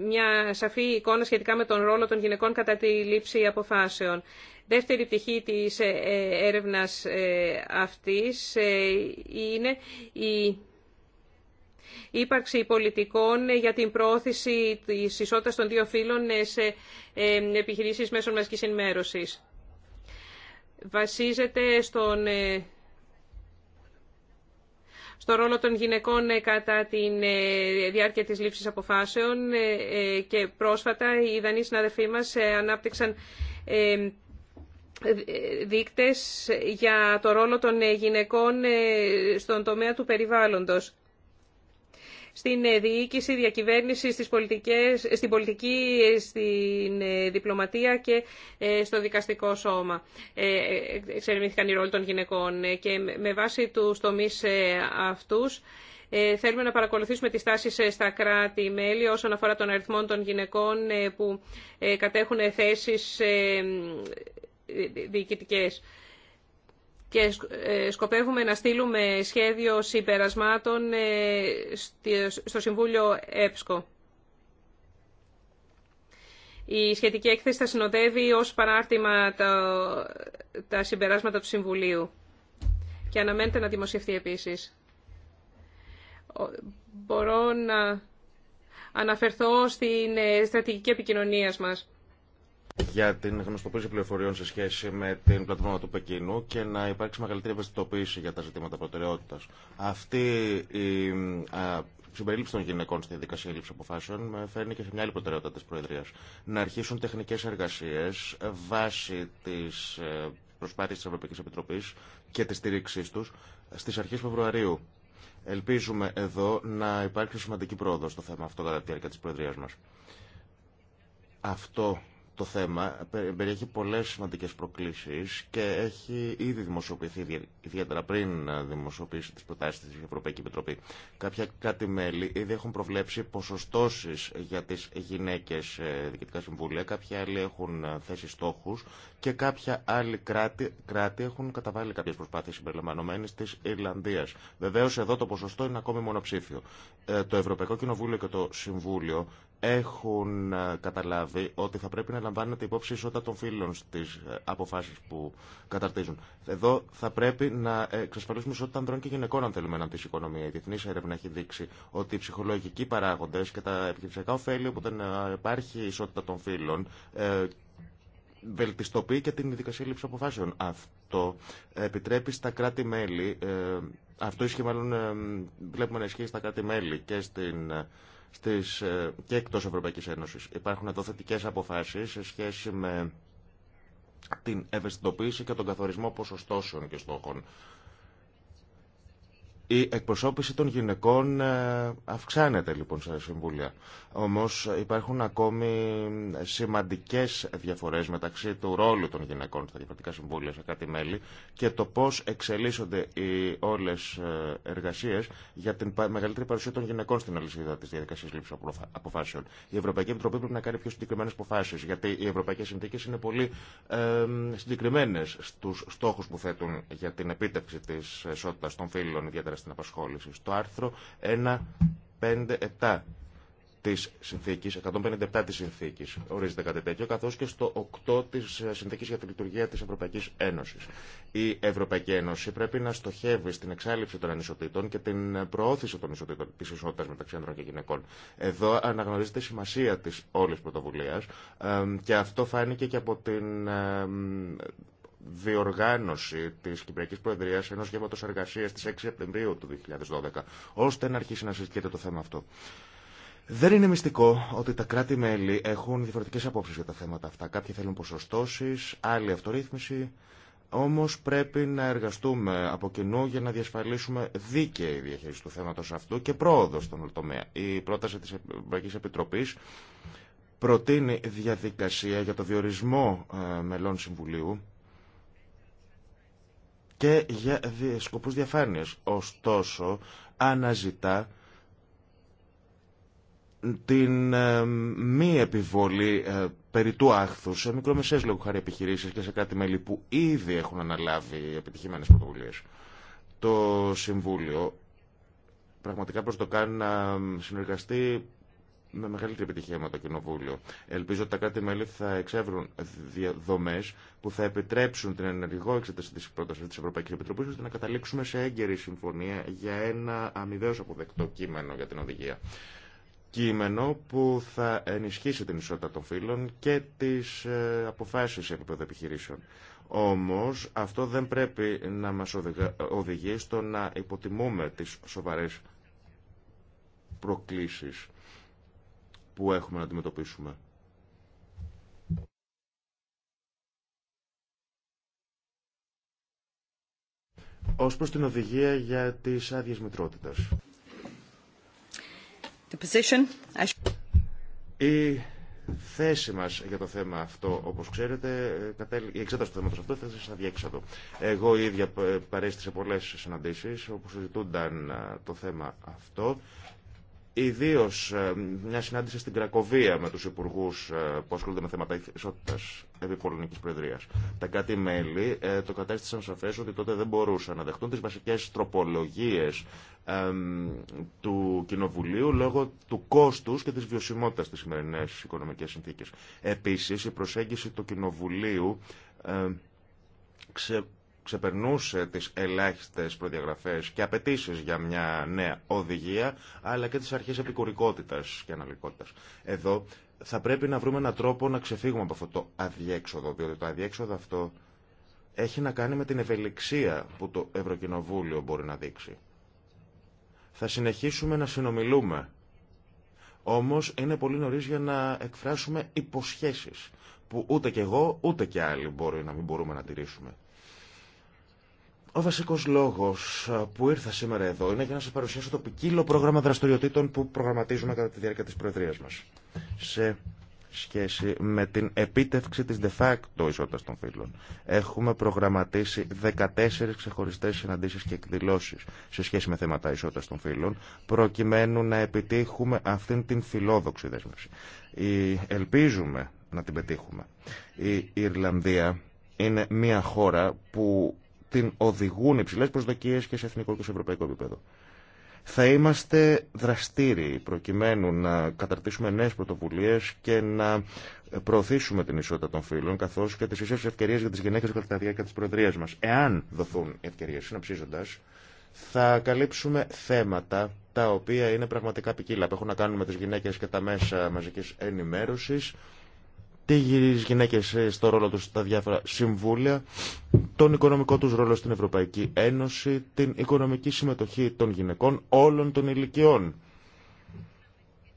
μια σαφή εικόνα σχετικά με τον ρόλο των γυναικών κατά τη λήψη αποφάσεων. Δεύτερη πτυχή της έρευνας αυτής είναι η ύπαρξη πολιτικών για την πρόθεση της ισότητας των δύο φύλων σε επιχειρήσεις μέσων μαζικής ενημέρωσης βασίζεται στον, ε, στο ρόλο των γυναικών ε, κατά τη ε, διάρκεια της λήψης αποφάσεων και πρόσφατα οι Ιδανοί συναδελφοί μας ανάπτυξαν δείκτες για το ρόλο των γυναικών στον τομέα του περιβάλλοντος στην ε, διοίκηση, διακυβέρνηση, στις πολιτικές, στην πολιτική, ε, στην ε, διπλωματία και στο δικαστικό σώμα. Εξερευνήθηκαν οι ρόλοι των γυναικών και με βάση τους τομείς αυτούς θέλουμε να παρακολουθήσουμε τις τάσεις στα κράτη-μέλη όσον αφορά τον αριθμό των γυναικών που κατέχουν θέσεις διοικητικές και ε, σκοπεύουμε να στείλουμε σχέδιο συμπερασμάτων ε, στο Συμβούλιο ΕΠΣΚΟ. Η σχετική έκθεση θα συνοδεύει ως παράρτημα τα, συμπεράσματα του Συμβουλίου και αναμένεται να δημοσιευτεί επίσης. Μπορώ να αναφερθώ στην ε, στρατηγική επικοινωνία μας για την γνωστοποίηση πληροφοριών σε σχέση με την πλατφόρμα του Πεκίνου και να υπάρξει μεγαλύτερη ευαισθητοποίηση για τα ζητήματα προτεραιότητα. Αυτή η α, συμπερίληψη των γυναικών στη δικασία λήψη αποφάσεων με φέρνει και σε μια άλλη προτεραιότητα τη Προεδρία. Να αρχίσουν τεχνικέ εργασίε βάσει τη ε, προσπάθεια τη Ευρωπαϊκή Επιτροπή και τη στήριξή του στι αρχέ Φεβρουαρίου. Ελπίζουμε εδώ να υπάρξει σημαντική πρόοδο στο θέμα αυτό κατά τη διάρκεια τη Προεδρία μα. Αυτό το θέμα περιέχει πολλές σημαντικές προκλήσεις και έχει ήδη δημοσιοποιηθεί ιδιαίτερα πριν ε, δημοσιοποιήσει τις προτάσεις της Ευρωπαϊκή Επιτροπή. Κάποια κάτι μέλη ήδη έχουν προβλέψει ποσοστώσεις για τις γυναίκες ε, διοικητικά συμβούλια, κάποια άλλοι έχουν ε, θέσει στόχους και κάποια άλλοι κράτη, κράτη έχουν καταβάλει κάποιες προσπάθειες συμπεριλαμβανομένες της Ιρλανδίας. Βεβαίως εδώ το ποσοστό είναι ακόμη μονοψήφιο. το Ευρωπαϊκό Κοινοβούλιο και το Συμβούλιο έχουν ε, καταλάβει ότι θα πρέπει να λαμβάνεται υπόψη ισότητα των φίλων στις ε, αποφάσεις που καταρτίζουν. Εδώ θα πρέπει να εξασφαλίσουμε ισότητα ανδρών και γυναικών αν θέλουμε να αντίσει οικονομία. Η διεθνή έρευνα έχει δείξει ότι οι ψυχολογικοί παράγοντες και τα επιχειρησιακά ωφέλη όπου δεν ε, υπάρχει ισότητα των φίλων βελτιστοποιεί και την δικασία λήψη αποφάσεων. Αυτό επιτρέπει στα κράτη-μέλη, αυτό ισχύει μάλλον βλέπουμε να ισχύει στα κράτη-μέλη και στην στις, ε, και εκτός Ευρωπαϊκής Ένωσης. Υπάρχουν εδώ θετικέ αποφάσεις σε σχέση με την ευαισθητοποίηση και τον καθορισμό ποσοστώσεων και στόχων. Η εκπροσώπηση των γυναικών ε, αυξάνεται λοιπόν στα συμβούλια. Όμως υπάρχουν ακόμη σημαντικές διαφορές μεταξύ του ρόλου των γυναικών στα διαφορετικά συμβούλια σε κάτι μέλη και το πώς εξελίσσονται οι όλες ε, εργασίες για την μεγαλύτερη παρουσία των γυναικών στην αλυσίδα της διαδικασίας λήψης αποφάσεων. Η Ευρωπαϊκή Επιτροπή πρέπει να κάνει πιο συγκεκριμένες αποφάσεις γιατί οι ευρωπαϊκές συνθήκες είναι πολύ ε, συγκεκριμένε στους στόχους που θέτουν για την επίτευξη της ισότητας των φίλων στην απασχόληση. Στο άρθρο 157 τη συνθήκη, 157 της συνθήκη ορίζεται κάτι τέτοιο, καθώ και στο 8 τη συνθήκη για τη λειτουργία τη Ευρωπαϊκή Ένωση. Η Ευρωπαϊκή Ένωση πρέπει να στοχεύει στην εξάλληψη των ανισοτήτων και την προώθηση των ισοτήτων τη ισότητα μεταξύ ανδρών και γυναικών. Εδώ αναγνωρίζεται η σημασία τη όλη πρωτοβουλία ε, και αυτό φάνηκε και από την ε, διοργάνωση της Κυπριακής Προεδρίας ενός γεύματος εργασίας της 6 Σεπτεμβρίου του 2012, ώστε να αρχίσει να συζητιέται το θέμα αυτό. Δεν είναι μυστικό ότι τα κράτη-μέλη έχουν διαφορετικές απόψεις για τα θέματα αυτά. Κάποιοι θέλουν ποσοστώσεις, άλλη αυτορύθμιση. Όμως πρέπει να εργαστούμε από κοινού για να διασφαλίσουμε δίκαιη διαχείριση του θέματος αυτού και πρόοδο στον τομέα. Η πρόταση της Ευρωπαϊκής Επιτροπής προτείνει διαδικασία για το διορισμό ε, μελών Συμβουλίου και για σκοπούς διαφάνειας. Ωστόσο, αναζητά την ε, μη επιβολή ε, περί του άχθους σε μικρομεσές λογοχάρια επιχειρήσεις και σε κάτι μέλη που ήδη έχουν αναλάβει επιτυχημένες πρωτοβουλίες. Το Συμβούλιο πραγματικά προς το κάνει να συνεργαστεί με μεγαλύτερη επιτυχία με το Κοινοβούλιο. Ελπίζω ότι τα κράτη-μέλη θα εξεύρουν δομέ που θα επιτρέψουν την ενεργό εξέταση τη πρόταση τη Ευρωπαϊκή Επιτροπή ώστε να καταλήξουμε σε έγκαιρη συμφωνία για ένα αμοιβαίω αποδεκτό κείμενο για την οδηγία. Κείμενο που θα ενισχύσει την ισότητα των φύλων και τι ε, αποφάσει σε επίπεδο επιχειρήσεων. Όμω, αυτό δεν πρέπει να μα οδηγεί στο να υποτιμούμε τι σοβαρέ προκλήσεις που έχουμε να αντιμετωπίσουμε. Ως προς την οδηγία για τις άδειες μητρότητας. Η θέση μας για το θέμα αυτό, όπως ξέρετε, η εξέταση του θέματος αυτό θα σας αδιέξατο. Εγώ ίδια ε, παρέστησα πολλές συναντήσεις όπου συζητούνταν το θέμα αυτό Ιδίω ε, μια συνάντηση στην Κρακοβία με του υπουργού ε, που ασχολούνται με θέματα ισότητα επί Πολωνική Προεδρία. Τα κάτι μέλη ε, το κατέστησαν σαφέ ότι τότε δεν μπορούσαν να δεχτούν τι βασικέ τροπολογίε του Κοινοβουλίου λόγω του κόστου και τη βιωσιμότητα στι σημερινέ οικονομικέ συνθήκε. Επίση, η προσέγγιση του Κοινοβουλίου ξεπερνούσε τις ελάχιστες προδιαγραφές και απαιτήσει για μια νέα οδηγία, αλλά και τις αρχές επικουρικότητας και αναλυκότητας. Εδώ θα πρέπει να βρούμε έναν τρόπο να ξεφύγουμε από αυτό το αδιέξοδο, διότι το αδιέξοδο αυτό έχει να κάνει με την ευελιξία που το Ευρωκοινοβούλιο μπορεί να δείξει. Θα συνεχίσουμε να συνομιλούμε. Όμως είναι πολύ νωρίς για να εκφράσουμε υποσχέσεις που ούτε κι εγώ ούτε κι άλλοι μπορεί να μην μπορούμε να τηρήσουμε. Ο βασικό λόγο που ήρθα σήμερα εδώ είναι για να σα παρουσιάσω το ποικίλο πρόγραμμα δραστηριοτήτων που προγραμματίζουμε κατά τη διάρκεια τη Προεδρία μα. Σε σχέση με την επίτευξη της de facto ισότητας των φύλων. Έχουμε προγραμματίσει 14 ξεχωριστέ συναντήσει και εκδηλώσει σε σχέση με θέματα ισότητας των φύλων, προκειμένου να επιτύχουμε αυτήν την φιλόδοξη δέσμευση. Ελπίζουμε να την πετύχουμε. Η Ιρλανδία είναι μια χώρα που την οδηγούν υψηλέ προσδοκίε και σε εθνικό και σε ευρωπαϊκό επίπεδο. Θα είμαστε δραστήριοι προκειμένου να καταρτήσουμε νέε πρωτοβουλίε και να προωθήσουμε την ισότητα των φύλων καθώ και τι ίσε ευκαιρίε για τι γυναίκε κατά τη διάρκεια τη Προεδρία μα. Εάν δοθούν ευκαιρίε, συνοψίζοντα, θα καλύψουμε θέματα τα οποία είναι πραγματικά ποικίλα, που έχουν να κάνουν με τι γυναίκε και τα μέσα μαζική ενημέρωση, τι γυναίκες ε, στο ρόλο τους στα διάφορα συμβούλια, τον οικονομικό τους ρόλο στην Ευρωπαϊκή Ένωση, την οικονομική συμμετοχή των γυναικών όλων των ηλικιών.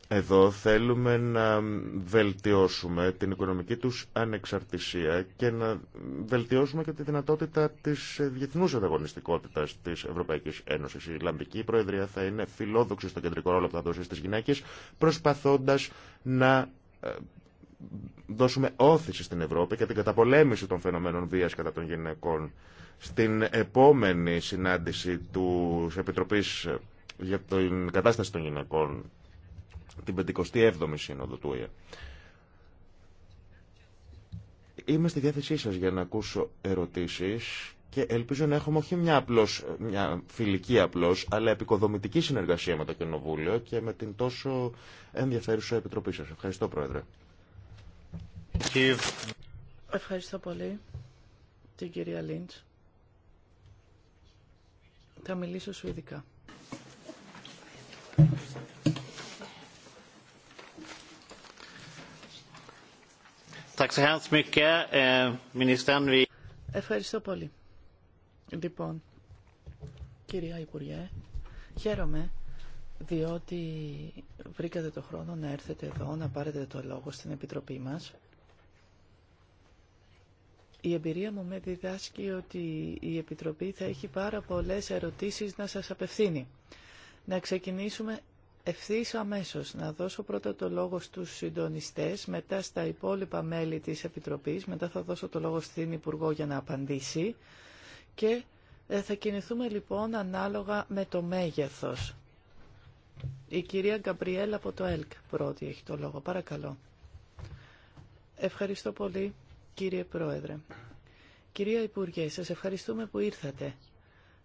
Εδώ θέλουμε να βελτιώσουμε την οικονομική τους ανεξαρτησία και να βελτιώσουμε και τη δυνατότητα της διεθνούς ανταγωνιστικότητας της Ευρωπαϊκής Ένωσης. Η Ιλλανδική Προεδρία θα είναι φιλόδοξη στο κεντρικό ρόλο που θα δώσει στις γυναίκες, προσπαθώντας να ε, δώσουμε όθηση στην Ευρώπη και την καταπολέμηση των φαινομένων βίας κατά των γυναικών. Στην επόμενη συνάντηση του Επιτροπής για την κατάσταση των γυναικών, την 57η Σύνοδο του ΟΗΕ. Είμαι στη διάθεσή σας για να ακούσω ερωτήσεις και ελπίζω να έχουμε όχι μια, μια φιλική απλώς, αλλά επικοδομητική συνεργασία με το Κοινοβούλιο και με την τόσο ενδιαφέρουσα Επιτροπή σας. Ευχαριστώ, Πρόεδρε. Ευχαριστώ πολύ την κυρία Λιντ. Θα μιλήσω σου ειδικά. Eh, Ευχαριστώ πολύ. Λοιπόν, κυρία Υπουργέ, χαίρομαι διότι βρήκατε το χρόνο να έρθετε εδώ, να πάρετε το λόγο στην Επιτροπή μας η εμπειρία μου με διδάσκει ότι η Επιτροπή θα έχει πάρα πολλές ερωτήσεις να σας απευθύνει. Να ξεκινήσουμε ευθύς αμέσως. Να δώσω πρώτα το λόγο στους συντονιστές, μετά στα υπόλοιπα μέλη της Επιτροπής, μετά θα δώσω το λόγο στην Υπουργό για να απαντήσει και ε, θα κινηθούμε λοιπόν ανάλογα με το μέγεθος. Η κυρία Γκαμπριέλα από το ΕΛΚ πρώτη έχει το λόγο. Παρακαλώ. Ευχαριστώ πολύ κύριε Πρόεδρε. Κυρία Υπουργέ, σας ευχαριστούμε που ήρθατε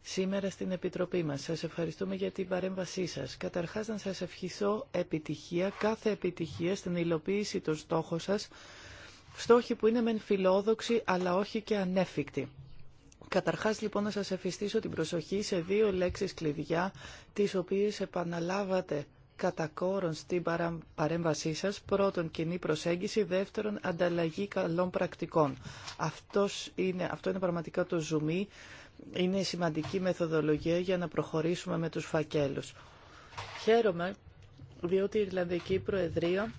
σήμερα στην Επιτροπή μας. Σας ευχαριστούμε για την παρέμβασή σας. Καταρχάς να σας ευχηθώ επιτυχία, κάθε επιτυχία στην υλοποίηση των στόχων σας, στόχοι που είναι μεν φιλόδοξοι αλλά όχι και ανέφικτοι. Καταρχάς λοιπόν να σας ευχηστήσω την προσοχή σε δύο λέξεις κλειδιά τις οποίες επαναλάβατε κατά κόρον στην παρέμβασή σας. Πρώτον, κοινή προσέγγιση. Δεύτερον, ανταλλαγή καλών πρακτικών. Αυτός είναι, αυτό είναι πραγματικά το ζουμί. Είναι σημαντική μεθοδολογία για να προχωρήσουμε με τους φακέλους. Χαίρομαι, διότι η Ιρλανδική Προεδρία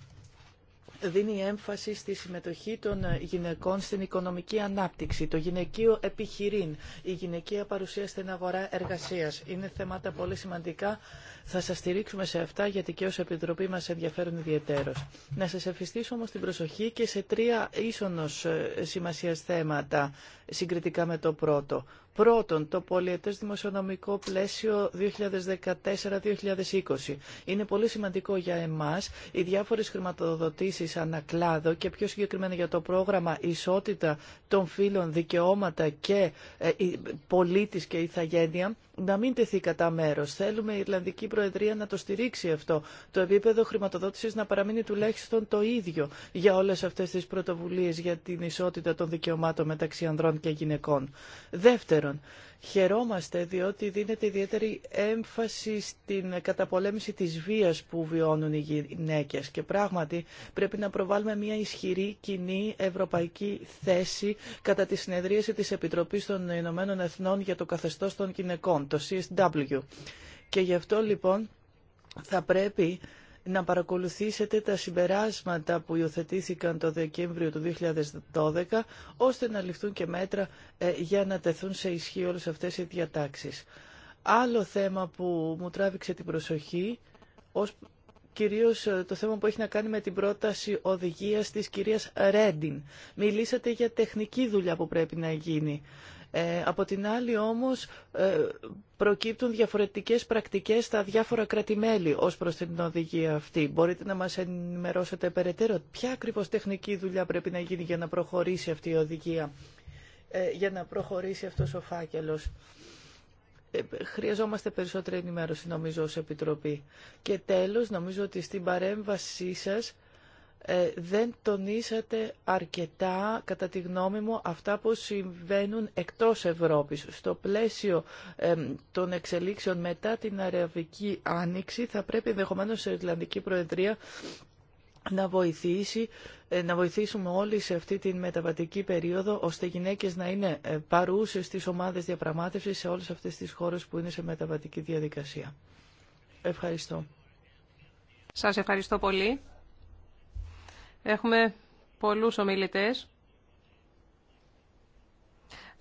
δίνει έμφαση στη συμμετοχή των γυναικών στην οικονομική ανάπτυξη, το γυναικείο επιχειρήν, η γυναικεία παρουσία στην αγορά εργασίας. Είναι θέματα πολύ σημαντικά. Θα σα στηρίξουμε σε αυτά γιατί και ω Επιτροπή μα ενδιαφέρουν ιδιαιτέρω. Να σα ευχηστήσω όμω την προσοχή και σε τρία ίσονο ε, σημασία θέματα συγκριτικά με το πρώτο. Πρώτον, το πολιετές δημοσιονομικό πλαίσιο 2014-2020. Είναι πολύ σημαντικό για εμάς οι διάφορες χρηματοδοτήσεις ανακλάδο και πιο συγκεκριμένα για το πρόγραμμα ισότητα των φύλων, δικαιώματα και ε, πολίτης και ηθαγένεια να μην τεθεί κατά μέρο. Θέλουμε η Ιρλανδική Προεδρία να το στηρίξει αυτό. Το επίπεδο χρηματοδότηση να παραμείνει τουλάχιστον το ίδιο για όλε αυτέ τι πρωτοβουλίε για την ισότητα των δικαιωμάτων μεταξύ ανδρών και γυναικών. Δεύτερον, Χαιρόμαστε διότι δίνεται ιδιαίτερη έμφαση στην καταπολέμηση της βίας που βιώνουν οι γυναίκες και πράγματι πρέπει να προβάλλουμε μια ισχυρή κοινή ευρωπαϊκή θέση κατά τη συνεδρίαση της Επιτροπής των Ηνωμένων Εθνών για το καθεστώς των γυναικών, το CSW. Και γι' αυτό λοιπόν θα πρέπει να παρακολουθήσετε τα συμπεράσματα που υιοθετήθηκαν το Δεκέμβριο του 2012, ώστε να ληφθούν και μέτρα ε, για να τεθούν σε ισχύ όλες αυτές οι διατάξεις. Άλλο θέμα που μου τράβηξε την προσοχή, ως κυρίως ε, το θέμα που έχει να κάνει με την πρόταση οδηγίας της κυρίας Ρέντιν. Μιλήσατε για τεχνική δουλειά που πρέπει να γίνει. Ε, από την άλλη όμως ε, προκύπτουν διαφορετικές πρακτικές στα διάφορα κρατημέλη ως προς την οδηγία αυτή. Μπορείτε να μας ενημερώσετε περαιτέρω ποια ακριβώς τεχνική δουλειά πρέπει να γίνει για να προχωρήσει αυτή η οδηγία, ε, για να προχωρήσει αυτός ο φάκελος. Χρειαζόμαστε περισσότερη ενημέρωση νομίζω ως Επιτροπή. Και τέλος νομίζω ότι στην παρέμβασή σας ε, δεν τονίσατε αρκετά, κατά τη γνώμη μου, αυτά που συμβαίνουν εκτός Ευρώπης. Στο πλαίσιο των εξελίξεων μετά την Αραβική Άνοιξη θα πρέπει ενδεχομένω η Ιρλανδική Προεδρία να βοηθήσει, ε, να βοηθήσουμε όλοι σε αυτή την μεταβατική περίοδο, ώστε οι γυναίκες να είναι ε, παρούσες στις ομάδες διαπραγμάτευσης σε όλες αυτές τις χώρες που είναι σε μεταβατική διαδικασία. Ευχαριστώ. Σας ευχαριστώ πολύ. Έχουμε πολλούς ομιλητές.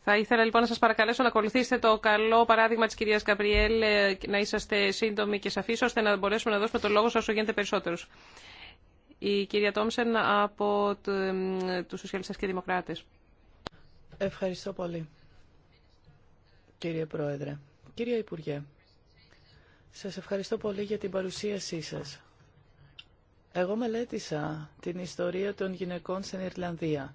Θα ήθελα λοιπόν να σας παρακαλέσω να ακολουθήσετε το καλό παράδειγμα της κυρίας Καπριέλ, ε, να είσαστε σύντομοι και σαφείς, ώστε να μπορέσουμε να δώσουμε το λόγο σας όσο γίνεται περισσότερους. Η κυρία Τόμσεν από ε, τους Σοσιαλιστές και Δημοκράτες. Ευχαριστώ πολύ, κύριε Πρόεδρε. Κύριε Υπουργέ, σας ευχαριστώ πολύ για την παρουσίασή σας. Εγώ μελέτησα την ιστορία των γυναικών στην Ιρλανδία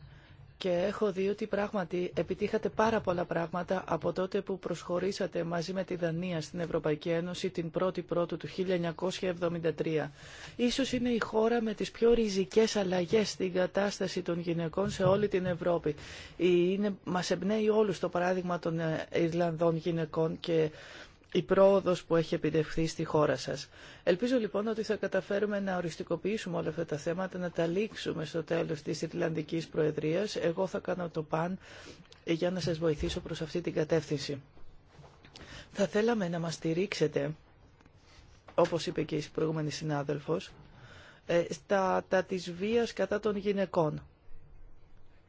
και έχω δει ότι πράγματι επιτύχατε πάρα πολλά πράγματα από τότε που προσχωρήσατε μαζί με τη Δανία στην Ευρωπαϊκή Ένωση την 1η Πρώτου του 1973. Ίσως είναι η χώρα με τις πιο ριζικές αλλαγές στην κατάσταση των γυναικών σε όλη την Ευρώπη. Είναι, μας εμπνέει όλους το παράδειγμα των ε, Ιρλανδών γυναικών και η πρόοδος που έχει επιτευχθεί στη χώρα σας. Ελπίζω λοιπόν ότι θα καταφέρουμε να οριστικοποιήσουμε όλα αυτά τα θέματα, να τα λήξουμε στο τέλος της Ιρλανδικής Προεδρίας. Εγώ θα κάνω το παν για να σας βοηθήσω προς αυτή την κατεύθυνση. Θα θέλαμε να μας στηρίξετε, όπως είπε και η προηγούμενη συνάδελφος, ε, στα τα της κατά των γυναικών.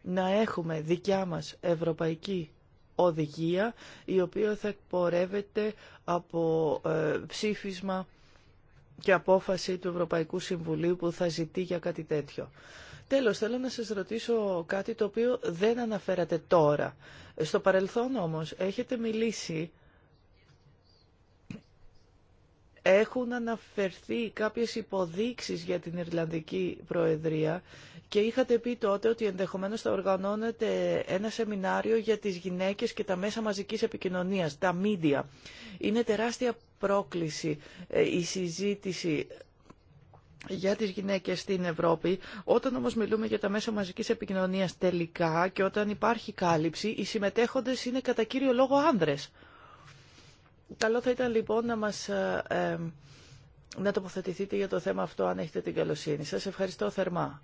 Να έχουμε δικιά μας ευρωπαϊκή οδηγία η οποία θα εκπορεύεται από ε, ψήφισμα και απόφαση του Ευρωπαϊκού Συμβουλίου που θα ζητεί για κάτι τέτοιο. Τέλος, θέλω να σας ρωτήσω κάτι το οποίο δεν αναφέρατε τώρα. Στο παρελθόν όμως έχετε μιλήσει έχουν αναφερθεί κάποιες υποδείξεις για την Ιρλανδική Προεδρία και είχατε πει τότε ότι ενδεχομένως θα οργανώνεται ένα σεμινάριο για τις γυναίκες και τα μέσα μαζικής επικοινωνίας, τα media. Είναι τεράστια πρόκληση ε, η συζήτηση για τις γυναίκες στην Ευρώπη. Όταν όμως μιλούμε για τα μέσα μαζικής επικοινωνίας τελικά και όταν υπάρχει κάλυψη, οι συμμετέχοντες είναι κατά κύριο λόγο άνδρες. Καλό θα ήταν λοιπόν να μας ε, ε, να τοποθετηθείτε για το θέμα αυτό αν έχετε την καλοσύνη. Σας ευχαριστώ θερμά.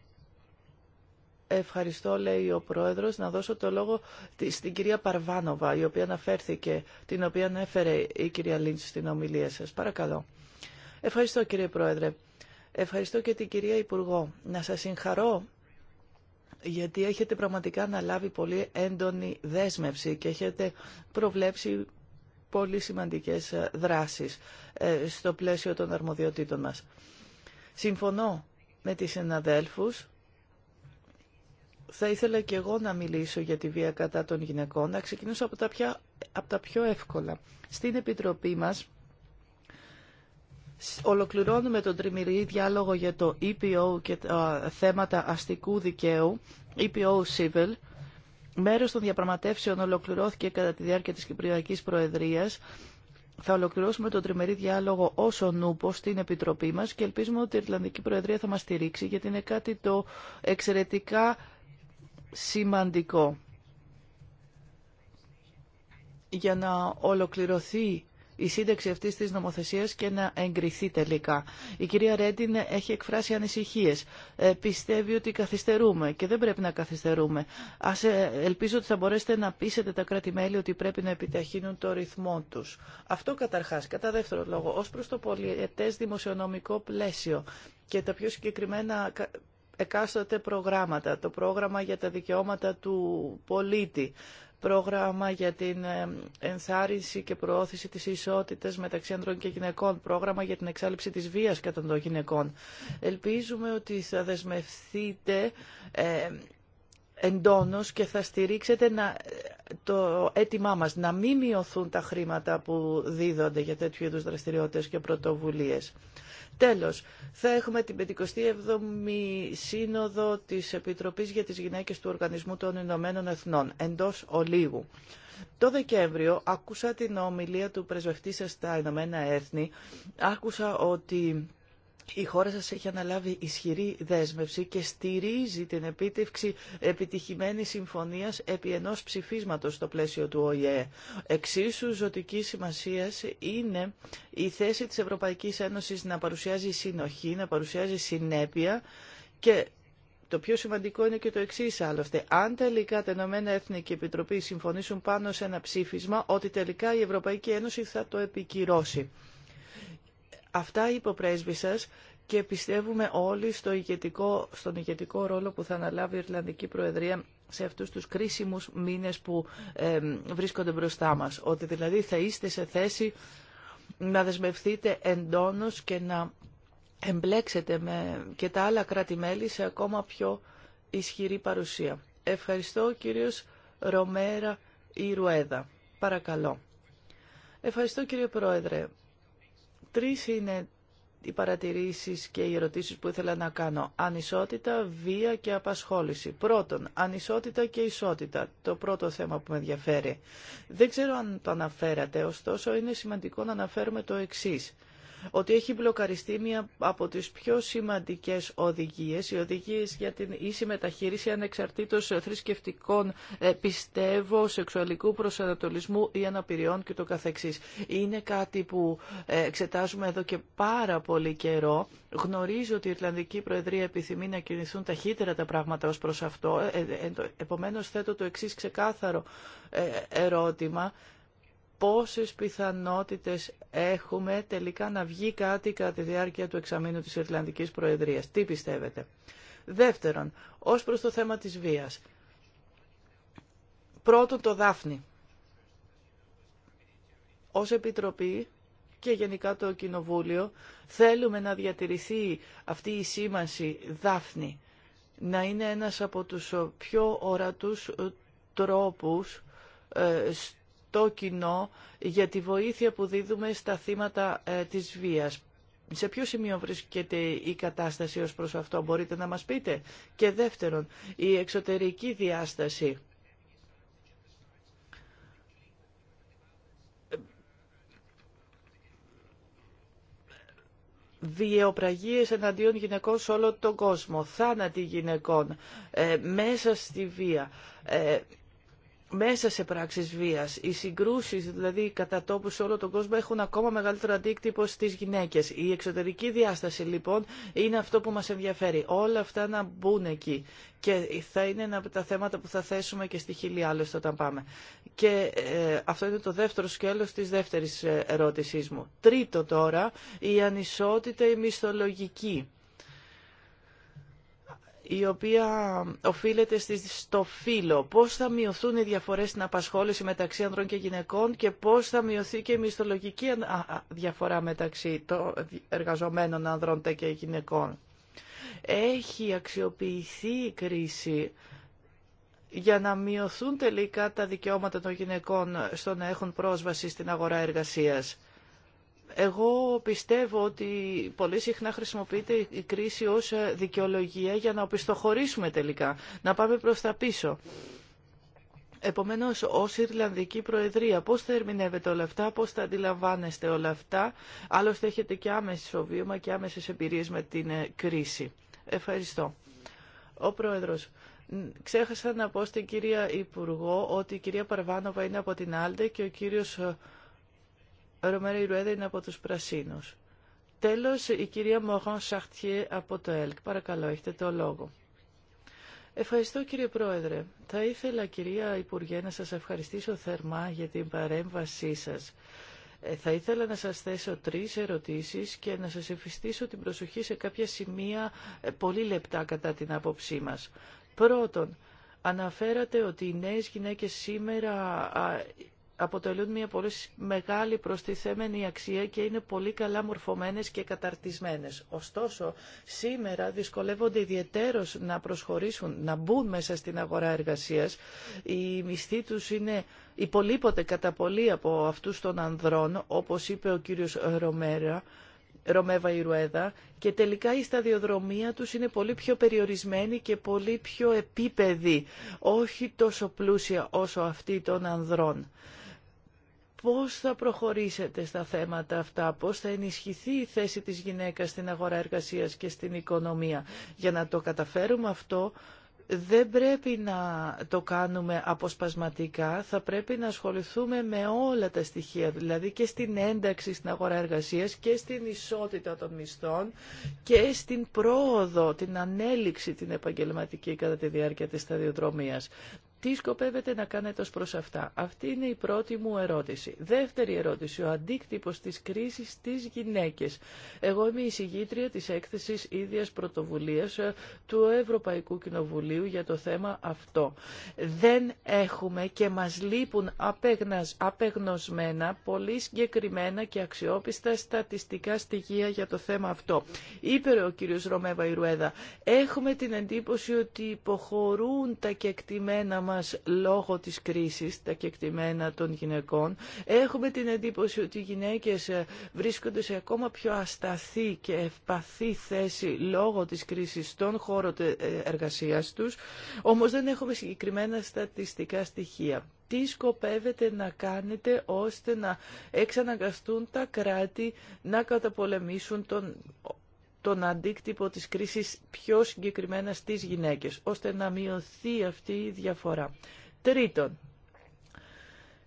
Ευχαριστώ, λέει ο Πρόεδρος, να δώσω το λόγο στην κυρία Παρβάνοβα, η οποία αναφέρθηκε, την οποία έφερε η κυρία Λίντς στην ομιλία σας. Παρακαλώ. Ευχαριστώ, κύριε Πρόεδρε. Ευχαριστώ και την κυρία Υπουργό. Να σας συγχαρώ γιατί έχετε πραγματικά αναλάβει πολύ έντονη δέσμευση και έχετε προβλέψει πολύ σημαντικές ε, δράσεις ε, στο πλαίσιο των αρμοδιοτήτων μας. Συμφωνώ με τις συναδέλφους. Θα ήθελα και εγώ να μιλήσω για τη βία κατά των γυναικών, να ξεκινήσω από τα, από τα πιο εύκολα. Στην Επιτροπή μας ολοκληρώνουμε τον τριμηρή διάλογο για το EPO και τα θέματα αστικού δικαίου, EPO Civil, μέρος των διαπραγματεύσεων ολοκληρώθηκε κατά τη διάρκεια της Κυπριακής Προεδρίας. Θα ολοκληρώσουμε τον τριμερή διάλογο όσο νουπο στην Επιτροπή μας και ελπίζουμε ότι η Ιρλανδική Προεδρία θα μας στηρίξει γιατί είναι κάτι το εξαιρετικά σημαντικό για να ολοκληρωθεί η σύνταξη αυτή τη νομοθεσία και να εγκριθεί τελικά. Η κυρία Ρέντιν έχει εκφράσει ανησυχίες. Ε, πιστεύει ότι καθυστερούμε και δεν πρέπει να καθυστερούμε. Ας ε, ελπίζω ότι θα μπορέσετε να πείσετε τα κράτη-μέλη ότι πρέπει να επιταχύνουν το ρυθμό τους. Αυτό καταρχάς. Κατά δεύτερο λόγο, ως προς το πολιετέ δημοσιονομικό πλαίσιο και τα πιο συγκεκριμένα εκάστοτε προγράμματα, το πρόγραμμα για τα δικαιώματα του πολίτη, πρόγραμμα για την ε, ενθάρρυνση και προώθηση της ισότητας μεταξύ ανδρών και γυναικών, πρόγραμμα για την εξάλληψη της βίας κατά των γυναικών. Ελπίζουμε ότι θα δεσμευθείτε ε, εντόνως και θα στηρίξετε να, το αίτημά μας να μην μειωθούν τα χρήματα που δίδονται για τέτοιου είδους δραστηριότητες και πρωτοβουλίες. Τέλος, θα έχουμε την 57η Σύνοδο της Επιτροπής για τις Γυναίκες του Οργανισμού των Ηνωμένων Εθνών, εντός ολίγου. Το Δεκέμβριο άκουσα την ομιλία του πρεσβευτή σας στα Ηνωμένα Έθνη. Άκουσα ότι η χώρα σας έχει αναλάβει ισχυρή δέσμευση και στηρίζει την επίτευξη επιτυχημένης συμφωνίας επί ενός ψηφίσματος στο πλαίσιο του ΟΗΕ. Εξίσου ζωτική σημασία είναι η θέση της Ευρωπαϊκής Ένωσης να παρουσιάζει συνοχή, να παρουσιάζει συνέπεια και το πιο σημαντικό είναι και το εξή άλλωστε. Αν τελικά τα Έθνη και Επιτροπή συμφωνήσουν πάνω σε ένα ψήφισμα, ότι τελικά η Ευρωπαϊκή Ένωση θα το επικυρώσει. Αυτά είπε ο πρέσβη σα και πιστεύουμε όλοι στο ηγετικό, στον ηγετικό ρόλο που θα αναλάβει η Ιρλανδική Προεδρία σε αυτούς τους κρίσιμους μήνες που βρίσκονται μπροστά μας. Ότι δηλαδή θα είστε σε θέση να δεσμευθείτε εντόνως και να εμπλέξετε με και τα άλλα κράτη-μέλη σε ακόμα πιο ισχυρή παρουσία. Ευχαριστώ κύριος Ρομέρα Ιρουέδα. Παρακαλώ. Ευχαριστώ κύριε Πρόεδρε. Τρεις είναι οι παρατηρήσεις και οι ερωτήσεις που ήθελα να κάνω. Ανισότητα, βία και απασχόληση. Πρώτον, ανισότητα και ισότητα. Το πρώτο θέμα που με ενδιαφέρει. Δεν ξέρω αν το αναφέρατε, ωστόσο είναι σημαντικό να αναφέρουμε το εξής ότι έχει μπλοκαριστεί μία από τις πιο σημαντικές οδηγίες, οι οδηγίες για την ίση μεταχείριση ανεξαρτήτως θρησκευτικών ε, πιστεύω, σεξουαλικού προσανατολισμού ή αναπηριών και το καθεξής. Είναι κάτι που ε, εξετάζουμε εδώ και πάρα πολύ καιρό. Γνωρίζω ότι η Ιρλανδική Προεδρία επιθυμεί να κινηθούν ταχύτερα τα πράγματα ως προς αυτό. Ε, επομένως θέτω το εξής ξεκάθαρο ερώτημα πόσες πιθανότητες έχουμε τελικά να βγει κάτι κατά τη διάρκεια του εξαμήνου της Ιρλανδικής Προεδρίας. Τι πιστεύετε. Δεύτερον, ως προς το θέμα της βίας. Πρώτον, το Δάφνη. Ως Επιτροπή και γενικά το Κοινοβούλιο θέλουμε να διατηρηθεί αυτή η σήμανση Δάφνη. Να είναι ένας από τους πιο ορατούς τρόπους ε, το κοινό για τη βοήθεια που δίδουμε στα θύματα ε, της βίας. Σε ποιο σημείο βρίσκεται η κατάσταση ως προς αυτό, μπορείτε να μας πείτε. Και δεύτερον, η εξωτερική διάσταση. βιαιοπραγίες εναντίον γυναικών σε όλο τον κόσμο, θάνατοι γυναικών, ε, μέσα στη βία. Ε, μέσα σε πράξεις βίας. Οι συγκρούσεις, δηλαδή κατά τόπου σε όλο τον κόσμο, έχουν ακόμα μεγαλύτερο αντίκτυπο στις γυναίκες. Η εξωτερική διάσταση, λοιπόν, είναι αυτό που μας ενδιαφέρει. Όλα αυτά να μπουν εκεί. Και θα είναι ένα από τα θέματα που θα θέσουμε και στη χιλιά, άλλωστε, όταν πάμε. Και ε, αυτό είναι το δεύτερο σκέλος της δεύτερης ε, ερώτησής μου. Τρίτο τώρα, η ανισότητα η μισθολογική η οποία οφείλεται στο φύλλο. Πώς θα μειωθούν οι διαφορές στην απασχόληση μεταξύ ανδρών και γυναικών και πώς θα μειωθεί και η μισθολογική διαφορά μεταξύ των εργαζομένων ανδρών και γυναικών. Έχει αξιοποιηθεί η κρίση για να μειωθούν τελικά τα δικαιώματα των γυναικών στο να έχουν πρόσβαση στην αγορά εργασίας. Εγώ πιστεύω ότι πολύ συχνά χρησιμοποιείται η κρίση ως δικαιολογία για να οπισθοχωρήσουμε τελικά, να πάμε προς τα πίσω. Επομένως, ως Ιρλανδική Προεδρία, πώς θα ερμηνεύετε όλα αυτά, πώς θα αντιλαμβάνεστε όλα αυτά. Άλλωστε, έχετε και άμεσο βίωμα και άμεσες εμπειρίες με την ε, κρίση. Ευχαριστώ. Ο Πρόεδρος. Ξέχασα να πω στην κυρία Υπουργό ότι η κυρία Παρβάνοβα είναι από την Άλτε και ο κύριος ε, Ρωμέρα Ρουέδα είναι από τους Πρασίνους. Τέλος, η κυρία Μογάν Σαχτιέ από το ΕΛΚ. Παρακαλώ, έχετε το λόγο. Ευχαριστώ κύριε Πρόεδρε. Θα ήθελα κυρία Υπουργέ να σας ευχαριστήσω θερμά για την παρέμβασή σας. Ε, θα ήθελα να σας θέσω τρεις ερωτήσεις και να σας ευχαριστήσω την προσοχή σε κάποια σημεία ε, πολύ λεπτά κατά την άποψή μας. Πρώτον, αναφέρατε ότι οι νέες γυναίκες σήμερα αποτελούν μια πολύ μεγάλη προστιθέμενη αξία και είναι πολύ καλά μορφωμένες και καταρτισμένες. Ωστόσο, σήμερα δυσκολεύονται ιδιαιτέρως να προσχωρήσουν, να μπουν μέσα στην αγορά εργασίας. Οι μισθοί τους είναι υπολείποτε κατά πολύ από αυτούς των ανδρών, όπως είπε ο κύριος Ρομέρα, Ρωμέβα Ιρουέδα και τελικά η σταδιοδρομία τους είναι πολύ πιο περιορισμένη και πολύ πιο επίπεδη, όχι τόσο πλούσια όσο αυτή των ανδρών πώς θα προχωρήσετε στα θέματα αυτά, πώς θα ενισχυθεί η θέση της γυναίκας στην αγορά εργασίας και στην οικονομία. Για να το καταφέρουμε αυτό, δεν πρέπει να το κάνουμε αποσπασματικά, θα πρέπει να ασχοληθούμε με όλα τα στοιχεία, δηλαδή και στην ένταξη στην αγορά εργασίας και στην ισότητα των μισθών και στην πρόοδο, την ανέλυξη την επαγγελματική κατά τη διάρκεια της σταδιοδρομίας. Τι σκοπεύετε να κάνετε ως προς αυτά. Αυτή είναι η πρώτη μου ερώτηση. Δεύτερη ερώτηση, ο αντίκτυπος της κρίσης στις γυναίκες. Εγώ είμαι η συγγήτρια της έκθεσης ίδιας πρωτοβουλίας ε, του Ευρωπαϊκού Κοινοβουλίου για το θέμα αυτό. Δεν έχουμε και μας λείπουν απεγνωσμένα πολύ συγκεκριμένα και αξιόπιστα στατιστικά στοιχεία για το θέμα αυτό. Είπε ο κύριος Ρωμέβα Ιρουέδα, έχουμε την εντύπωση ότι υποχωρούν τα κεκτημένα μας λόγω της κρίσης, τα κεκτημένα των γυναικών. Έχουμε την εντύπωση ότι οι γυναίκες ε, βρίσκονται σε ακόμα πιο ασταθή και ευπαθή θέση λόγω της κρίσης των χώρο ε, εργασίας τους, όμως δεν έχουμε συγκεκριμένα στατιστικά στοιχεία. Τι σκοπεύετε να κάνετε ώστε να εξαναγκαστούν τα κράτη να καταπολεμήσουν τον τον αντίκτυπο της κρίσης πιο συγκεκριμένα στις γυναίκες, ώστε να μειωθεί αυτή η διαφορά. Τρίτον,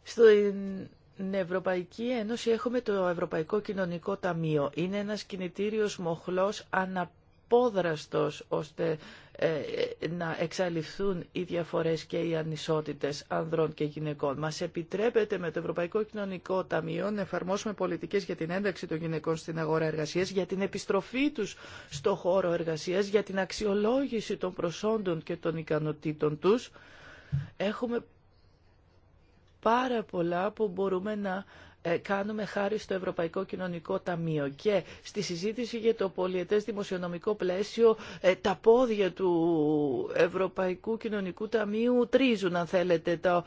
στην Ευρωπαϊκή Ένωση έχουμε το Ευρωπαϊκό Κοινωνικό Ταμείο. Είναι ένας κινητήριος μοχλός αναπόδραστος, ώστε ε, να εξαλειφθούν οι διαφορές και οι ανισότητες ανδρών και γυναικών. Μας επιτρέπεται με το Ευρωπαϊκό Κοινωνικό Ταμείο να εφαρμόσουμε πολιτικές για την ένταξη των γυναικών στην αγορά εργασίας, για την επιστροφή τους στο χώρο εργασίας, για την αξιολόγηση των προσόντων και των ικανοτήτων τους. Έχουμε πάρα πολλά που μπορούμε να ε, κάνουμε χάρη στο Ευρωπαϊκό Κοινωνικό Ταμείο και στη συζήτηση για το πολιετές δημοσιονομικό πλαίσιο ε, τα πόδια του Ευρωπαϊκού Κοινωνικού Ταμείου τρίζουν αν θέλετε το...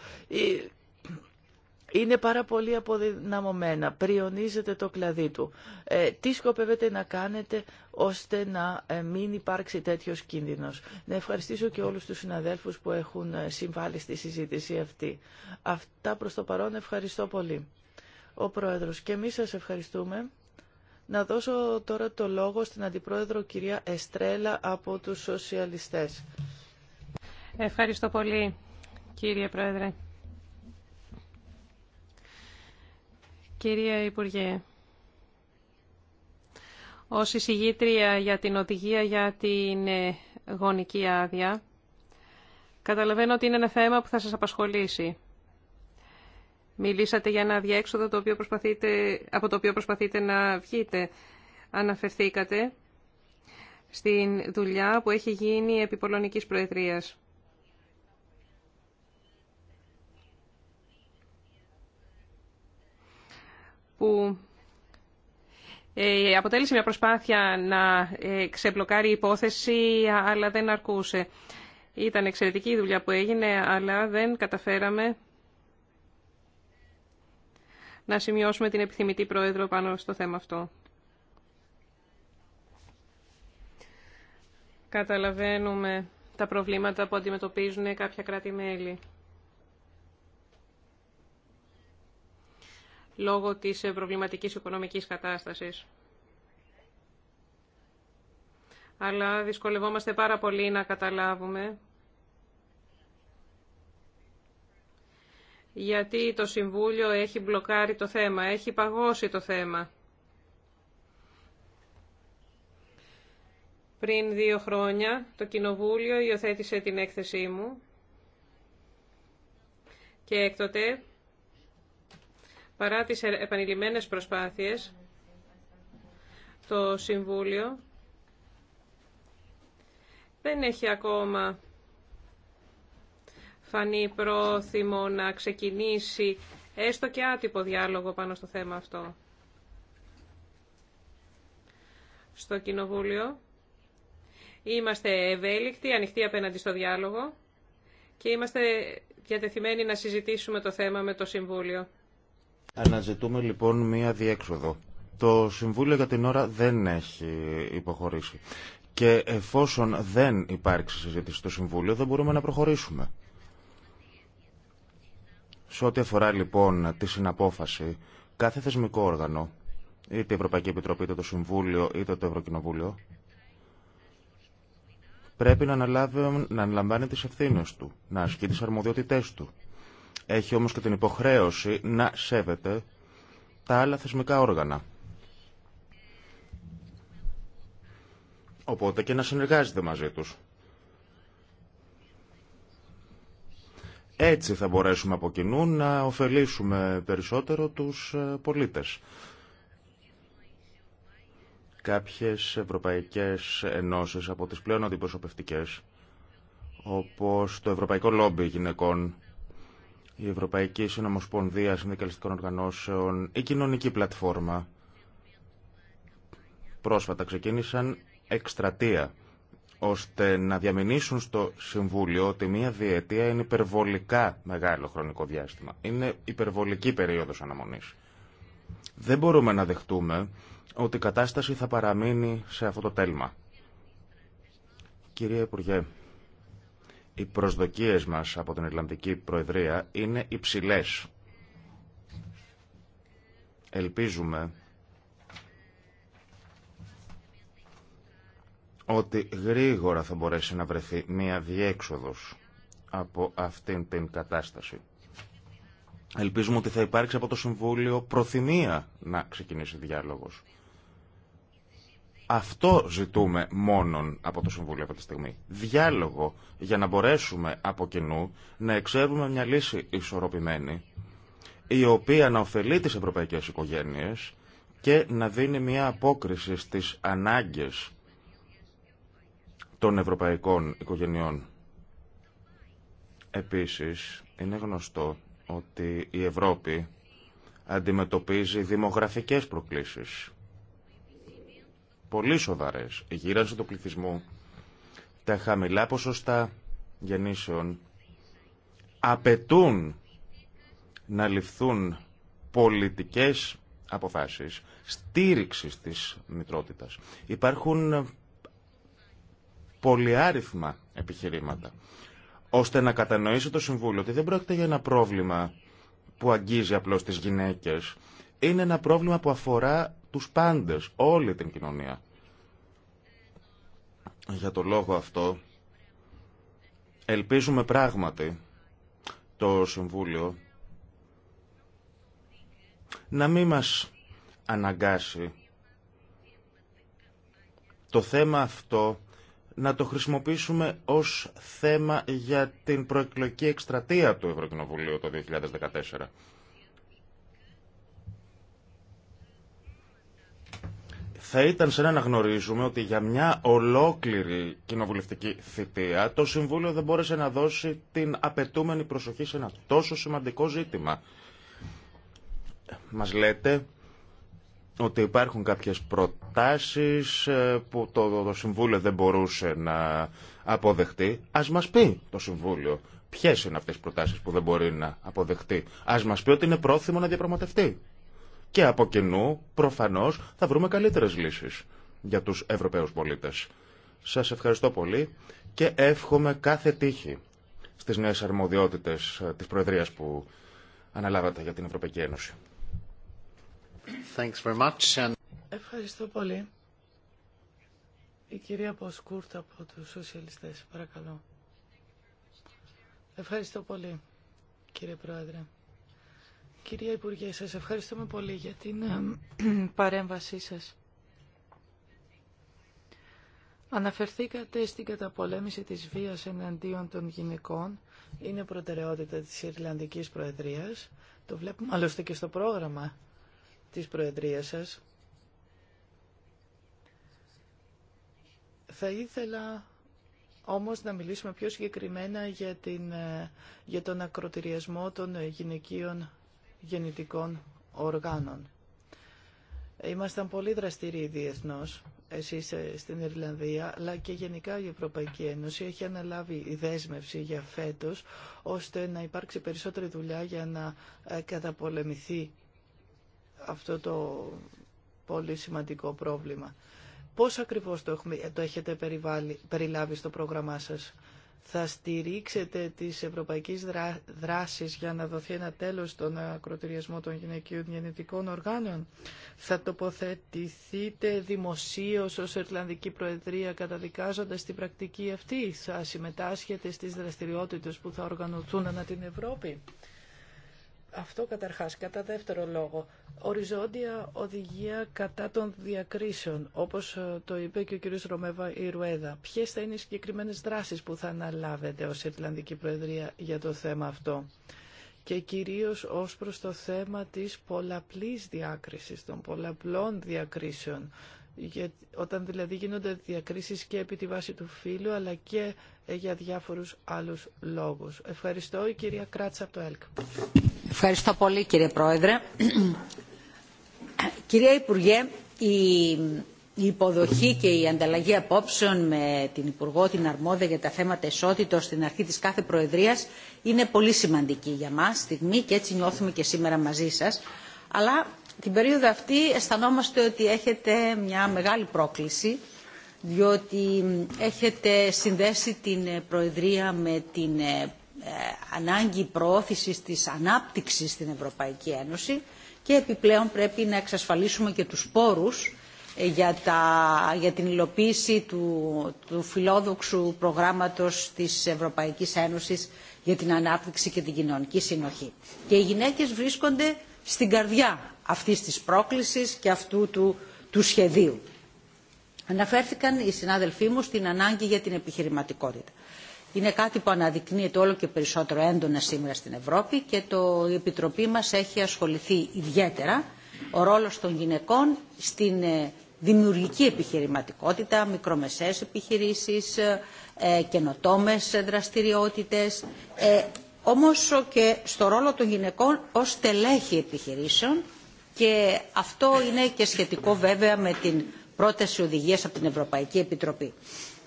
Είναι πάρα πολύ αποδυναμωμένα, πριονίζεται το κλαδί του. Ε, τι σκοπεύετε να κάνετε ώστε να μην υπάρξει τέτοιος κίνδυνος. Να ευχαριστήσω και όλους τους συναδέλφους που έχουν συμβάλει στη συζήτηση αυτή. Αυτά προς το παρόν ευχαριστώ πολύ. Ο Πρόεδρος και εμείς σας ευχαριστούμε. Να δώσω τώρα το λόγο στην Αντιπρόεδρο κυρία Εστρέλα από τους Σοσιαλιστές. Ευχαριστώ πολύ κύριε Πρόεδρε. Κυρία Υπουργέ, ως εισηγήτρια για την οδηγία για την ε, γονική άδεια, καταλαβαίνω ότι είναι ένα θέμα που θα σας απασχολήσει. Μιλήσατε για ένα διέξοδο το προσπαθείτε, από το οποίο προσπαθείτε να βγείτε. Αναφερθήκατε στην δουλειά που έχει γίνει επί Πολωνικής Προεδρίας. Που ε, αποτέλεσε μια προσπάθεια να ε, ξεπλοκάρει η υπόθεση, αλλά δεν αρκούσε. Ήταν εξαιρετική η δουλειά που έγινε, αλλά δεν καταφέραμε να σημειώσουμε την επιθυμητή πρόεδρο πάνω στο θέμα αυτό. Καταλαβαίνουμε τα προβλήματα που αντιμετωπίζουν κάποια κράτη-μέλη. λόγω της προβληματικής οικονομικής κατάστασης. Αλλά δυσκολευόμαστε πάρα πολύ να καταλάβουμε γιατί το Συμβούλιο έχει μπλοκάρει το θέμα, έχει παγώσει το θέμα. Πριν δύο χρόνια το Κοινοβούλιο υιοθέτησε την έκθεσή μου και έκτοτε, παρά τις επανειλημμένες προσπάθειες, το Συμβούλιο δεν έχει ακόμα φανεί πρόθυμο να ξεκινήσει έστω και άτυπο διάλογο πάνω στο θέμα αυτό. Στο Κοινοβούλιο είμαστε ευέλικτοι, ανοιχτοί απέναντι στο διάλογο και είμαστε διατεθειμένοι να συζητήσουμε το θέμα με το Συμβούλιο. Αναζητούμε λοιπόν μία διέξοδο. Το Συμβούλιο για την ώρα δεν έχει υποχωρήσει. Και εφόσον δεν υπάρξει συζήτηση στο Συμβούλιο δεν μπορούμε να προχωρήσουμε. Σε ό,τι αφορά λοιπόν τη συναπόφαση, κάθε θεσμικό όργανο, είτε η Ευρωπαϊκή Επιτροπή, είτε το Συμβούλιο, είτε το Ευρωκοινοβούλιο, πρέπει να, αναλάβει, να αναλαμβάνει τις ευθύνες του, να ασκεί τις αρμοδιότητές του. Έχει όμως και την υποχρέωση να σέβεται τα άλλα θεσμικά όργανα. Οπότε και να συνεργάζεται μαζί τους. Έτσι θα μπορέσουμε από κοινού να ωφελήσουμε περισσότερο τους ε, πολίτες. Κάποιες ευρωπαϊκές ενώσεις από τις πλέον αντιπροσωπευτικές, όπως το Ευρωπαϊκό Λόμπι Γυναικών, η Ευρωπαϊκή Συνομοσπονδία Συνδικαλιστικών Οργανώσεων, η Κοινωνική Πλατφόρμα, πρόσφατα ξεκίνησαν εκστρατεία ώστε να διαμηνήσουν στο Συμβούλιο ότι μία διετία είναι υπερβολικά μεγάλο χρονικό διάστημα. Είναι υπερβολική περίοδος αναμονής. Δεν μπορούμε να δεχτούμε ότι η κατάσταση θα παραμείνει σε αυτό το τέλμα. Κυρία Υπουργέ, οι προσδοκίες μας από την Ιρλανδική Προεδρία είναι υψηλές. Ελπίζουμε ότι γρήγορα θα μπορέσει να βρεθεί μία διέξοδος από αυτήν την κατάσταση. Ελπίζουμε ότι θα υπάρξει από το Συμβούλιο προθυμία να ξεκινήσει διάλογος. Αυτό ζητούμε μόνον από το Συμβούλιο αυτή τη στιγμή. Διάλογο για να μπορέσουμε από κοινού να εξέρουμε μια λύση ισορροπημένη η οποία να ωφελεί τις ευρωπαϊκές οικογένειες και να δίνει μια απόκριση στις ανάγκες των ευρωπαϊκών οικογενειών. Επίσης, είναι γνωστό ότι η Ευρώπη αντιμετωπίζει δημογραφικές προκλήσεις. Πολύ σοβαρές. Η γύρανση του πληθυσμού, τα χαμηλά ποσοστά γεννήσεων απαιτούν να ληφθούν πολιτικές αποφάσεις στήριξης της μητρότητας. Υπάρχουν πολυάριθμα επιχειρήματα, ώστε να κατανοήσει το Συμβούλιο ότι δεν πρόκειται για ένα πρόβλημα που αγγίζει απλώς τις γυναίκες. Είναι ένα πρόβλημα που αφορά τους πάντες, όλη την κοινωνία. Για το λόγο αυτό, ελπίζουμε πράγματι το Συμβούλιο να μην μας αναγκάσει το θέμα αυτό να το χρησιμοποιήσουμε ως θέμα για την προεκλογική εκστρατεία του Ευρωκοινοβουλίου το 2014. θα ήταν σαν να γνωρίζουμε ότι για μια ολόκληρη κοινοβουλευτική θητεία το Συμβούλιο δεν μπόρεσε να δώσει την απαιτούμενη προσοχή σε ένα τόσο σημαντικό ζήτημα. Μας λέτε ότι υπάρχουν κάποιες προτάσεις ε, που το, το Συμβούλιο δεν μπορούσε να αποδεχτεί. Ας μας πει το Συμβούλιο ποιες είναι αυτές οι προτάσεις που δεν μπορεί να αποδεχτεί. Ας μας πει ότι είναι πρόθυμο να διαπραγματευτεί. Και από κοινού, προφανώς, θα βρούμε καλύτερες λύσεις για τους Ευρωπαίους πολίτες. Σας ευχαριστώ πολύ και εύχομαι κάθε τύχη στις νέες αρμοδιότητες ε, της Προεδρίας που αναλάβατε για την Ευρωπαϊκή Ένωση. Ευχαριστώ πολύ. Η κυρία Ποσκούρτ από τους Σοσιαλιστές, παρακαλώ. Ευχαριστώ πολύ, κύριε Πρόεδρε. Κυρία Υπουργέ, σας ευχαριστούμε πολύ για την ε, παρέμβασή σας. Αναφερθήκατε στην καταπολέμηση της βίας εναντίον των γυναικών. Είναι προτεραιότητα της Ιρλανδικής Προεδρίας. Το βλέπουμε άλλωστε και στο πρόγραμμα της Προεδρίας σας. Θα ήθελα όμως να μιλήσουμε πιο συγκεκριμένα για, την, ε, για τον ακροτηριασμό των γυναικείων γεννητικών οργάνων. Ήμασταν πολύ δραστηροί διεθνώς, εσείς ε, στην Ιρλανδία, αλλά και γενικά η Ευρωπαϊκή Ένωση έχει αναλάβει η δέσμευση για φέτος, ώστε να υπάρξει περισσότερη δουλειά για να ε, καταπολεμηθεί αυτό το πολύ σημαντικό πρόβλημα. Πώς ακριβώς το, έχετε περιλάβει στο πρόγραμμά σας. Θα στηρίξετε τις ευρωπαϊκές δράσεις για να δοθεί ένα τέλος στον ακροτηριασμό των γυναικείων γενετικών οργάνων. Θα τοποθετηθείτε δημοσίως ως Ιρλανδική Προεδρία καταδικάζοντας την πρακτική αυτή. Θα συμμετάσχετε στις δραστηριότητες που θα οργανωθούν ανά την Ευρώπη. Αυτό καταρχάς. Κατά δεύτερο λόγο, οριζόντια οδηγία κατά των διακρίσεων, όπως ε, το είπε και ο κ. Ρωμέβα Ιρουέδα. Ποιες θα είναι οι συγκεκριμένες δράσεις που θα αναλάβετε ως Ιρλανδική Προεδρία για το θέμα αυτό και κυρίως ως προς το θέμα της πολλαπλής διάκρισης, των πολλαπλών διακρίσεων, όταν δηλαδή γίνονται διακρίσεις και επί τη βάση του φύλου αλλά και ε, για διάφορους άλλους λόγους. Ευχαριστώ η κυρία Κράτσα από το ΕΛΚ. Ευχαριστώ πολύ κύριε Πρόεδρε. Κυρία Υπουργέ, η υποδοχή και η ανταλλαγή απόψεων με την Υπουργό, την Αρμόδα για τα θέματα ισότητος στην αρχή της κάθε Προεδρίας είναι πολύ σημαντική για μας στιγμή και έτσι νιώθουμε και σήμερα μαζί σας. Αλλά την περίοδο αυτή αισθανόμαστε ότι έχετε μια μεγάλη πρόκληση διότι έχετε συνδέσει την ε, Προεδρία με την ε, ε, ανάγκη προώθησης της ανάπτυξης στην Ευρωπαϊκή Ένωση και επιπλέον πρέπει να εξασφαλίσουμε και τους πόρους για, τα, για την υλοποίηση του, του φιλόδοξου προγράμματος της Ευρωπαϊκής Ένωσης για την ανάπτυξη και την κοινωνική συνοχή. Και οι γυναίκες βρίσκονται στην καρδιά αυτής της πρόκλησης και αυτού του, του σχεδίου. Αναφέρθηκαν οι συνάδελφοί μου στην ανάγκη για την επιχειρηματικότητα. Είναι κάτι που αναδεικνύεται όλο και περισσότερο έντονα σήμερα στην Ευρώπη και το, η Επιτροπή μας έχει ασχοληθεί ιδιαίτερα ο ρόλος των γυναικών στην ε, δημιουργική επιχειρηματικότητα, μικρομεσαίες επιχειρήσεις, ε, ε, καινοτόμες δραστηριότητες, όμως και στο ρόλο των γυναικών ως τελέχη επιχειρήσεων και αυτό είναι και σχετικό βέβαια με την πρόταση οδηγίας από την Ευρωπαϊκή Επιτροπή.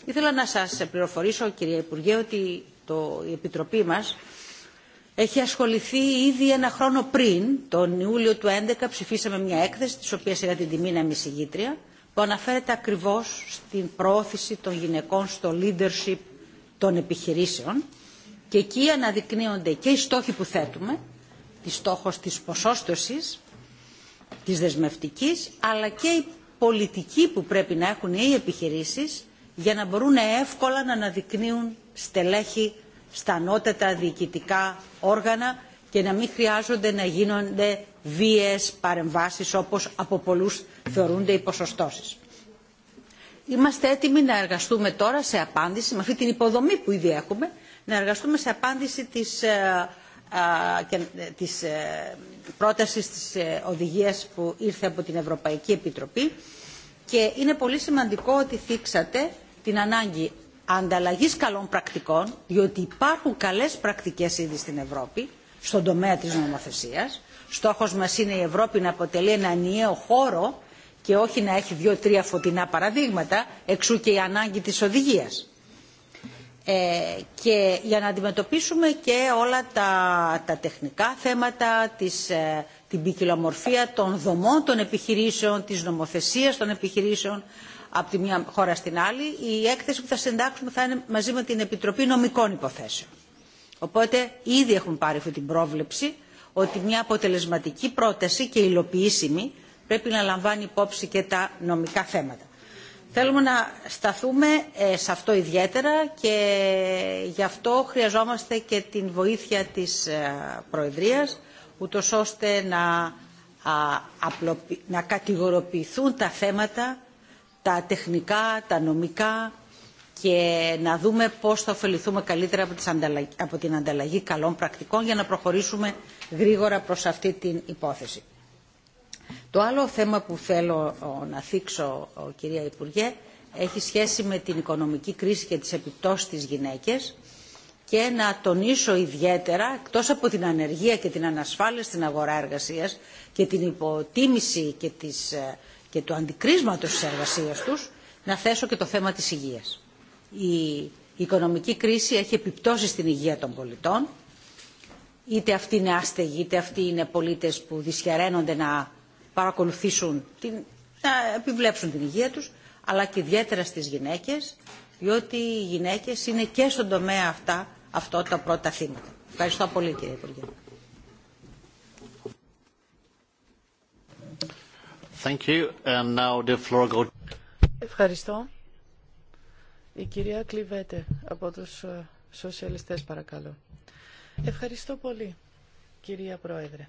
Ήθελα να σας πληροφορήσω κυρία Υπουργέ ότι το, η Επιτροπή μας έχει ασχοληθεί ήδη ένα χρόνο πριν, τον Ιούλιο του 2011, ψηφίσαμε μια έκθεση, της οποίας είχα την τιμή να είμαι που αναφέρεται ακριβώς στην προώθηση των γυναικών στο leadership των επιχειρήσεων και εκεί αναδεικνύονται και οι στόχοι που θέτουμε, τη στόχος της ποσόστοσης, της δεσμευτικής, αλλά και η πολιτική που πρέπει να έχουν οι επιχειρήσεις για να μπορούν εύκολα να αναδεικνύουν στελέχη στα ανώτατα διοικητικά όργανα και να μην χρειάζονται να γίνονται βίες παρεμβάσεις όπως από πολλούς θεωρούνται οι ποσοστώσεις. Είμαστε έτοιμοι να εργαστούμε τώρα σε απάντηση με αυτή την υποδομή που ήδη έχουμε να εργαστούμε σε απάντηση της, ε, ε, της ε, πρότασης της οδηγίας που ήρθε από την Ευρωπαϊκή Επιτροπή και είναι πολύ σημαντικό ότι θίξατε την ανάγκη ανταλλαγής καλών πρακτικών διότι υπάρχουν καλές πρακτικές ήδη στην Ευρώπη στον τομέα της νομοθεσίας. Στόχος μας είναι η Ευρώπη να αποτελεί ένα ενιαίο χώρο και όχι να έχει δύο-τρία φωτεινά παραδείγματα, εξού και η ανάγκη της οδηγίας. Ε, και για να αντιμετωπίσουμε και όλα τα, τεχνικά θέματα, της ε, την ποικιλομορφία των δομών των επιχειρήσεων, της νομοθεσίας των επιχειρήσεων από τη μια χώρα στην άλλη. Η έκθεση που θα συντάξουμε θα είναι μαζί με την Επιτροπή Νομικών Υποθέσεων. Οπότε ήδη έχουν πάρει αυτή την πρόβλεψη ότι μια αποτελεσματική πρόταση και υλοποιήσιμη πρέπει να λαμβάνει υπόψη και τα νομικά θέματα. Θέλουμε να σταθούμε ε, σε αυτό ιδιαίτερα και γι' αυτό χρειαζόμαστε και την βοήθεια της ε, Προεδρίας, ούτως ώστε να, να κατηγοροποιηθούν τα θέματα, τα τεχνικά, τα νομικά και να δούμε πώς θα ωφεληθούμε καλύτερα από την ανταλλαγή καλών πρακτικών για να προχωρήσουμε γρήγορα προς αυτή την υπόθεση. Το άλλο θέμα που θέλω να θίξω, κυρία Υπουργέ, έχει σχέση με την οικονομική κρίση και τις επιπτώσεις στις γυναίκες και να τονίσω ιδιαίτερα, εκτός από την ανεργία και την ανασφάλεια στην αγορά εργασίας και την υποτίμηση και, της, ε, και του αντικρίσματος της εργασίας τους, να θέσω και το θέμα της υγείας. Η οικονομική κρίση έχει επιπτώσει στην υγεία των πολιτών, είτε αυτοί είναι άστεγοι, είτε αυτοί είναι πολίτες που δυσχεραίνονται να παρακολουθήσουν, την, να επιβλέψουν την υγεία τους, αλλά και ιδιαίτερα στις γυναίκες, διότι οι γυναίκες είναι και στον τομέα αυτά, αυτό τα πρώτα θύματα. Ευχαριστώ πολύ κύριε Υπουργέ. Thank you. And now the floor Ευχαριστώ. Η κυρία Κλειβέτε από τους ε, σοσιαλιστές παρακαλώ. Ευχαριστώ πολύ κυρία Πρόεδρε.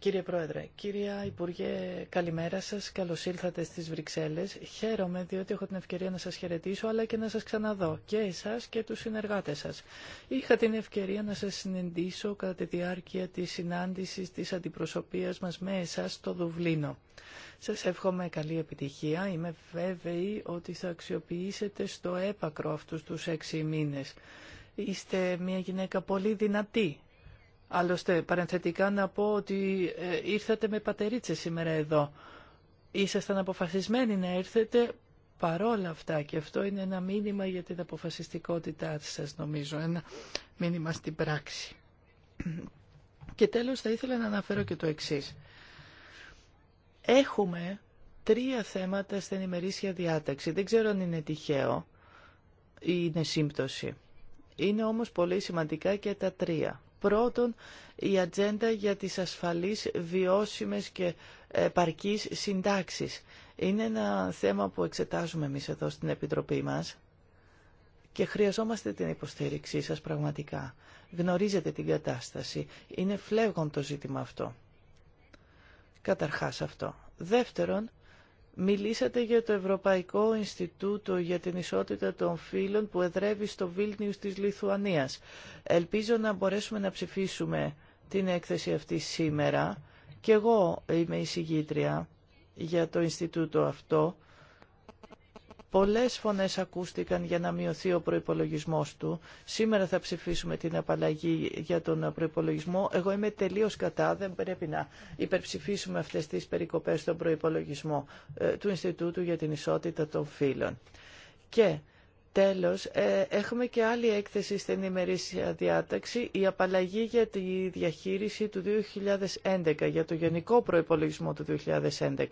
Κύριε Πρόεδρε, κυρία Υπουργέ, καλημέρα σας. Καλώς ήλθατε στις Βρυξέλλες. Χαίρομαι διότι έχω την ευκαιρία να σας χαιρετήσω αλλά και να σας ξαναδώ και εσάς και τους συνεργάτες σας. Είχα την ευκαιρία να σας συνεντήσω κατά τη διάρκεια της συνάντησης της αντιπροσωπείας μας με εσάς στο Δουβλίνο. Σας εύχομαι καλή επιτυχία. Είμαι βέβαιη ότι θα αξιοποιήσετε στο έπακρο αυτούς τους έξι μήνες. Είστε μια γυναίκα πολύ δυνατή Άλλωστε, παρενθετικά να πω ότι ε, ήρθατε με πατερίτσε σήμερα εδώ. Ήσασταν αποφασισμένοι να έρθετε παρόλα αυτά και αυτό είναι ένα μήνυμα για την αποφασιστικότητά σας νομίζω, ένα μήνυμα στην πράξη. Και τέλος θα ήθελα να αναφέρω και το εξής. Έχουμε τρία θέματα στην ημερήσια διάταξη. Δεν ξέρω αν είναι τυχαίο ή είναι σύμπτωση. Είναι όμως πολύ σημαντικά και τα τρία. Πρώτον, η ατζέντα για τις ασφαλείς, βιώσιμες και παρκείς συντάξεις. Είναι ένα θέμα που εξετάζουμε εμείς εδώ στην Επιτροπή μας και χρειαζόμαστε την υποστήριξή σας πραγματικά. Γνωρίζετε την κατάσταση. Είναι φλέγον το ζήτημα αυτό. Καταρχάς αυτό. Δεύτερον, Μιλήσατε για το Ευρωπαϊκό Ινστιτούτο για την Ισότητα των Φύλων που εδρεύει στο Βίλνιους της Λιθουανίας. Ελπίζω να μπορέσουμε να ψηφίσουμε την έκθεση αυτή σήμερα. Κι εγώ είμαι εισηγήτρια για το Ινστιτούτο αυτό Πολλές φωνές ακούστηκαν για να μειωθεί ο προϋπολογισμός του. Σήμερα θα ψηφίσουμε την απαλλαγή για τον προϋπολογισμό. Εγώ είμαι τελείως κατά, δεν πρέπει να υπερψηφίσουμε αυτές τις περικοπές στον προϋπολογισμό ε, του Ινστιτούτου για την Ισότητα των Φύλων. Και Τέλος, ε, έχουμε και άλλη έκθεση στην ημερήσια διάταξη, η απαλλαγή για τη διαχείριση του 2011, για το γενικό προϋπολογισμό του 2011.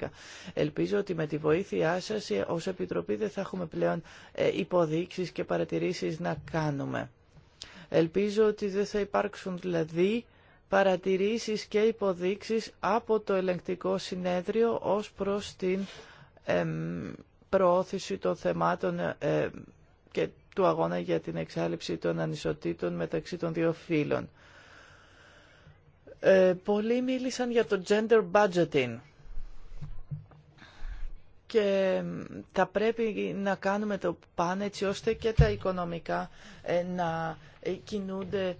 Ελπίζω ότι με τη βοήθειά σας ε, ως Επιτροπή δεν θα έχουμε πλέον ε, υποδείξεις και παρατηρήσεις να κάνουμε. Ελπίζω ότι δεν θα υπάρξουν δηλαδή παρατηρήσεις και υποδείξεις από το ελεγκτικό συνέδριο ως προς την προώθηση των θεμάτων και του αγώνα για την εξάλληψη των ανισοτήτων μεταξύ των δύο φύλων. Ε, πολλοί μίλησαν για το gender budgeting και θα πρέπει να κάνουμε το πάνε έτσι ώστε και τα οικονομικά ε, να ε, κινούνται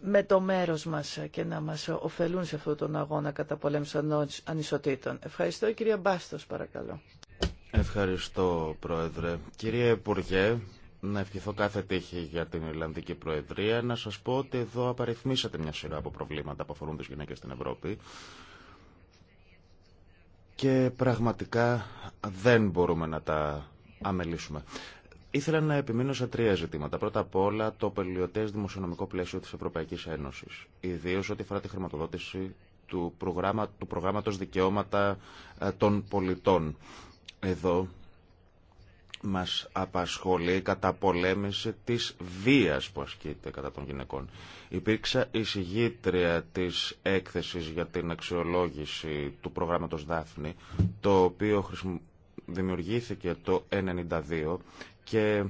με το μέρος μας και να μας ωφελούν σε αυτόν τον αγώνα κατά πολέμους ανισοτήτων. Ευχαριστώ κυρία Μπάστος παρακαλώ. Ευχαριστώ, Πρόεδρε. Κύριε Υπουργέ, να ευχηθώ κάθε τύχη για την Ιρλανδική Προεδρία. Να σας πω ότι εδώ απαριθμίσατε μια σειρά από προβλήματα που αφορούν τις γυναίκες στην Ευρώπη. Και πραγματικά δεν μπορούμε να τα αμελήσουμε. Ήθελα να επιμείνω σε τρία ζητήματα. Πρώτα απ' όλα το πελιωτές δημοσιονομικό πλαίσιο της Ευρωπαϊκής Ένωσης. Ιδίως ό,τι αφορά τη χρηματοδότηση του, προγράμματο του προγράμματος δικαιώματα ε, των πολιτών εδώ μας απασχολεί η καταπολέμηση της βίας που ασκείται κατά των γυναικών. Υπήρξα εισηγήτρια της έκθεσης για την αξιολόγηση του προγράμματος Δάφνη, το οποίο δημιουργήθηκε το 1992 και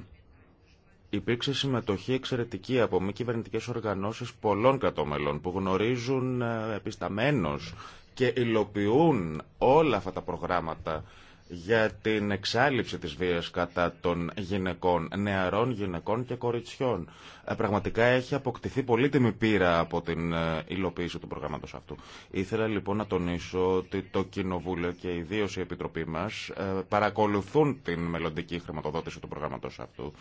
υπήρξε συμμετοχή εξαιρετική από μη κυβερνητικέ οργανώσεις πολλών κρατομελών που γνωρίζουν ε, επισταμένως και υλοποιούν όλα αυτά τα προγράμματα για την εξάλληψη της βίας κατά των γυναικών, νεαρών γυναικών και κοριτσιών. Ε, πραγματικά έχει αποκτηθεί πολύτιμη πείρα από την ε, υλοποίηση του προγράμματος αυτού. Ήθελα λοιπόν να τονίσω ότι το Κοινοβούλιο και ιδίω η Επιτροπή μας ε, παρακολουθούν την μελλοντική χρηματοδότηση του προγράμματος αυτού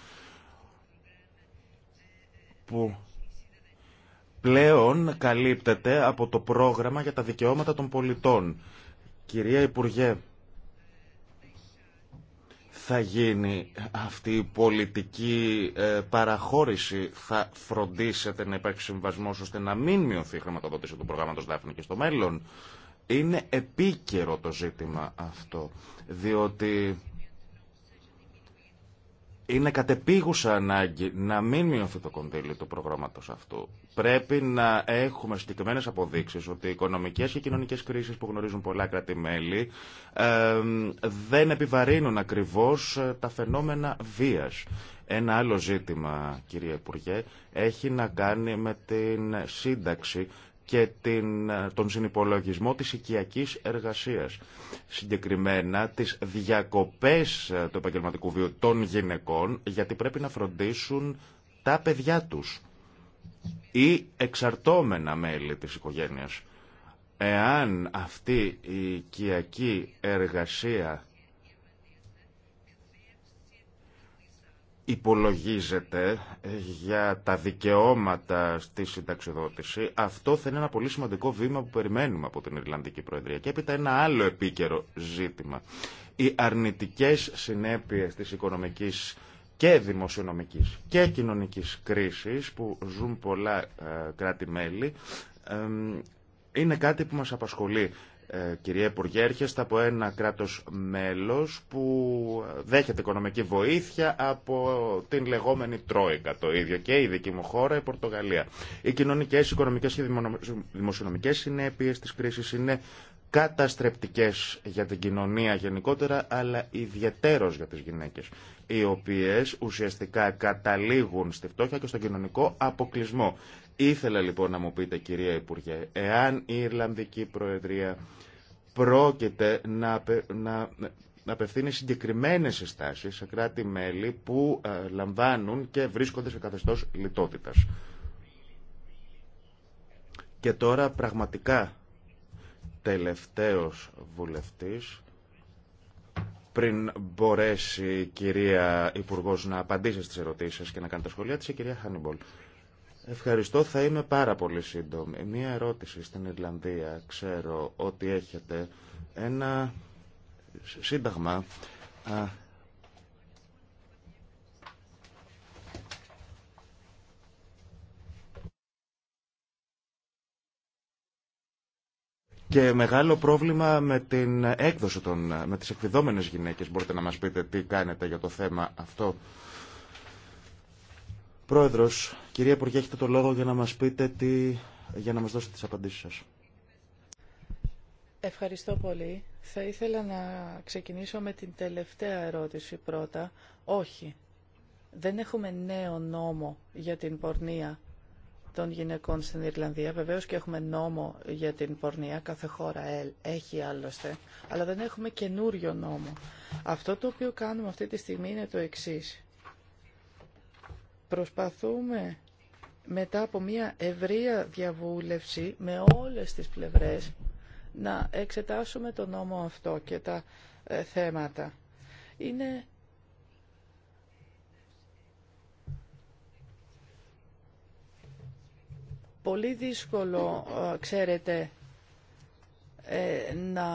που πλέον καλύπτεται από το πρόγραμμα για τα δικαιώματα των πολιτών. Κυρία Υπουργέ, θα γίνει αυτή η πολιτική ε, παραχώρηση, θα φροντίσετε να υπάρξει συμβασμό ώστε να μην μειωθεί η χρηματοδότηση του προγράμματος Δάφνη και στο μέλλον. Είναι επίκαιρο το ζήτημα αυτό, διότι είναι κατεπίγουσα ανάγκη να μην μειωθεί το κονδύλι του προγράμματο αυτού. Πρέπει να έχουμε συγκεκριμένε αποδείξει ότι οι οικονομικέ και κοινωνικέ κρίσει που γνωρίζουν πολλά κράτη-μέλη δεν επιβαρύνουν ακριβώ ε, τα φαινόμενα βία. Ένα άλλο ζήτημα, κύριε Υπουργέ, έχει να κάνει με την σύνταξη και την, ε, τον συνυπολογισμό της οικιακής εργασίας. Συγκεκριμένα τις διακοπές ε, του επαγγελματικού βίου των γυναικών γιατί πρέπει να φροντίσουν τα παιδιά τους ή εξαρτώμενα μέλη της οικογένειας. Εάν αυτή η οικιακή εργασία υπολογίζεται για τα δικαιώματα στη συνταξιδότηση, αυτό θα είναι ένα πολύ σημαντικό βήμα που περιμένουμε από την Ιρλανδική Προεδρία. Και έπειτα ένα άλλο επίκαιρο ζήτημα. Οι αρνητικές συνέπειες της οικονομικής και δημοσιονομικής και κοινωνικής κρίσης που ζουν πολλά ε, κράτη-μέλη ε, είναι κάτι που μας απασχολεί. Ε, κυρία Υπουργέ, έρχεστε από ένα κράτος μέλος που δέχεται οικονομική βοήθεια από την λεγόμενη Τρόικα το ίδιο και η δική μου χώρα, η Πορτογαλία. Οι κοινωνικές, οικονομικές και δημοσιονομικές συνέπειες της κρίσης είναι καταστρεπτικές για την κοινωνία γενικότερα, αλλά ιδιαιτέρως για τις γυναίκες, οι οποίες ουσιαστικά καταλήγουν στη φτώχεια και στον κοινωνικό αποκλεισμό. Ήθελα λοιπόν να μου πείτε κυρία Υπουργέ, εάν η Ιρλανδική Προεδρία πρόκειται να, να, να απευθύνει συγκεκριμένες συστάσεις σε κράτη-μέλη που ε, λαμβάνουν και βρίσκονται σε καθεστώς λιτότητας. Και τώρα πραγματικά τελευταίος βουλευτής πριν μπορέσει η κυρία Υπουργός να απαντήσει στις ερωτήσεις και να κάνει τα σχολεία της, η κυρία Χάνιμπολ. Ευχαριστώ. Θα είμαι πάρα πολύ σύντομη. Μία ερώτηση στην Ιρλανδία. Ξέρω ότι έχετε ένα σύνταγμα Και μεγάλο πρόβλημα με την έκδοση των, με τις εκδιδόμενες γυναίκες. Μπορείτε να μας πείτε τι κάνετε για το θέμα αυτό. Πρόεδρος, Κυρία Υπουργέ, έχετε το λόγο για να μας πείτε τι, για να μας δώσετε τις απαντήσεις σας. Ευχαριστώ πολύ. Θα ήθελα να ξεκινήσω με την τελευταία ερώτηση πρώτα. Όχι, δεν έχουμε νέο νόμο για την πορνεία των γυναικών στην Ιρλανδία. Βεβαίως και έχουμε νόμο για την πορνεία, κάθε χώρα ε, έχει άλλωστε, αλλά δεν έχουμε καινούριο νόμο. Αυτό το οποίο κάνουμε αυτή τη στιγμή είναι το εξής. Προσπαθούμε μετά από μια ευρεία διαβούλευση με όλες τις πλευρές να εξετάσουμε τον νόμο αυτό και τα ε, θέματα. Είναι πολύ δύσκολο, ε, ξέρετε, ε, να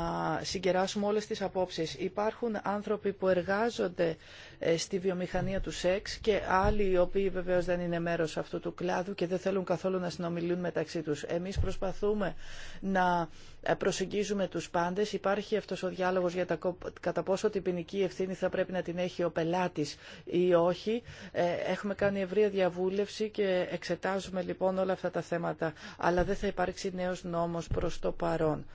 συγκεράσουμε όλες τις απόψεις. Υπάρχουν άνθρωποι που εργάζονται ε, στη βιομηχανία του σεξ και άλλοι οι οποίοι βεβαίως δεν είναι μέρος αυτού του κλάδου και δεν θέλουν καθόλου να συνομιλούν μεταξύ τους. Εμείς προσπαθούμε να ε, προσεγγίζουμε τους πάντες. Υπάρχει αυτός ο διάλογος για τα, κατά πόσο την ποινική ευθύνη θα πρέπει να την έχει ο πελάτης ή όχι. Έχουμε κάνει ευρία διαβούλευση και εξετάζουμε λοιπόν όλα αυτά τα θέματα. Αλλά δεν θα υπάρξει νέος νόμος προς το παρόν.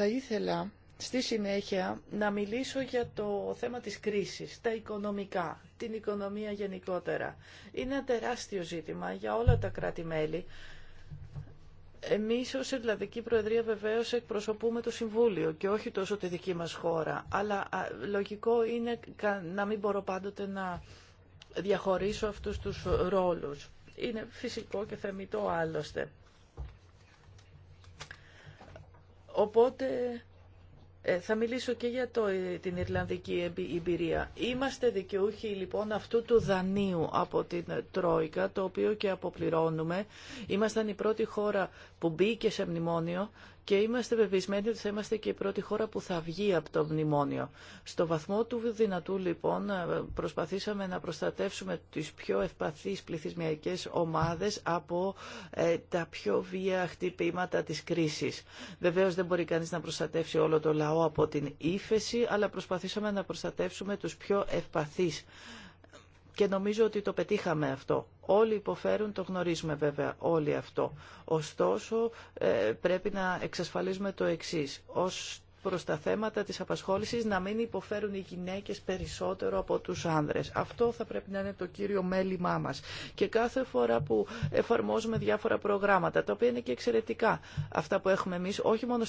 Θα ήθελα στη συνέχεια να μιλήσω για το θέμα της κρίσης, τα οικονομικά, την οικονομία γενικότερα. Είναι ένα τεράστιο ζήτημα για όλα τα κράτη-μέλη. Εμείς ως Ελλαδική Προεδρία βεβαίως εκπροσωπούμε το Συμβούλιο και όχι τόσο τη δική μας χώρα, αλλά λογικό είναι να μην μπορώ πάντοτε να διαχωρίσω αυτούς τους ρόλους. Είναι φυσικό και θεμητό άλλωστε. Οπότε ε, θα μιλήσω και για το, ε, την Ιρλανδική εμπειρία. Είμαστε δικαιούχοι λοιπόν αυτού του δανείου από την Τρόικα, το οποίο και αποπληρώνουμε. Ήμασταν η πρώτη χώρα που μπήκε σε μνημόνιο και είμαστε βεβαισμένοι ότι θα είμαστε και η πρώτη χώρα που θα βγει από το μνημόνιο. Στο βαθμό του δυνατού λοιπόν προσπαθήσαμε να προστατεύσουμε τις πιο ευπαθείς πληθυσμιακές ομάδες από ε, τα πιο βία χτυπήματα της κρίσης. Βεβαίως δεν μπορεί κανείς να προστατεύσει όλο το λαό από την ύφεση, αλλά προσπαθήσαμε να προστατεύσουμε τους πιο ευπαθείς και νομίζω ότι το πετύχαμε αυτό. Όλοι υποφέρουν, το γνωρίζουμε βέβαια όλοι αυτό. Ωστόσο, ε, πρέπει να εξασφαλίσουμε το εξής προς τα θέματα της απασχόλησης να μην υποφέρουν οι γυναίκες περισσότερο από τους άνδρες. Αυτό θα πρέπει να είναι το κύριο μέλημά μας. Και κάθε φορά που εφαρμόζουμε διάφορα προγράμματα, τα οποία είναι και εξαιρετικά αυτά που έχουμε εμείς, όχι μόνο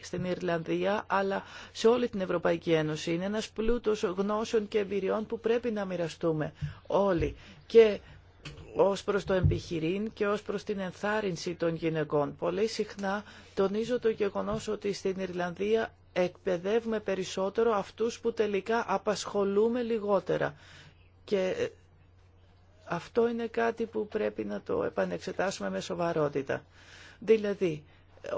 στην Ιρλανδία, αλλά σε όλη την Ευρωπαϊκή Ένωση. Είναι ένας πλούτος γνώσεων και εμπειριών που πρέπει να μοιραστούμε όλοι. Και ως προς το επιχειρήν και ως προς την ενθάρρυνση των γυναικών. Πολύ συχνά τονίζω το γεγονός ότι στην Ιρλανδία εκπαιδεύουμε περισσότερο αυτούς που τελικά απασχολούμε λιγότερα. Και ε, αυτό είναι κάτι που πρέπει να το επανεξετάσουμε με σοβαρότητα. Δηλαδή,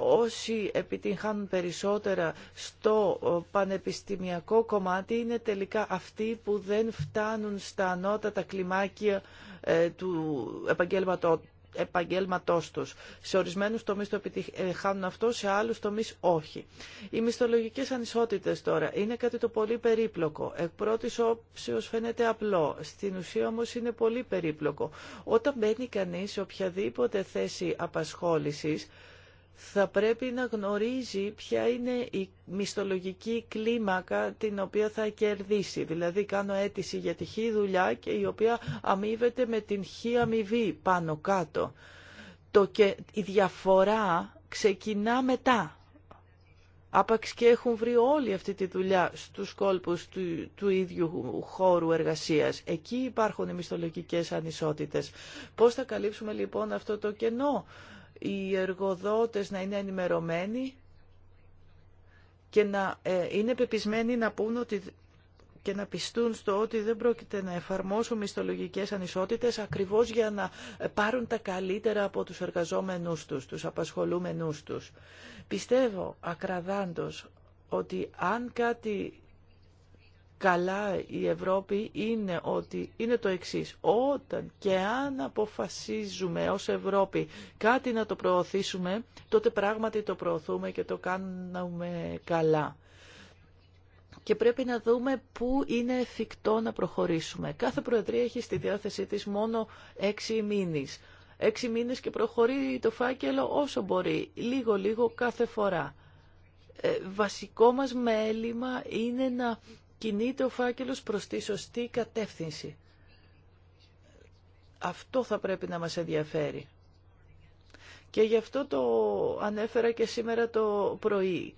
όσοι επιτυγχάνουν περισσότερα στο πανεπιστημιακό κομμάτι είναι τελικά αυτοί που δεν φτάνουν στα ανώτατα κλιμάκια ε, του επαγγέλματό Επαγγελματό του. Σε ορισμένους τομεί το επιτυχάνουν ε, αυτό, σε άλλους τομεί όχι. Οι μισθολογικέ ανισότητε τώρα είναι κάτι το πολύ περίπλοκο. Εκ πρώτης όψεως φαίνεται απλό. Στην ουσία όμω είναι πολύ περίπλοκο. Όταν μπαίνει κανεί σε οποιαδήποτε θέση απασχόλησης, θα πρέπει να γνωρίζει ποια είναι η μισθολογική κλίμακα την οποία θα κερδίσει. Δηλαδή κάνω αίτηση για τη χή δουλειά και η οποία αμείβεται με την χή αμοιβή πάνω κάτω. Το και η διαφορά ξεκινά μετά. Άπαξ και έχουν βρει όλη αυτή τη δουλειά στους κόλπους του, του ίδιου χώρου εργασίας. Εκεί υπάρχουν οι μισθολογικές ανισότητες. Πώς θα καλύψουμε λοιπόν αυτό το κενό οι εργοδότες να είναι ενημερωμένοι και να ε, είναι πεπισμένοι να πούν ότι και να πιστούν στο ότι δεν πρόκειται να εφαρμόσουν μισθολογικές ανισότητες ακριβώς για να πάρουν τα καλύτερα από τους εργαζόμενούς τους, τους απασχολούμενούς τους. Πιστεύω ακραδάντως ότι αν κάτι καλά η Ευρώπη είναι ότι είναι το εξής. Όταν και αν αποφασίζουμε ως Ευρώπη κάτι να το προωθήσουμε, τότε πράγματι το προωθούμε και το κάνουμε καλά. Και πρέπει να δούμε πού είναι εφικτό να προχωρήσουμε. Κάθε Προεδρία έχει στη διάθεσή της μόνο έξι μήνες. Έξι μήνες και προχωρεί το φάκελο όσο μπορεί, λίγο-λίγο κάθε φορά. Ε, βασικό μας μέλημα είναι να κινείται ο φάκελος προς τη σωστή κατεύθυνση. Αυτό θα πρέπει να μας ενδιαφέρει. Και γι' αυτό το ανέφερα και σήμερα το πρωί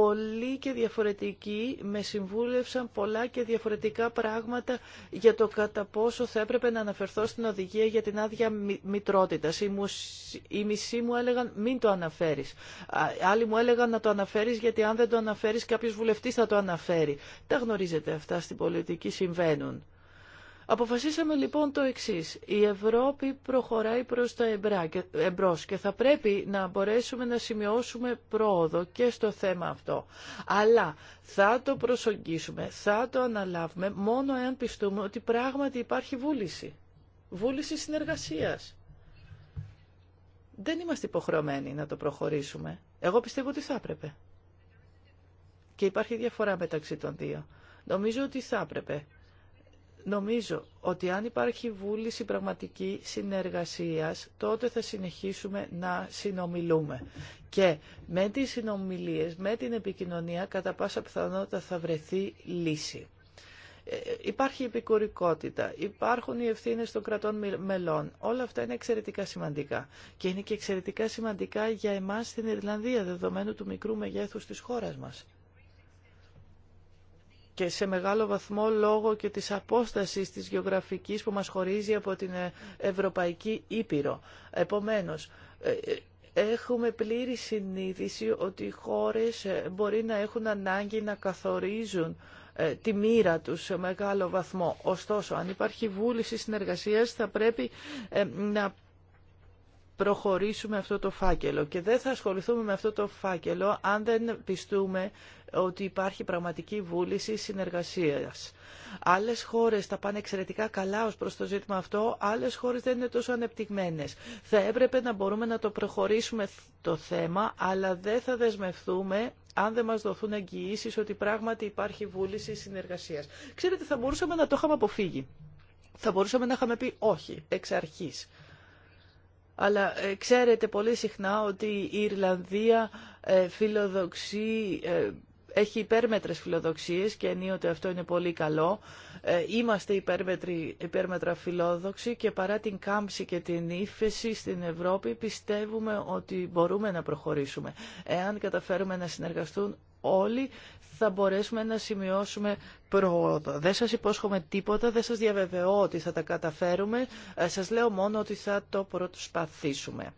πολύ και διαφορετικοί, με συμβούλευσαν πολλά και διαφορετικά πράγματα για το κατά πόσο θα έπρεπε να αναφερθώ στην οδηγία για την άδεια μητρότητα. Οι μισοί μου έλεγαν μην το αναφέρεις. Άλλοι μου έλεγαν να το αναφέρεις γιατί αν δεν το αναφέρεις κάποιο βουλευτής θα το αναφέρει. Τα γνωρίζετε αυτά στην πολιτική συμβαίνουν. Αποφασίσαμε λοιπόν το εξή. Η Ευρώπη προχωράει προς τα εμπρό και θα πρέπει να μπορέσουμε να σημειώσουμε πρόοδο και στο θέμα αυτό. Αλλά θα το προσογγίσουμε, θα το αναλάβουμε μόνο εάν πιστούμε ότι πράγματι υπάρχει βούληση. Βούληση συνεργασίας. Δεν είμαστε υποχρεωμένοι να το προχωρήσουμε. Εγώ πιστεύω ότι θα έπρεπε. Και υπάρχει διαφορά μεταξύ των δύο. Νομίζω ότι θα έπρεπε Νομίζω ότι αν υπάρχει βούληση πραγματική συνεργασίας, τότε θα συνεχίσουμε να συνομιλούμε. Και με τις συνομιλίες, με την επικοινωνία, κατά πάσα πιθανότητα θα βρεθεί λύση. Ε, υπάρχει επικουρικότητα, υπάρχουν οι ευθύνες των κρατών μελών. Όλα αυτά είναι εξαιρετικά σημαντικά. Και είναι και εξαιρετικά σημαντικά για εμάς στην Ιρλανδία, δεδομένου του μικρού μεγέθους της χώρας μας και σε μεγάλο βαθμό λόγω και της απόστασης της γεωγραφικής που μας χωρίζει από την ε, Ευρωπαϊκή Ήπειρο. Επομένως, ε, ε, έχουμε πλήρη συνείδηση ότι οι χώρες μπορεί να έχουν ανάγκη να καθορίζουν τη μοίρα τους σε μεγάλο βαθμό. Ωστόσο, αν υπάρχει βούληση συνεργασίας θα πρέπει να προχωρήσουμε αυτό το φάκελο και δεν θα ασχοληθούμε με αυτό το φάκελο αν δεν πιστούμε ότι υπάρχει πραγματική βούληση συνεργασίας. Άλλες χώρες θα πάνε εξαιρετικά καλά ως προς το ζήτημα αυτό, άλλες χώρες δεν είναι τόσο ανεπτυγμένες. Θα έπρεπε να μπορούμε να το προχωρήσουμε το θέμα, αλλά δεν θα δεσμευτούμε αν δεν μας δοθούν εγγυήσει ότι πράγματι υπάρχει βούληση συνεργασίας. Ξέρετε, θα μπορούσαμε να το είχαμε αποφύγει. Θα μπορούσαμε να είχαμε πει όχι, εξ αρχής αλλά ε, ξέρετε πολύ συχνά ότι η Ιρλανδία ε, φιλοδοξεί ε, έχει υπέρμετρες φιλοδοξίες και ενίοτε αυτό είναι πολύ καλό. Είμαστε υπέρμετρα φιλόδοξοι και παρά την κάμψη και την ύφεση στην Ευρώπη πιστεύουμε ότι μπορούμε να προχωρήσουμε. Εάν καταφέρουμε να συνεργαστούν όλοι θα μπορέσουμε να σημειώσουμε πρόοδο. Δεν σας υπόσχομαι τίποτα, δεν σας διαβεβαιώ ότι θα τα καταφέρουμε, ε, σας λέω μόνο ότι θα το προσπαθήσουμε.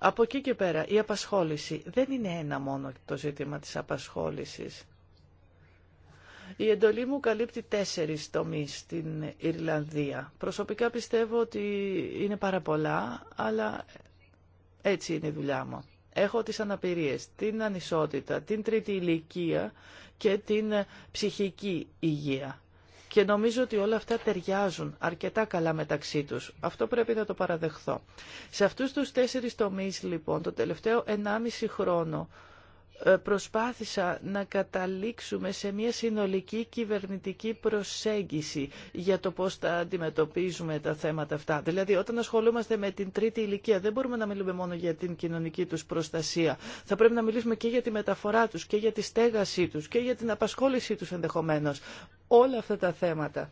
Από εκεί και πέρα, η απασχόληση δεν είναι ένα μόνο το ζήτημα της απασχόλησης. Η εντολή μου καλύπτει τέσσερις τομείς στην Ιρλανδία. Προσωπικά πιστεύω ότι είναι πάρα πολλά, αλλά έτσι είναι η δουλειά μου έχω τις αναπηρίες, την ανισότητα, την τρίτη ηλικία και την ε, ψυχική υγεία. Και νομίζω ότι όλα αυτά ταιριάζουν αρκετά καλά μεταξύ τους. Αυτό πρέπει να το παραδεχθώ. Σε αυτούς τους τέσσερις τομείς, λοιπόν, το τελευταίο 1,5 χρόνο ε, προσπάθησα να καταλήξουμε σε μια συνολική κυβερνητική προσέγγιση για το πώς θα αντιμετωπίζουμε τα θέματα αυτά. Δηλαδή όταν ασχολούμαστε με την τρίτη ηλικία δεν μπορούμε να μιλούμε μόνο για την κοινωνική τους προστασία. Θα πρέπει να μιλήσουμε και για τη μεταφορά τους και για τη στέγασή τους και για την απασχόλησή τους ενδεχομένως. Όλα αυτά τα θέματα.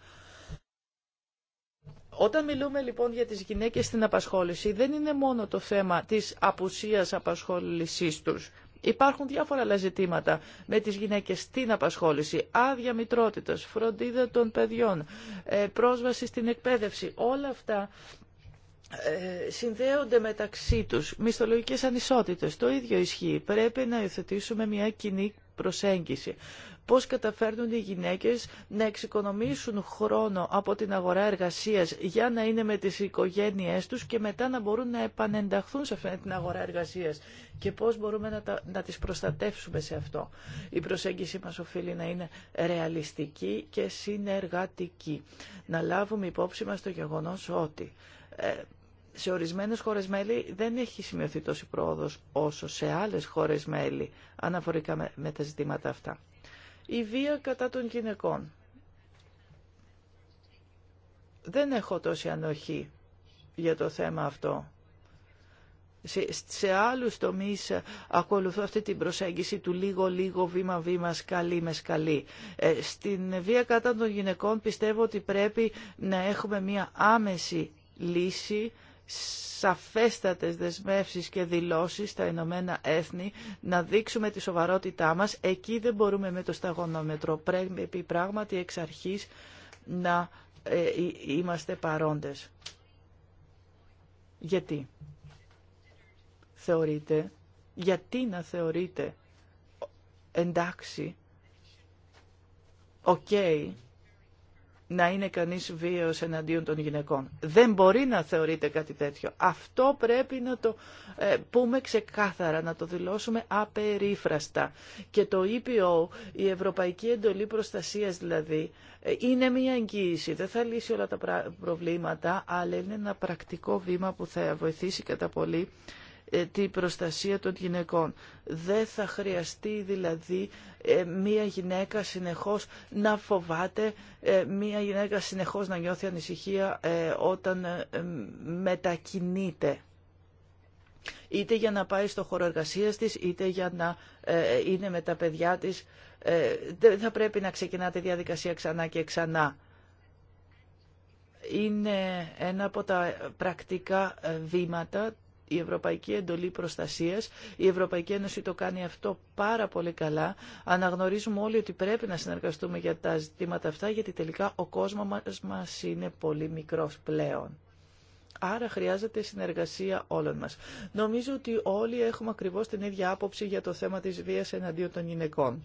Όταν μιλούμε λοιπόν για τις γυναίκες στην απασχόληση, δεν είναι μόνο το θέμα της απουσίας απασχόλησής τους. Υπάρχουν διάφορα άλλα ζητήματα με τις γυναίκες στην απασχόληση, άδεια μητρότητας, φροντίδα των παιδιών, ε, πρόσβαση στην εκπαίδευση. Όλα αυτά ε, συνδέονται μεταξύ τους. Μισθολογικές ανισότητες, το ίδιο ισχύει. Πρέπει να υιοθετήσουμε μια κοινή προσέγγιση πώς καταφέρνουν οι γυναίκες να εξοικονομήσουν χρόνο από την αγορά εργασίας για να είναι με τις οικογένειές τους και μετά να μπορούν να επανενταχθούν σε αυτή την αγορά εργασίας και πώς μπορούμε να, τα, να τις προστατεύσουμε σε αυτό. Η προσέγγιση μας οφείλει να είναι ρεαλιστική και συνεργατική. Να λάβουμε υπόψη μας το γεγονός ότι... Ε, σε ορισμένες χώρες μέλη δεν έχει σημειωθεί τόση πρόοδος όσο σε άλλες χώρες μέλη αναφορικά με τα ζητήματα αυτά η βία κατά των γυναικών. Δεν έχω τόση ανοχή για το θέμα αυτό. Σε, σε άλλους τομείς ακολουθώ αυτή την προσέγγιση του λίγο-λίγο, βήμα-βήμα, σκαλί με σκαλή. Ε, στην βία κατά των γυναικών πιστεύω ότι πρέπει να έχουμε μία άμεση λύση σαφέστατες δεσμεύσεις και δηλώσεις στα Ηνωμένα Έθνη, να δείξουμε τη σοβαρότητά μας. Εκεί δεν μπορούμε με το σταγονόμετρο. Πρέπει πράγματι εξ αρχής να ε, είμαστε παρόντες. Γιατί θεωρείτε, γιατί να θεωρείτε εντάξει, οκ, να είναι κανείς βίαιος εναντίον των γυναικών. Δεν μπορεί να θεωρείται κάτι τέτοιο. Αυτό πρέπει να το ε, πούμε ξεκάθαρα, να το δηλώσουμε απερίφραστα. Και το EPO, η Ευρωπαϊκή Εντολή Προστασίας δηλαδή, ε, είναι μια εγγύηση. Δεν θα λύσει όλα τα προβλήματα, αλλά είναι ένα πρακτικό βήμα που θα βοηθήσει κατά πολύ ε, την προστασία των γυναικών. Δεν θα χρειαστεί δηλαδή ε, μία γυναίκα συνεχώς να φοβάται, ε, μία γυναίκα συνεχώς να νιώθει ανησυχία όταν μετακινείται είτε για να πάει στο χώρο εργασίας της, είτε για να είναι με τα παιδιά της. Δεν θα πρέπει να ξεκινά τη διαδικασία ξανά και ξανά. Είναι ένα από τα πρακτικά βήματα η Ευρωπαϊκή Εντολή Προστασίας. Η Ευρωπαϊκή Ένωση το κάνει αυτό πάρα πολύ καλά. Αναγνωρίζουμε όλοι ότι πρέπει να συνεργαστούμε για τα ζητήματα αυτά, γιατί τελικά ο κόσμος μας είναι πολύ μικρός πλέον. Άρα χρειάζεται συνεργασία όλων μας. Νομίζω ότι όλοι έχουμε ακριβώς την ίδια άποψη για το θέμα της βίας εναντίον των γυναικών.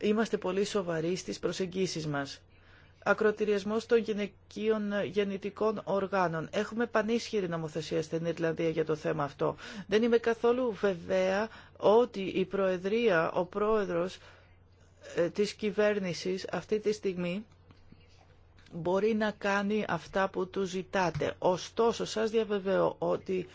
Είμαστε πολύ σοβαροί στις προσεγγίσεις μας ακροτηριασμός των γυναικείων γεννητικών οργάνων. Έχουμε πανίσχυρη νομοθεσία στην Ιρλανδία για το θέμα αυτό. Δεν είμαι καθόλου βεβαία ότι η Προεδρία, ο Πρόεδρος ε, της κυβέρνησης αυτή τη στιγμή μπορεί να κάνει αυτά που του ζητάτε. Ωστόσο, σας διαβεβαιώ ότι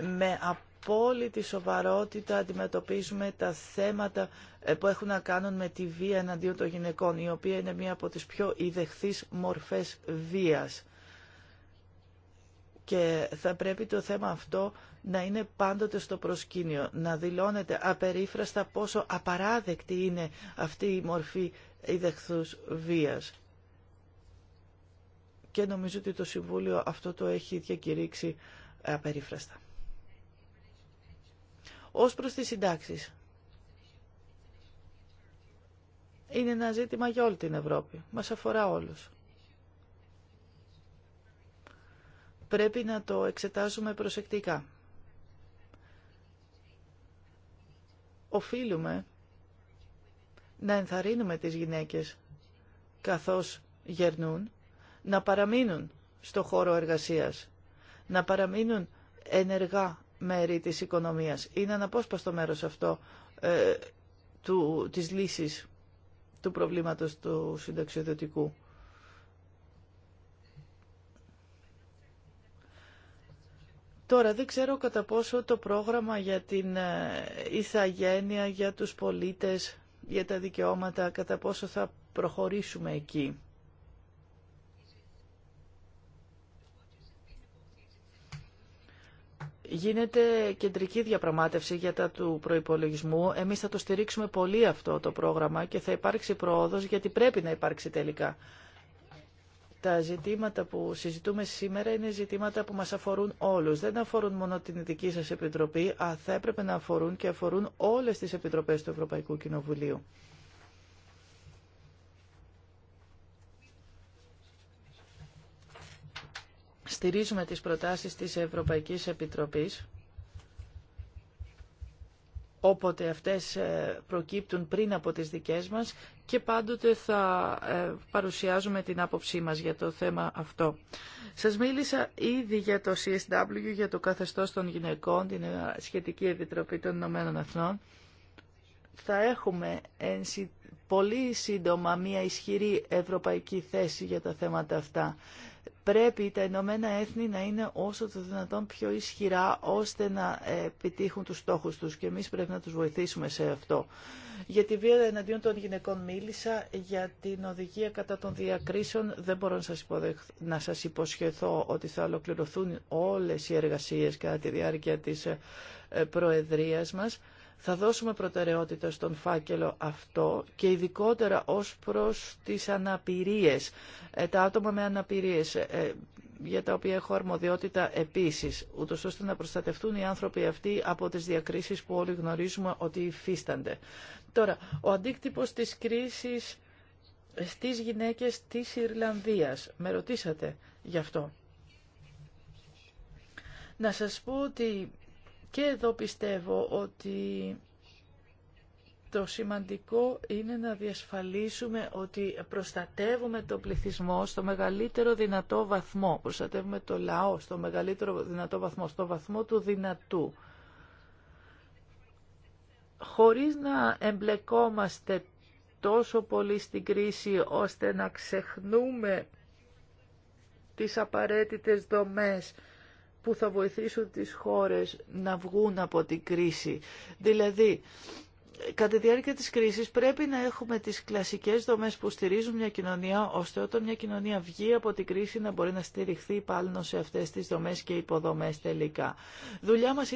με απόλυτη σοβαρότητα αντιμετωπίζουμε τα θέματα ε, που έχουν να κάνουν με τη βία εναντίον των γυναικών, η οποία είναι μία από τις πιο ιδεχθείς μορφές βίας. Και θα πρέπει το θέμα αυτό να είναι πάντοτε στο προσκήνιο, να δηλώνεται απερίφραστα πόσο απαράδεκτη είναι αυτή η μορφή ιδεχθούς βίας. Και νομίζω ότι το Συμβούλιο αυτό το έχει διακηρύξει απερίφραστα. Ως προς τις συντάξεις, είναι ένα ζήτημα για όλη την Ευρώπη. Μας αφορά όλους. Πρέπει να το εξετάζουμε προσεκτικά. Οφείλουμε να ενθαρρύνουμε τις γυναίκες καθώς γερνούν, να παραμείνουν στο χώρο εργασίας, να παραμείνουν ενεργά μέρη της οικονομίας. Είναι αναπόσπαστο μέρος αυτό ε, του, της λύσης του προβλήματος του συνταξιοδοτικού. Τώρα δεν ξέρω κατά πόσο το πρόγραμμα για την ε, ηθαγένεια, για τους πολίτες, για τα δικαιώματα, κατά πόσο θα προχωρήσουμε εκεί. γίνεται κεντρική διαπραγμάτευση για τα του προϋπολογισμού. Εμείς θα το στηρίξουμε πολύ αυτό το πρόγραμμα και θα υπάρξει πρόοδος γιατί πρέπει να υπάρξει τελικά. Τα ζητήματα που συζητούμε σήμερα είναι ζητήματα που μας αφορούν όλους. Δεν αφορούν μόνο την δική σας επιτροπή, αλλά θα έπρεπε να αφορούν και αφορούν όλες τις επιτροπές του Ευρωπαϊκού Κοινοβουλίου. στηρίζουμε τις προτάσεις της Ευρωπαϊκής Επιτροπής όποτε αυτές ε, προκύπτουν πριν από τις δικές μας και πάντοτε θα ε, παρουσιάζουμε την άποψή μας για το θέμα αυτό. Σας μίλησα ήδη για το CSW, για το καθεστώς των γυναικών, την ε, Σχετική Επιτροπή των Ηνωμένων Εθνών. Θα έχουμε πολύ σύντομα μια ισχυρή ευρωπαϊκή θέση για τα θέματα αυτά πρέπει τα Ηνωμένα Έθνη να είναι όσο το δυνατόν πιο ισχυρά ώστε να ε, επιτύχουν τους στόχους τους και εμείς πρέπει να τους βοηθήσουμε σε αυτό. Για τη βία εναντίον των γυναικών μίλησα, για την οδηγία κατά των διακρίσεων δεν μπορώ να σας, υποσχεθώ ότι θα ολοκληρωθούν όλες οι εργασίες κατά τη διάρκεια της ε, ε, Προεδρίας μας. Θα δώσουμε προτεραιότητα στον φάκελο αυτό και ειδικότερα ως προς τις αναπηρίες, ε, τα άτομα με αναπηρίες ε, ε, για τα οποία έχω αρμοδιότητα επίσης, ούτως ώστε να προστατευτούν οι άνθρωποι αυτοί από τις διακρίσεις που όλοι γνωρίζουμε ότι υφίστανται. Τώρα, ο αντίκτυπος της κρίσης στις γυναίκες της Ιρλανδίας. Με ρωτήσατε γι' αυτό. Να σας πω ότι και εδώ πιστεύω ότι το σημαντικό είναι να διασφαλίσουμε ότι προστατεύουμε το πληθυσμό στο μεγαλύτερο δυνατό βαθμό. Προστατεύουμε το λαό στο μεγαλύτερο δυνατό βαθμό, στο βαθμό του δυνατού. Χωρίς να εμπλεκόμαστε τόσο πολύ στην κρίση ώστε να ξεχνούμε τις απαραίτητες δομές που θα βοηθήσουν τις χώρες να βγουν από την κρίση. Δηλαδή, κατά τη διάρκεια της κρίσης πρέπει να έχουμε τις κλασικές δομές που στηρίζουν μια κοινωνία, ώστε όταν μια κοινωνία βγει από την κρίση να μπορεί να στηριχθεί πάλι σε αυτές τις δομές και υποδομές τελικά. Δουλειά μας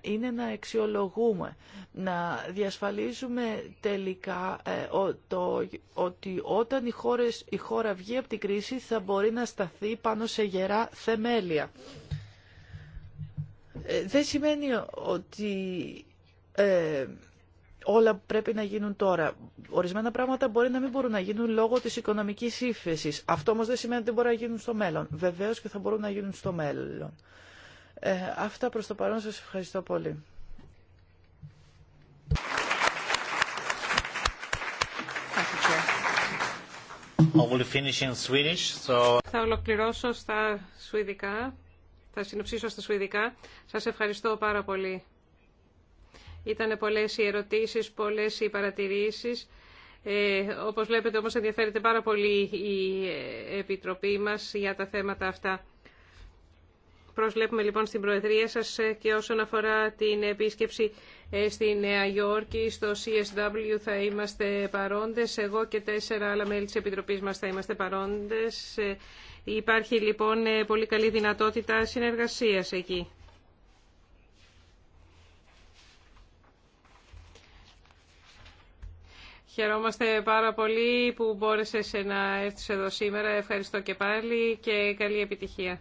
είναι να αξιολογούμε, να διασφαλίζουμε τελικά ε, ότι όταν η, η χώρα βγει από την κρίση θα μπορεί να σταθεί πάνω σε γερά θεμέλια. Ε, δεν σημαίνει ότι ε, όλα πρέπει να γίνουν τώρα. Ορισμένα πράγματα μπορεί να μην μπορούν να γίνουν λόγω της οικονομικής ύφεση. Αυτό όμως δεν σημαίνει ότι δεν μπορεί να γίνουν στο μέλλον. Βεβαίως και θα μπορούν να γίνουν στο μέλλον. Ε, αυτά προς το παρόν σας ευχαριστώ πολύ. Θα ολοκληρώσω στα σουηδικά. Θα συνοψίσω στα Σουηδικά. Σας ευχαριστώ πάρα πολύ. Ήταν πολλές οι ερωτήσεις, πολλές οι παρατηρήσεις. Ε, όπως βλέπετε όμως ενδιαφέρεται πάρα πολύ η ε, Επιτροπή μας για τα θέματα αυτά. Προσβλέπουμε λοιπόν στην Προεδρία σας ε, και όσον αφορά την επίσκεψη ε, στη Νέα Υόρκη, στο CSW θα είμαστε παρόντες. Εγώ και τέσσερα άλλα μέλη της Επιτροπής μας θα είμαστε παρόντες. Υπάρχει λοιπόν ε, πολύ καλή δυνατότητα συνεργασίας εκεί. Χαιρόμαστε πάρα πολύ που μπόρεσες να έρθεις εδώ σήμερα. Ευχαριστώ και πάλι και καλή επιτυχία.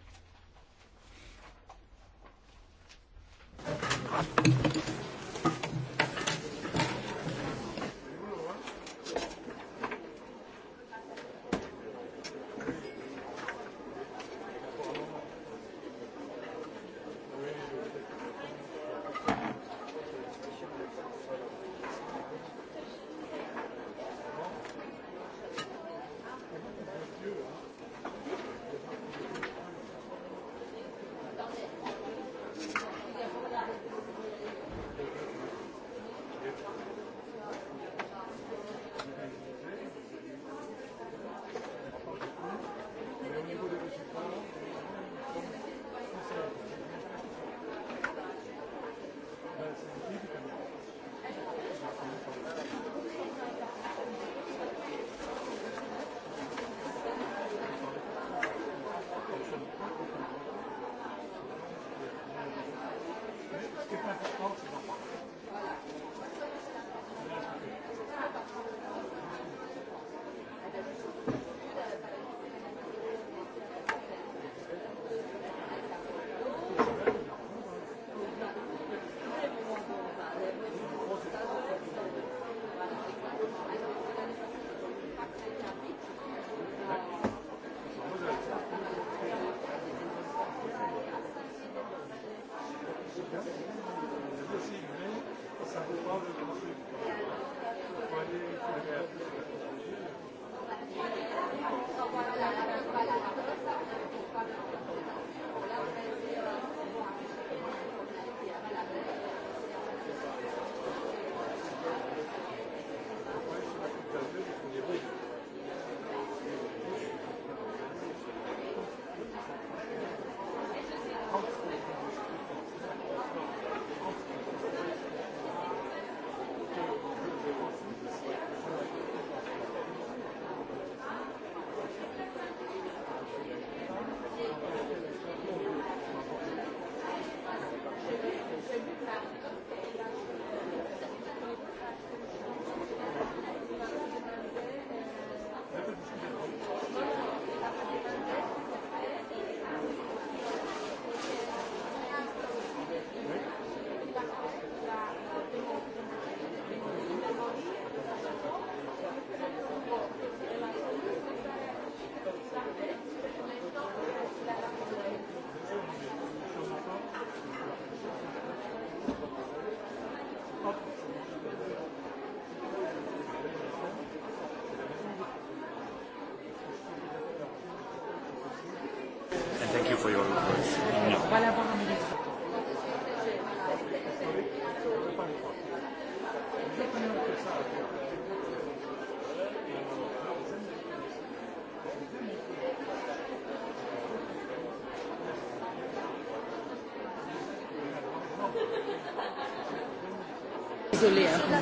Thank you for your advice.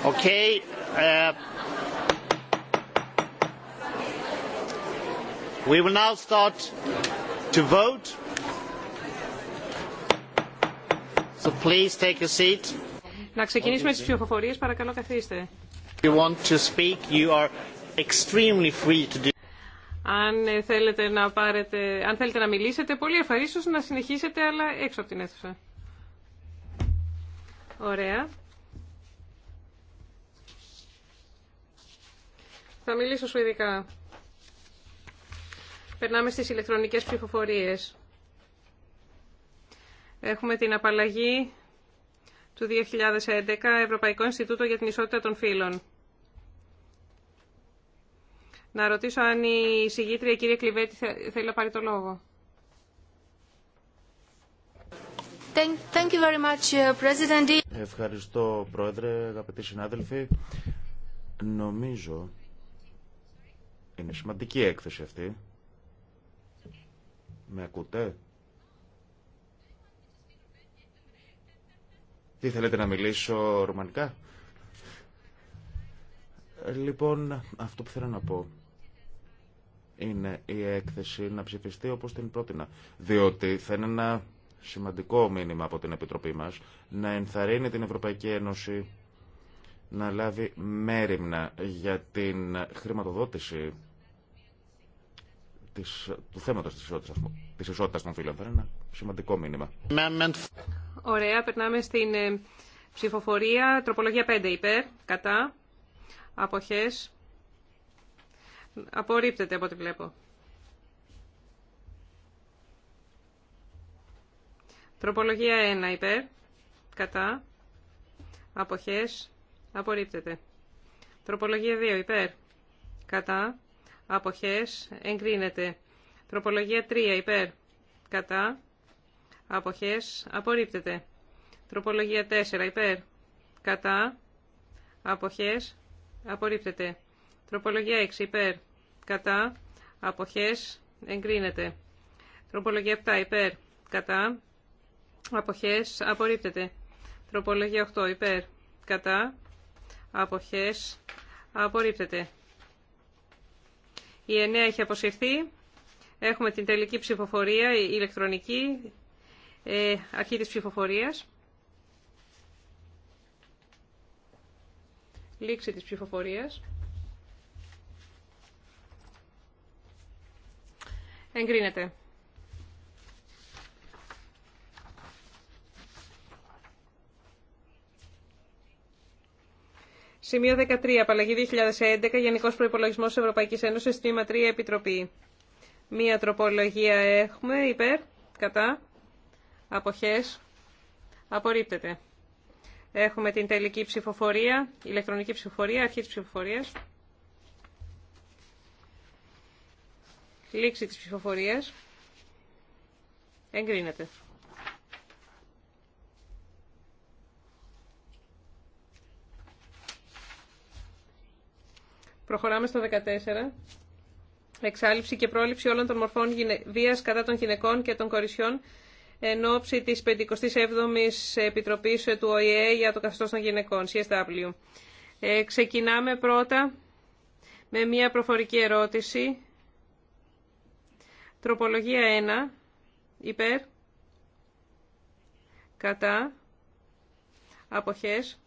Okay. Uh, we will now start to vote. So please take your seat. Να ξεκινήσουμε τις ψηφοφορίες, παρακαλώ καθίστε. You want to speak, you are extremely free to do. Αν θέλετε να πάρετε, αν θέλετε να μιλήσετε, πολύ ευχαρίστως να συνεχίσετε, αλλά έξω από την αίθουσα. Ωραία. Θα μιλήσω σου ειδικά. Περνάμε στις ηλεκτρονικές ψηφοφορίες. Έχουμε την απαλλαγή του 2011 Ευρωπαϊκό Ινστιτούτο για την Ισότητα των Φύλων. Να ρωτήσω αν η συγγήτρια η κυρία Κλειβέτη θέλει να πάρει το λόγο. Thank you very much, uh, President. Ευχαριστώ, Πρόεδρε, αγαπητοί συνάδελφοι. Νομίζω είναι σημαντική έκθεση αυτή. Με ακούτε? Τι θέλετε να μιλήσω ρουμανικά? Λοιπόν, αυτό που θέλω να πω είναι η έκθεση να ψηφιστεί όπως την πρότεινα. Διότι θα είναι ένα σημαντικό μήνυμα από την Επιτροπή μας να ενθαρρύνει την Ευρωπαϊκή Ένωση να λάβει μέρημνα για την χρηματοδότηση της, του θέματος της ισότητα των φίλων. Θα είναι ένα σημαντικό μήνυμα. Ωραία, περνάμε στην ε, ψηφοφορία. Τροπολογία 5 υπέρ, κατά, αποχές. Απορρίπτεται από ό,τι βλέπω. Τροπολογία 1 υπέρ, κατά, αποχές, απορρίπτεται. Τροπολογία 2 υπέρ, κατά, αποχές εγκρίνεται. Τροπολογία 3 υπέρ κατά αποχές απορρίπτεται. Τροπολογία 4 υπέρ κατά αποχές απορρίπτεται. Τροπολογία 6 υπέρ κατά αποχές εγκρίνεται. Τροπολογία 7 υπέρ κατά αποχές απορρίπτεται. Τροπολογία 8 υπέρ κατά αποχές απορρίπτεται. Η εννέα έχει αποσυρθεί. Έχουμε την τελική ψηφοφορία, η ηλεκτρονική, ε, αρχή της ψηφοφορίας. Λήξη της ψηφοφορίας. Εγκρίνεται. Σημείο 13. Απαλλαγή 2011. Γενικό Προπολογισμό Ευρωπαϊκή Ένωση. Τμήμα 3. Επιτροπή. Μία τροπολογία έχουμε. Υπέρ. Κατά. Αποχέ. Απορρίπτεται. Έχουμε την τελική ψηφοφορία. Ηλεκτρονική ψηφοφορία. Αρχή τη ψηφοφορία. Λήξη τη ψηφοφορία. Εγκρίνεται. Προχωράμε στο 14. Εξάλληψη και πρόληψη όλων των μορφών βία κατά των γυναικών και των κορισιών εν ώψη της 57ης Επιτροπής του ΟΗΕ για το καθεστώ των γυναικών, CSW. Ε, ξεκινάμε πρώτα με μια προφορική ερώτηση. Τροπολογία 1. Υπέρ. Κατά. Αποχές.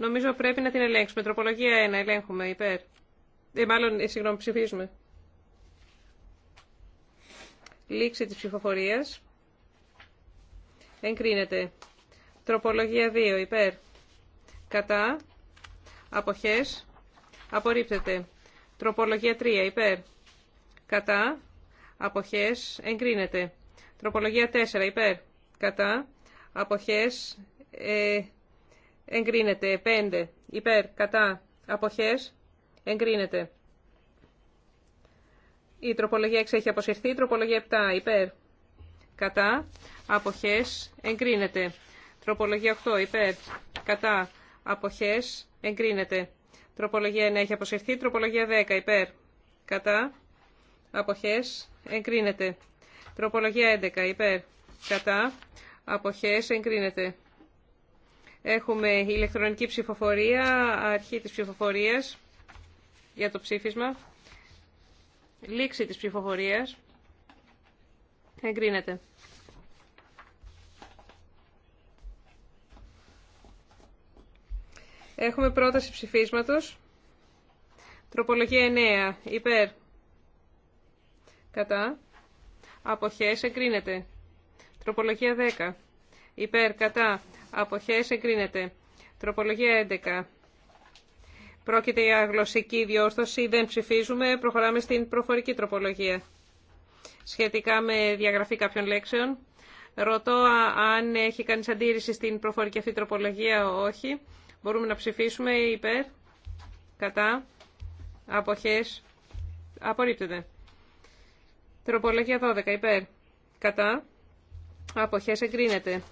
Νομίζω πρέπει να την ελέγξουμε. Τροπολογία 1, ελέγχουμε υπέρ. Ε, μάλλον, ε, συγγνώμη, ψηφίζουμε. Λήξη της ψηφοφορίας. Εγκρίνεται. Τροπολογία 2, υπέρ. Κατά. Αποχές. Απορρίπτεται. Τροπολογία 3, υπέρ. Κατά. Αποχές. Εγκρίνεται. Τροπολογία 4, υπέρ. Κατά. Αποχές. Ε, εγκρίνεται. 5 υπέρ κατά αποχές εγκρίνεται. Η τροπολογία 6 έχει αποσυρθεί. Η τροπολογία 7 υπέρ κατά αποχές εγκρίνεται. Τροπολογία 8 υπέρ κατά αποχές εγκρίνεται. Τροπολογία 9 έχει αποσυρθεί. Τροπολογία 10 υπέρ κατά αποχές εγκρίνεται. Τροπολογία 11 υπέρ κατά αποχές εγκρίνεται. Έχουμε ηλεκτρονική ψηφοφορία, αρχή της ψηφοφορίας για το ψήφισμα, λήξη της ψηφοφορίας, εγκρίνεται. Έχουμε πρόταση ψηφίσματος, τροπολογία 9, υπέρ, κατά, αποχές, εγκρίνεται. Τροπολογία 10, υπέρ, κατά, αποχές εγκρίνεται. Τροπολογία 11. Πρόκειται για γλωσσική διόρθωση, δεν ψηφίζουμε, προχωράμε στην προφορική τροπολογία. Σχετικά με διαγραφή κάποιων λέξεων, ρωτώ αν έχει κανείς αντίρρηση στην προφορική αυτή τροπολογία, όχι. Μπορούμε να ψηφίσουμε υπέρ, κατά, αποχές, απορρίπτεται. Τροπολογία 12, υπέρ, κατά, αποχές εγκρίνεται.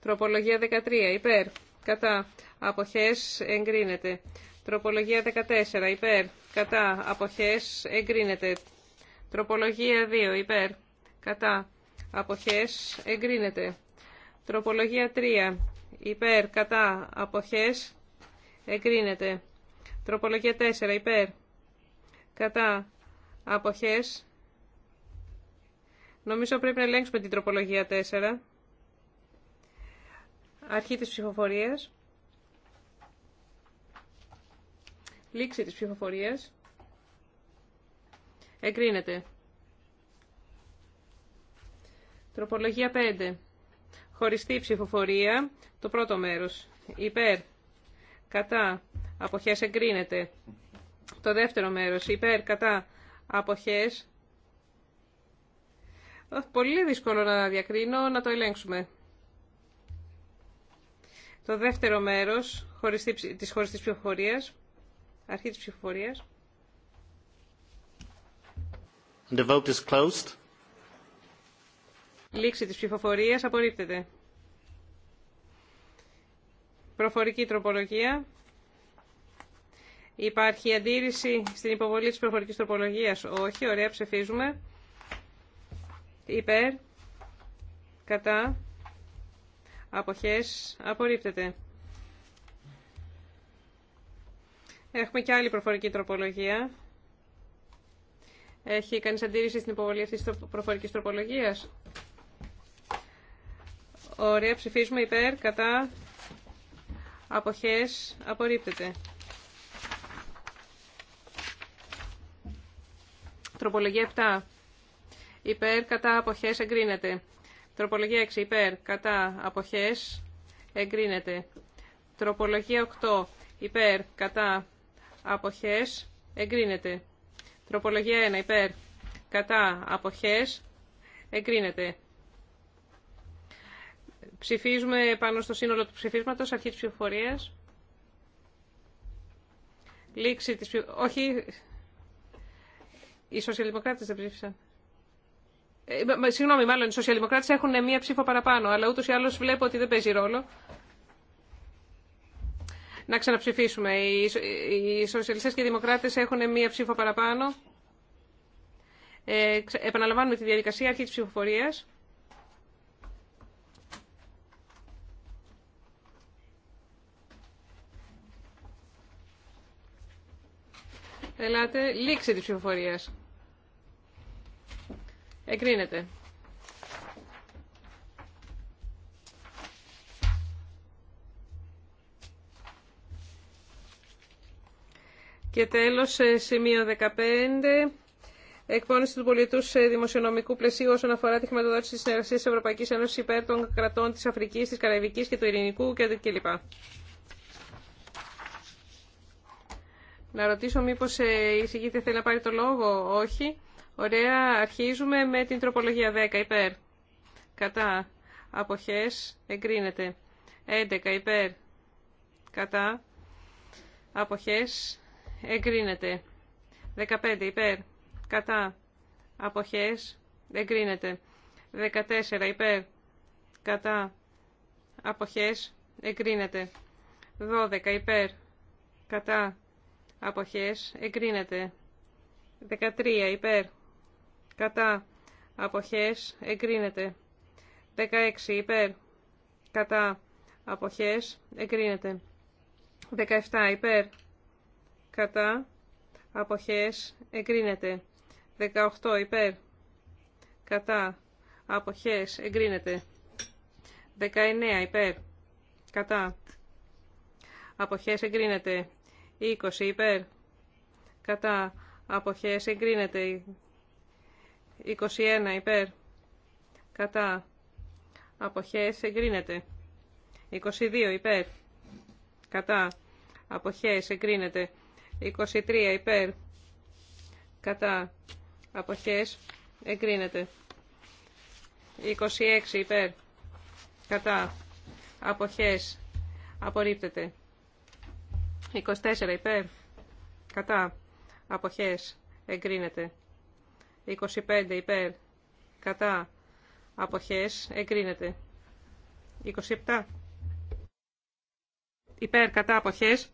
Τροπολογία 13 υπέρ. Κατά. Αποχές εγκρίνεται. Τροπολογία 14 υπέρ. Κατά. Αποχές εγκρίνεται. Τροπολογία 2 υπέρ. Κατά. Αποχές εγκρίνεται. Τροπολογία 3 υπέρ. Κατά. Αποχές εγκρίνεται. Τροπολογία 4 υπέρ. Κατά. Αποχές. Νομίζω πρέπει να ελέγξουμε την τροπολογία 4. Αρχή της ψηφοφορίας. Λήξη της ψηφοφορίας. Εγκρίνεται. Τροπολογία 5. Χωριστή ψηφοφορία. Το πρώτο μέρος. Υπέρ. Κατά. Αποχές εγκρίνεται. Το δεύτερο μέρος. Υπέρ. Κατά. Αποχές. Πολύ δύσκολο να διακρίνω. Να το ελέγξουμε. Το δεύτερο μέρος χωριστή, της χωριστής ψηφοφορίας, αρχή της ψηφοφορίας. The vote is closed. Λήξη της ψηφοφορίας απορρίπτεται. Προφορική τροπολογία. Υπάρχει αντίρρηση στην υποβολή της προφορικής τροπολογίας. Όχι, ωραία, ψηφίζουμε. Υπέρ. Κατά. Αποχές. Απορρίπτεται. Έχουμε και άλλη προφορική τροπολογία. Έχει κανείς αντίρρηση στην υποβολή αυτής της προφορικής τροπολογίας. Ωραία, ψηφίζουμε υπέρ, κατά, αποχές, απορρίπτεται. Τροπολογία 7. Υπέρ, κατά, αποχές, εγκρίνεται. Τροπολογία 6 υπέρ κατά αποχές εγκρίνεται. Τροπολογία 8 υπέρ κατά αποχές εγκρίνεται. Τροπολογία 1 υπέρ κατά αποχές εγκρίνεται. Ψηφίζουμε πάνω στο σύνολο του ψηφίσματος αρχή τη ψηφοφορία. Λήξη τη. ψηφοφορία. Όχι, οι σοσιαλδημοκράτες δεν ψήφισαν. Ε, συγγνώμη, μάλλον οι σοσιαλδημοκράτε έχουν μία ψήφο παραπάνω, αλλά ούτω ή άλλω βλέπω ότι δεν παίζει ρόλο. Να ξαναψηφίσουμε. Οι σοσιαλιστέ και οι δημοκράτε έχουν μία ψήφο παραπάνω. Ε, επαναλαμβάνουμε τη διαδικασία αρχή τη ψηφοφορία. Ελάτε, λήξη τη ψηφοφορία. Εγκρίνεται. Και τέλος, σημείο 15, εκπόνηση του πολιτού δημοσιονομικού πλαισίου όσον αφορά τη χρηματοδότηση της συνεργασία Ευρωπαϊκή Ευρωπαϊκής Ένωσης υπέρ των κρατών της Αφρικής, της Καραϊβικής και του Ειρηνικού κλπ. Να ρωτήσω μήπως ε, η εισηγήτρια θέλει να πάρει το λόγο, όχι. Ωραία, αρχίζουμε με την τροπολογία 10 υπέρ. Κατά. Αποχές εγκρίνεται. 11 υπέρ. Κατά. Αποχές εγκρίνεται. 15 υπέρ. Κατά. Αποχές εγκρίνεται. 14 υπέρ. Κατά. Αποχές εγκρίνεται. 12 υπέρ. Κατά. Αποχές εγκρίνεται. 13 υπέρ κατά αποχές εγκρίνεται. 16 υπέρ κατά αποχές εγκρίνεται. 17 υπέρ κατά αποχές εγκρίνεται. 18 υπέρ κατά αποχές εγκρίνεται. 19 υπέρ κατά αποχές εγκρίνεται. 20 υπέρ κατά αποχές εγκρίνεται. 21 υπέρ. Κατά. Αποχές εγκρίνεται. 22 υπέρ. Κατά. Αποχές εγκρίνεται. 23 υπέρ. Κατά. Αποχές εγκρίνεται. 26 υπέρ. Κατά. Αποχές απορρίπτεται. 24 υπέρ. Κατά. Αποχές εγκρίνεται. 25 υπέρ κατά αποχές εγκρίνεται. 27 υπέρ κατά αποχές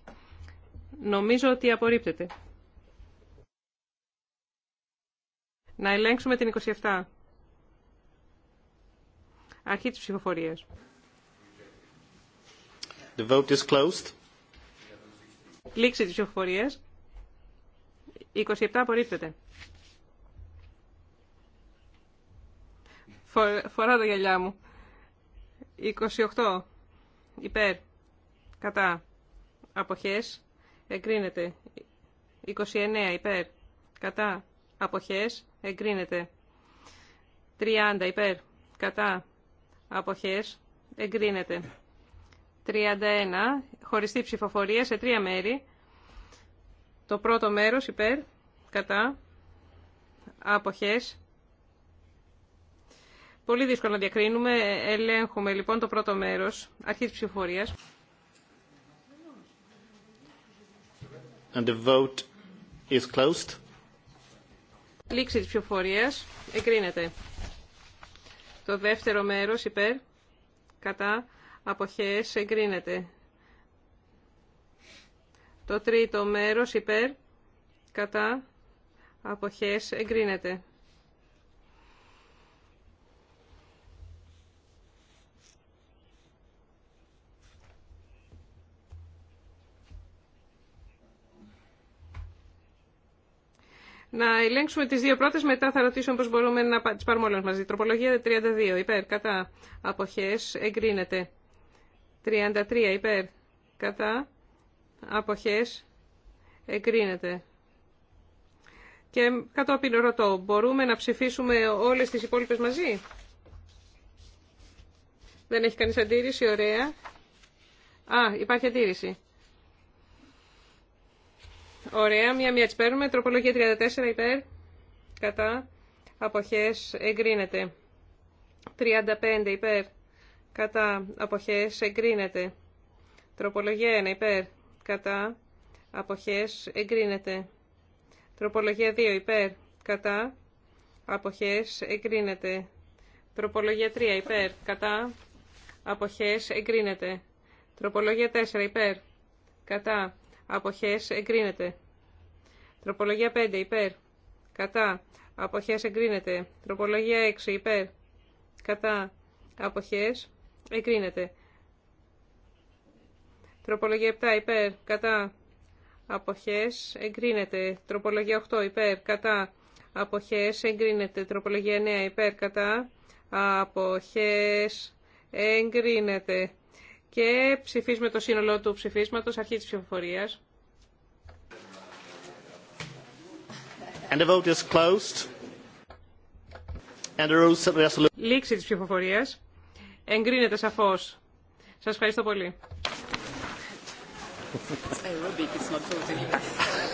νομίζω ότι απορρίπτεται. Να ελέγξουμε την 27. Αρχή της ψηφοφορίας. The vote is closed. Λήξη της ψηφοφορίας. 27 απορρίπτεται. Φορά τα γυαλιά μου. 28. Υπέρ. Κατά. Αποχές. Εγκρίνεται. 29. Υπέρ. Κατά. Αποχές. Εγκρίνεται. 30. Υπέρ. Κατά. Αποχές. Εγκρίνεται. 31. Χωριστή ψηφοφορία σε τρία μέρη. Το πρώτο μέρος υπέρ. Κατά. Αποχές. Πολύ δύσκολο να διακρίνουμε. Ελέγχουμε λοιπόν το πρώτο μέρος, αρχή τη ψηφοφορίας. And the vote is closed. Λήξη της ψηφοφορίας. Εκρίνεται. Το δεύτερο μέρος υπέρ, κατά, αποχές, εγκρίνεται. Το τρίτο μέρος υπέρ, κατά, αποχές, εγκρίνεται. Να ελέγξουμε τι δύο πρώτε μετά θα ρωτήσω πώ μπορούμε να τι πάρουμε όλε μαζί. Τροπολογία 32, υπέρ, κατά, αποχές, εγκρίνεται. 33, υπέρ, κατά, αποχές, εγκρίνεται. Και κατόπιν ρωτώ, μπορούμε να ψηφίσουμε όλες τις υπόλοιπες μαζί. Δεν έχει κανείς αντίρρηση, ωραία. Α, υπάρχει αντίρρηση. Ωραία, μία-μία τις παίρνουμε. Τροπολογία 34 υπέρ. Κατά. Αποχές εγκρίνεται. 35 υπέρ. Κατά. Αποχές εγκρίνεται. Τροπολογία 1 υπέρ. Κατά. Αποχές εγκρίνεται. Τροπολογία 2 υπέρ. Κατά. Αποχές εγκρίνεται. Τροπολογία 3 υπέρ. Κατά. Αποχές εγκρίνεται. Τροπολογία 4 υπέρ. Κατά. Αποχές εγκρίνεται. Τροπολογία 5 υπέρ. Κατά. Αποχές εγκρίνεται. Τροπολογία 6 υπέρ. Κατά. Αποχές εγκρίνεται. Τροπολογία 7 υπέρ. Κατά. Αποχές εγκρίνεται. Τροπολογία 8 υπέρ. Κατά. Αποχές εγκρίνεται. Τροπολογία 9 υπέρ. Κατά. Αποχές εγκρίνεται. Και ψηφίζουμε το σύνολο του ψηφίσματος αρχή της ψηφοφορίας. Λήξη της ψηφοφορίας. Εγκρίνεται σαφώς. Σας ευχαριστώ πολύ.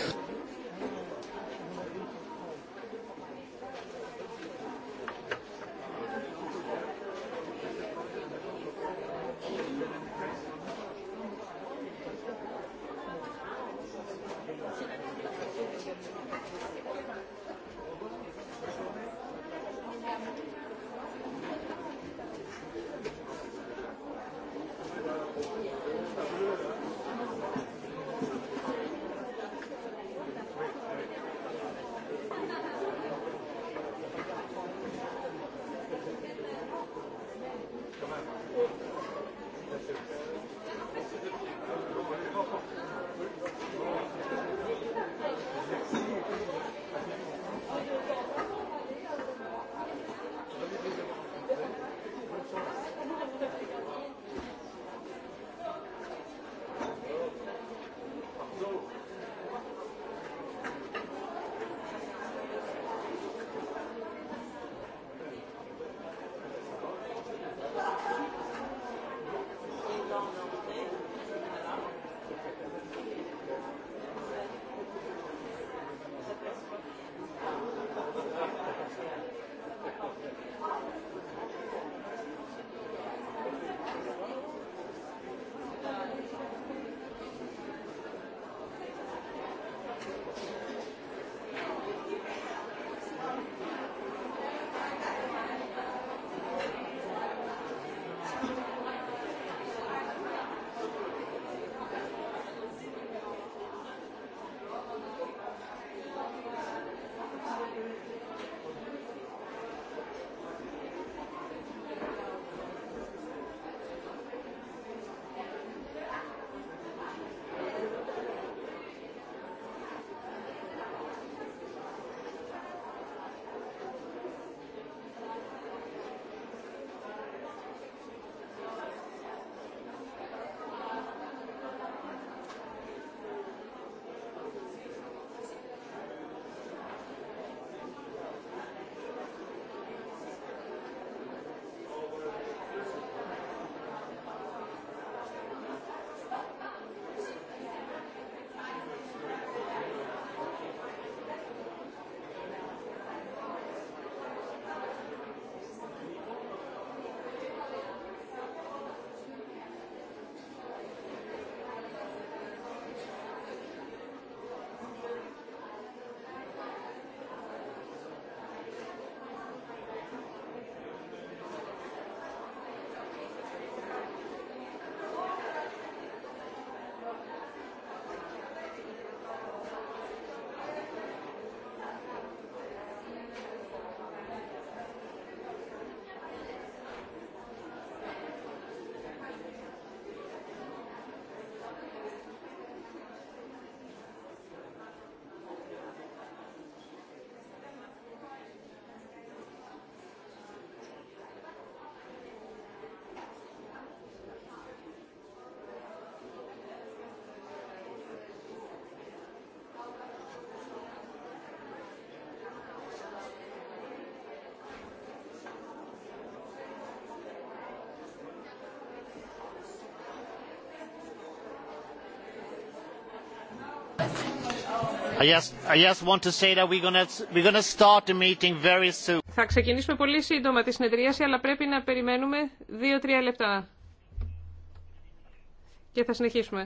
Θα ξεκινήσουμε πολύ σύντομα τη συνεδρίαση, αλλά πρέπει να περιμένουμε δύο-τρία λεπτά. Και θα συνεχίσουμε.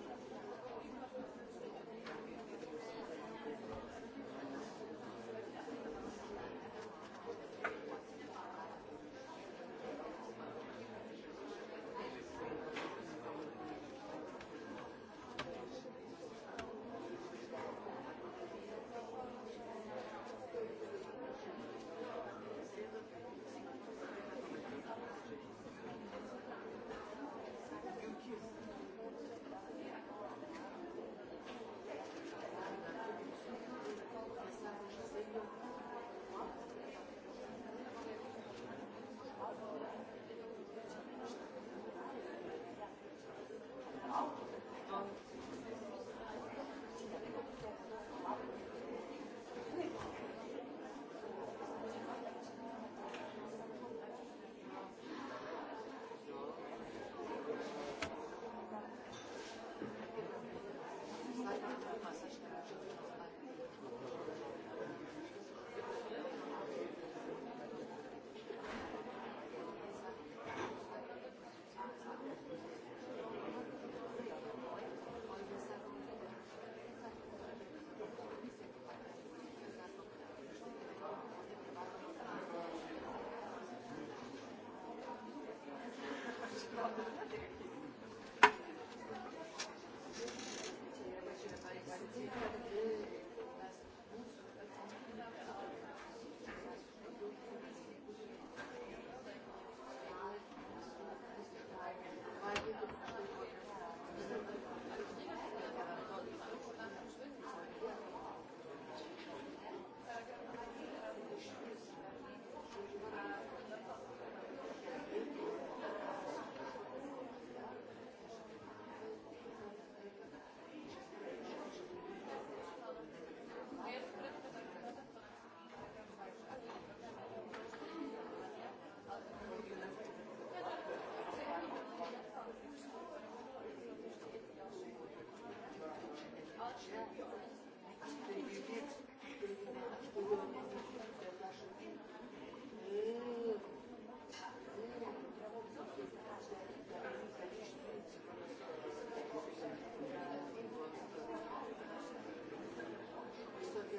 Thank you.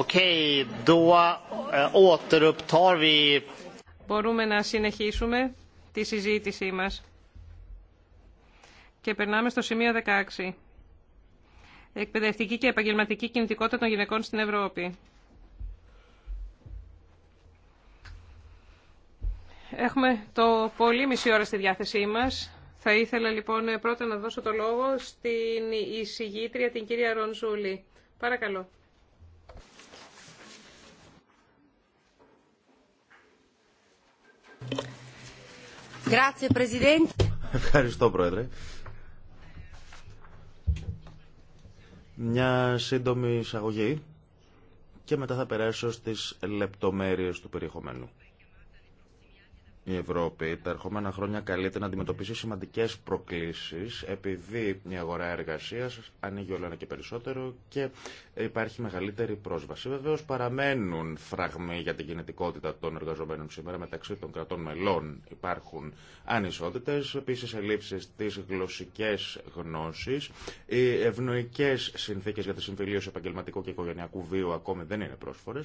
Eh, Μπορούμε να συνεχίσουμε τη συζήτησή μας. Και περνάμε στο σημείο 16. Εκπαιδευτική και επαγγελματική κινητικότητα των γυναικών στην Ευρώπη. Έχουμε το πολύ μισή ώρα στη διάθεσή μας. Θα ήθελα λοιπόν πρώτα να δώσω το λόγο στην εισηγήτρια την κυρία Ρονζούλη. Παρακαλώ. Ευχαριστώ, Πρόεδρε. Μια σύντομη εισαγωγή και μετά θα περάσω στις λεπτομέρειες του περιεχομένου η Ευρώπη τα ερχόμενα χρόνια καλείται να αντιμετωπίσει σημαντικέ προκλήσει επειδή η αγορά εργασία ανοίγει όλο ένα και περισσότερο και υπάρχει μεγαλύτερη πρόσβαση. Βεβαίω παραμένουν φραγμοί για την κινητικότητα των εργαζομένων σήμερα μεταξύ των κρατών μελών. Υπάρχουν ανισότητε, επίση ελλείψει στι γλωσσικέ γνώσει. οι ευνοϊκέ συνθήκε για τη συμφιλίωση επαγγελματικού και οικογενειακού βίου ακόμη δεν είναι πρόσφορε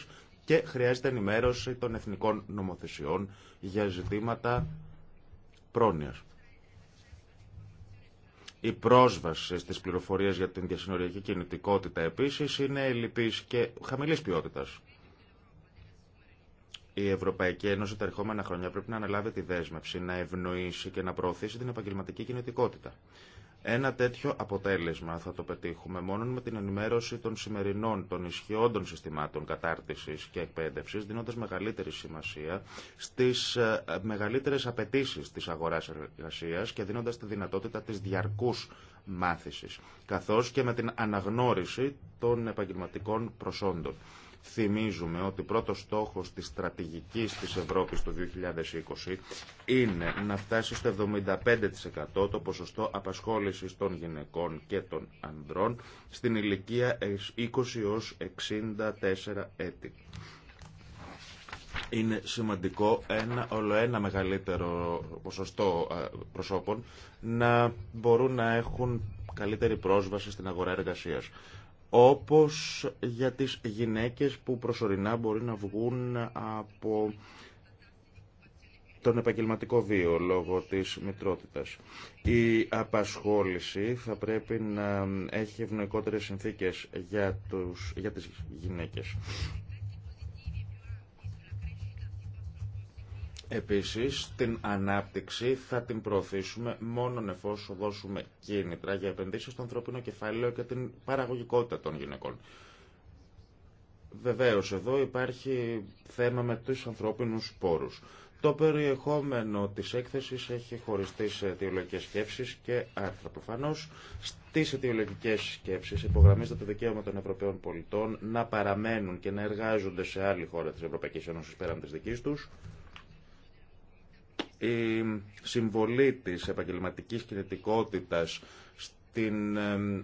και χρειάζεται ενημέρωση των εθνικών νομοθεσιών για ζητήματα πρόνοιας. Η πρόσβαση στις πληροφορίες για την διασυνοριακή κινητικότητα επίσης είναι ελλειπής και χαμηλής ποιότητας. Η Ευρωπαϊκή Ένωση τα ερχόμενα χρόνια πρέπει να αναλάβει τη δέσμευση, να ευνοήσει και να προωθήσει την επαγγελματική κινητικότητα. Ένα τέτοιο αποτέλεσμα θα το πετύχουμε μόνο με την ενημέρωση των σημερινών, των ισχυόντων συστημάτων κατάρτιση και εκπαίδευση, δίνοντα μεγαλύτερη σημασία στι ε, μεγαλύτερε απαιτήσει τη αγορά εργασία και δίνοντα τη δυνατότητα τη διαρκού μάθηση, καθώ και με την αναγνώριση των επαγγελματικών προσόντων. Θυμίζουμε ότι πρώτος στόχος της στρατηγικής της Ευρώπης το 2020 είναι να φτάσει στο 75% το ποσοστό απασχόλησης των γυναικών και των ανδρών στην ηλικία 20 έως 64 έτη είναι σημαντικό ένα ένα μεγαλύτερο ποσοστό ε, προσώπων να μπορούν να έχουν καλύτερη πρόσβαση στην αγορά εργασίας όπως για τις γυναίκες που προσωρινά μπορεί να βγουν από τον επαγγελματικό βίο λόγω της μητρότητας. Η απασχόληση θα πρέπει να έχει ευνοϊκότερες συνθήκες για, τους, για τις γυναίκες. Επίσης, την ανάπτυξη θα την προωθήσουμε μόνον εφόσον δώσουμε κίνητρα για επενδύσεις στο ανθρώπινο κεφάλαιο και την παραγωγικότητα των γυναικών. Βεβαίως, εδώ υπάρχει θέμα με τους ανθρώπινους πόρους. Το περιεχόμενο της έκθεσης έχει χωριστεί σε αιτιολογικές σκέψεις και άρθρα. Προφανώς, στις αιτιολογικές σκέψεις υπογραμμίζεται το δικαίωμα των Ευρωπαίων πολιτών να παραμένουν και να εργάζονται σε άλλη χώρα της Ευρωπαϊκής Ένωσης πέραν της δικής τους, η συμβολή της επαγγελματικής κινητικότητας στην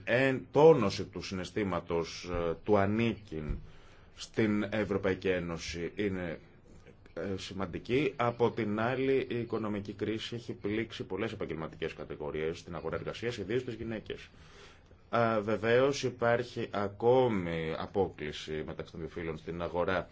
ε, τόνωση του συναισθήματος ε, του ανήκειν στην Ευρωπαϊκή Ένωση είναι ε, σημαντική. Από την άλλη, η οικονομική κρίση έχει πλήξει πολλές επαγγελματικές κατηγορίες στην αγορά εργασίας, ιδίως τι γυναίκες. Βεβαίω υπάρχει ακόμη απόκληση μεταξύ των δύο στην αγορά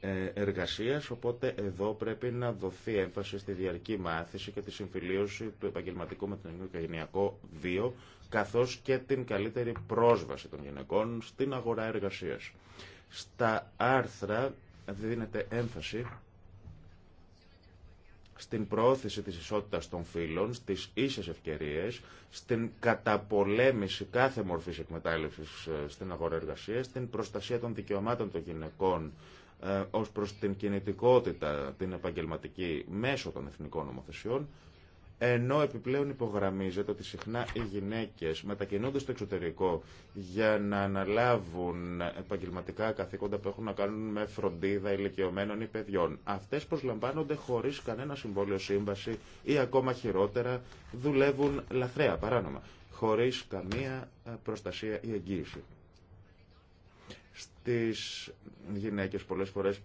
ε, εργασίας, οπότε εδώ πρέπει να δοθεί έμφαση στη διαρκή μάθηση και τη συμφιλίωση του επαγγελματικού με τον οικογενειακό βίο, καθώς και την καλύτερη πρόσβαση των γυναικών στην αγορά εργασίας. Στα άρθρα δίνεται έμφαση στην προώθηση της ισότητας των φύλων, στις ίσες ευκαιρίες, στην καταπολέμηση κάθε μορφής εκμετάλλευσης ε, στην αγορά εργασίας, στην προστασία των δικαιωμάτων των γυναικών ε, ως προς την κινητικότητα την επαγγελματική μέσω των εθνικών νομοθεσιών ενώ επιπλέον υπογραμμίζεται ότι συχνά οι γυναίκες μετακινούνται στο εξωτερικό για να αναλάβουν επαγγελματικά καθήκοντα που έχουν να κάνουν με φροντίδα ηλικιωμένων ή παιδιών. Αυτές προσλαμβάνονται χωρίς κανένα συμβόλαιο σύμβαση ή ακόμα χειρότερα δουλεύουν λαθρέα, παράνομα, χωρίς καμία ε, προστασία ή εγγύηση στις γυναίκες πολλές φορές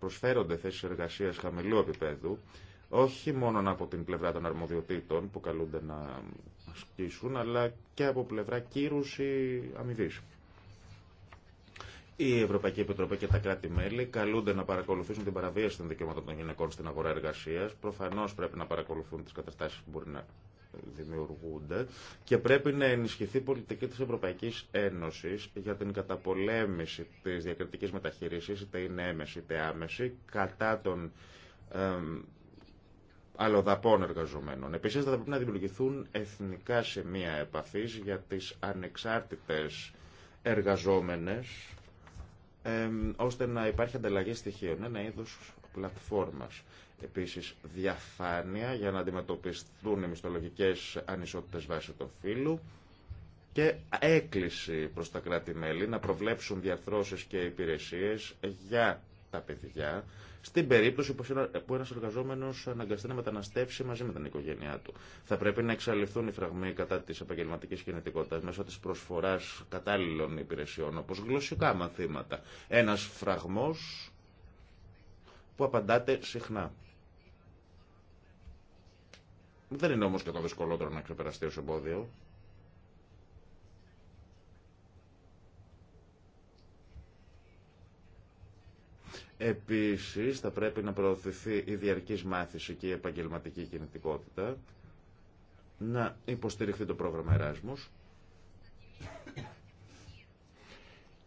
προσφέρονται θέσεις εργασίας χαμηλού επίπεδου, όχι μόνο από την πλευρά των αρμοδιοτήτων που καλούνται να ασκήσουν, αλλά και από πλευρά κύρους ή αμοιβής. Η Ευρωπαϊκή Επιτροπή και τα κράτη-μέλη καλούνται να παρακολουθήσουν την παραβίαση των δικαιωμάτων των γυναικών στην αγορά εργασία. Προφανώ πρέπει να παρακολουθούν τι καταστάσει που μπορεί να δημιουργούνται και πρέπει να ενισχυθεί η πολιτική της Ευρωπαϊκής Ένωσης για την καταπολέμηση της διακριτικής μεταχείρισης, είτε είναι έμεση είτε άμεση, κατά των αλλοδαπών εργαζομένων. Επίσης θα πρέπει να δημιουργηθούν εθνικά σημεία επαφής για τις ανεξάρτητες εργαζόμενες ώστε να υπάρχει ανταλλαγή στοιχείων, ένα είδος πλατφόρμας. Επίσης διαφάνεια για να αντιμετωπιστούν οι μισθολογικές ανισότητες βάσει των φύλου και έκκληση προς τα κράτη-μέλη να προβλέψουν διαρθρώσεις και υπηρεσίες για τα παιδιά στην περίπτωση που ένας εργαζόμενος αναγκαστεί να μεταναστεύσει μαζί με την οικογένειά του. Θα πρέπει να εξαλειφθούν οι φραγμοί κατά της επαγγελματικής κινητικότητας μέσω της προσφοράς κατάλληλων υπηρεσιών όπως γλωσσικά μαθήματα. Ένας φραγμός που απαντάται συχνά. Δεν είναι όμως και το δυσκολότερο να ξεπεραστεί ως εμπόδιο. Επίσης θα πρέπει να προωθηθεί η διαρκής μάθηση και η επαγγελματική κινητικότητα, να υποστηριχθεί το πρόγραμμα Εράσμους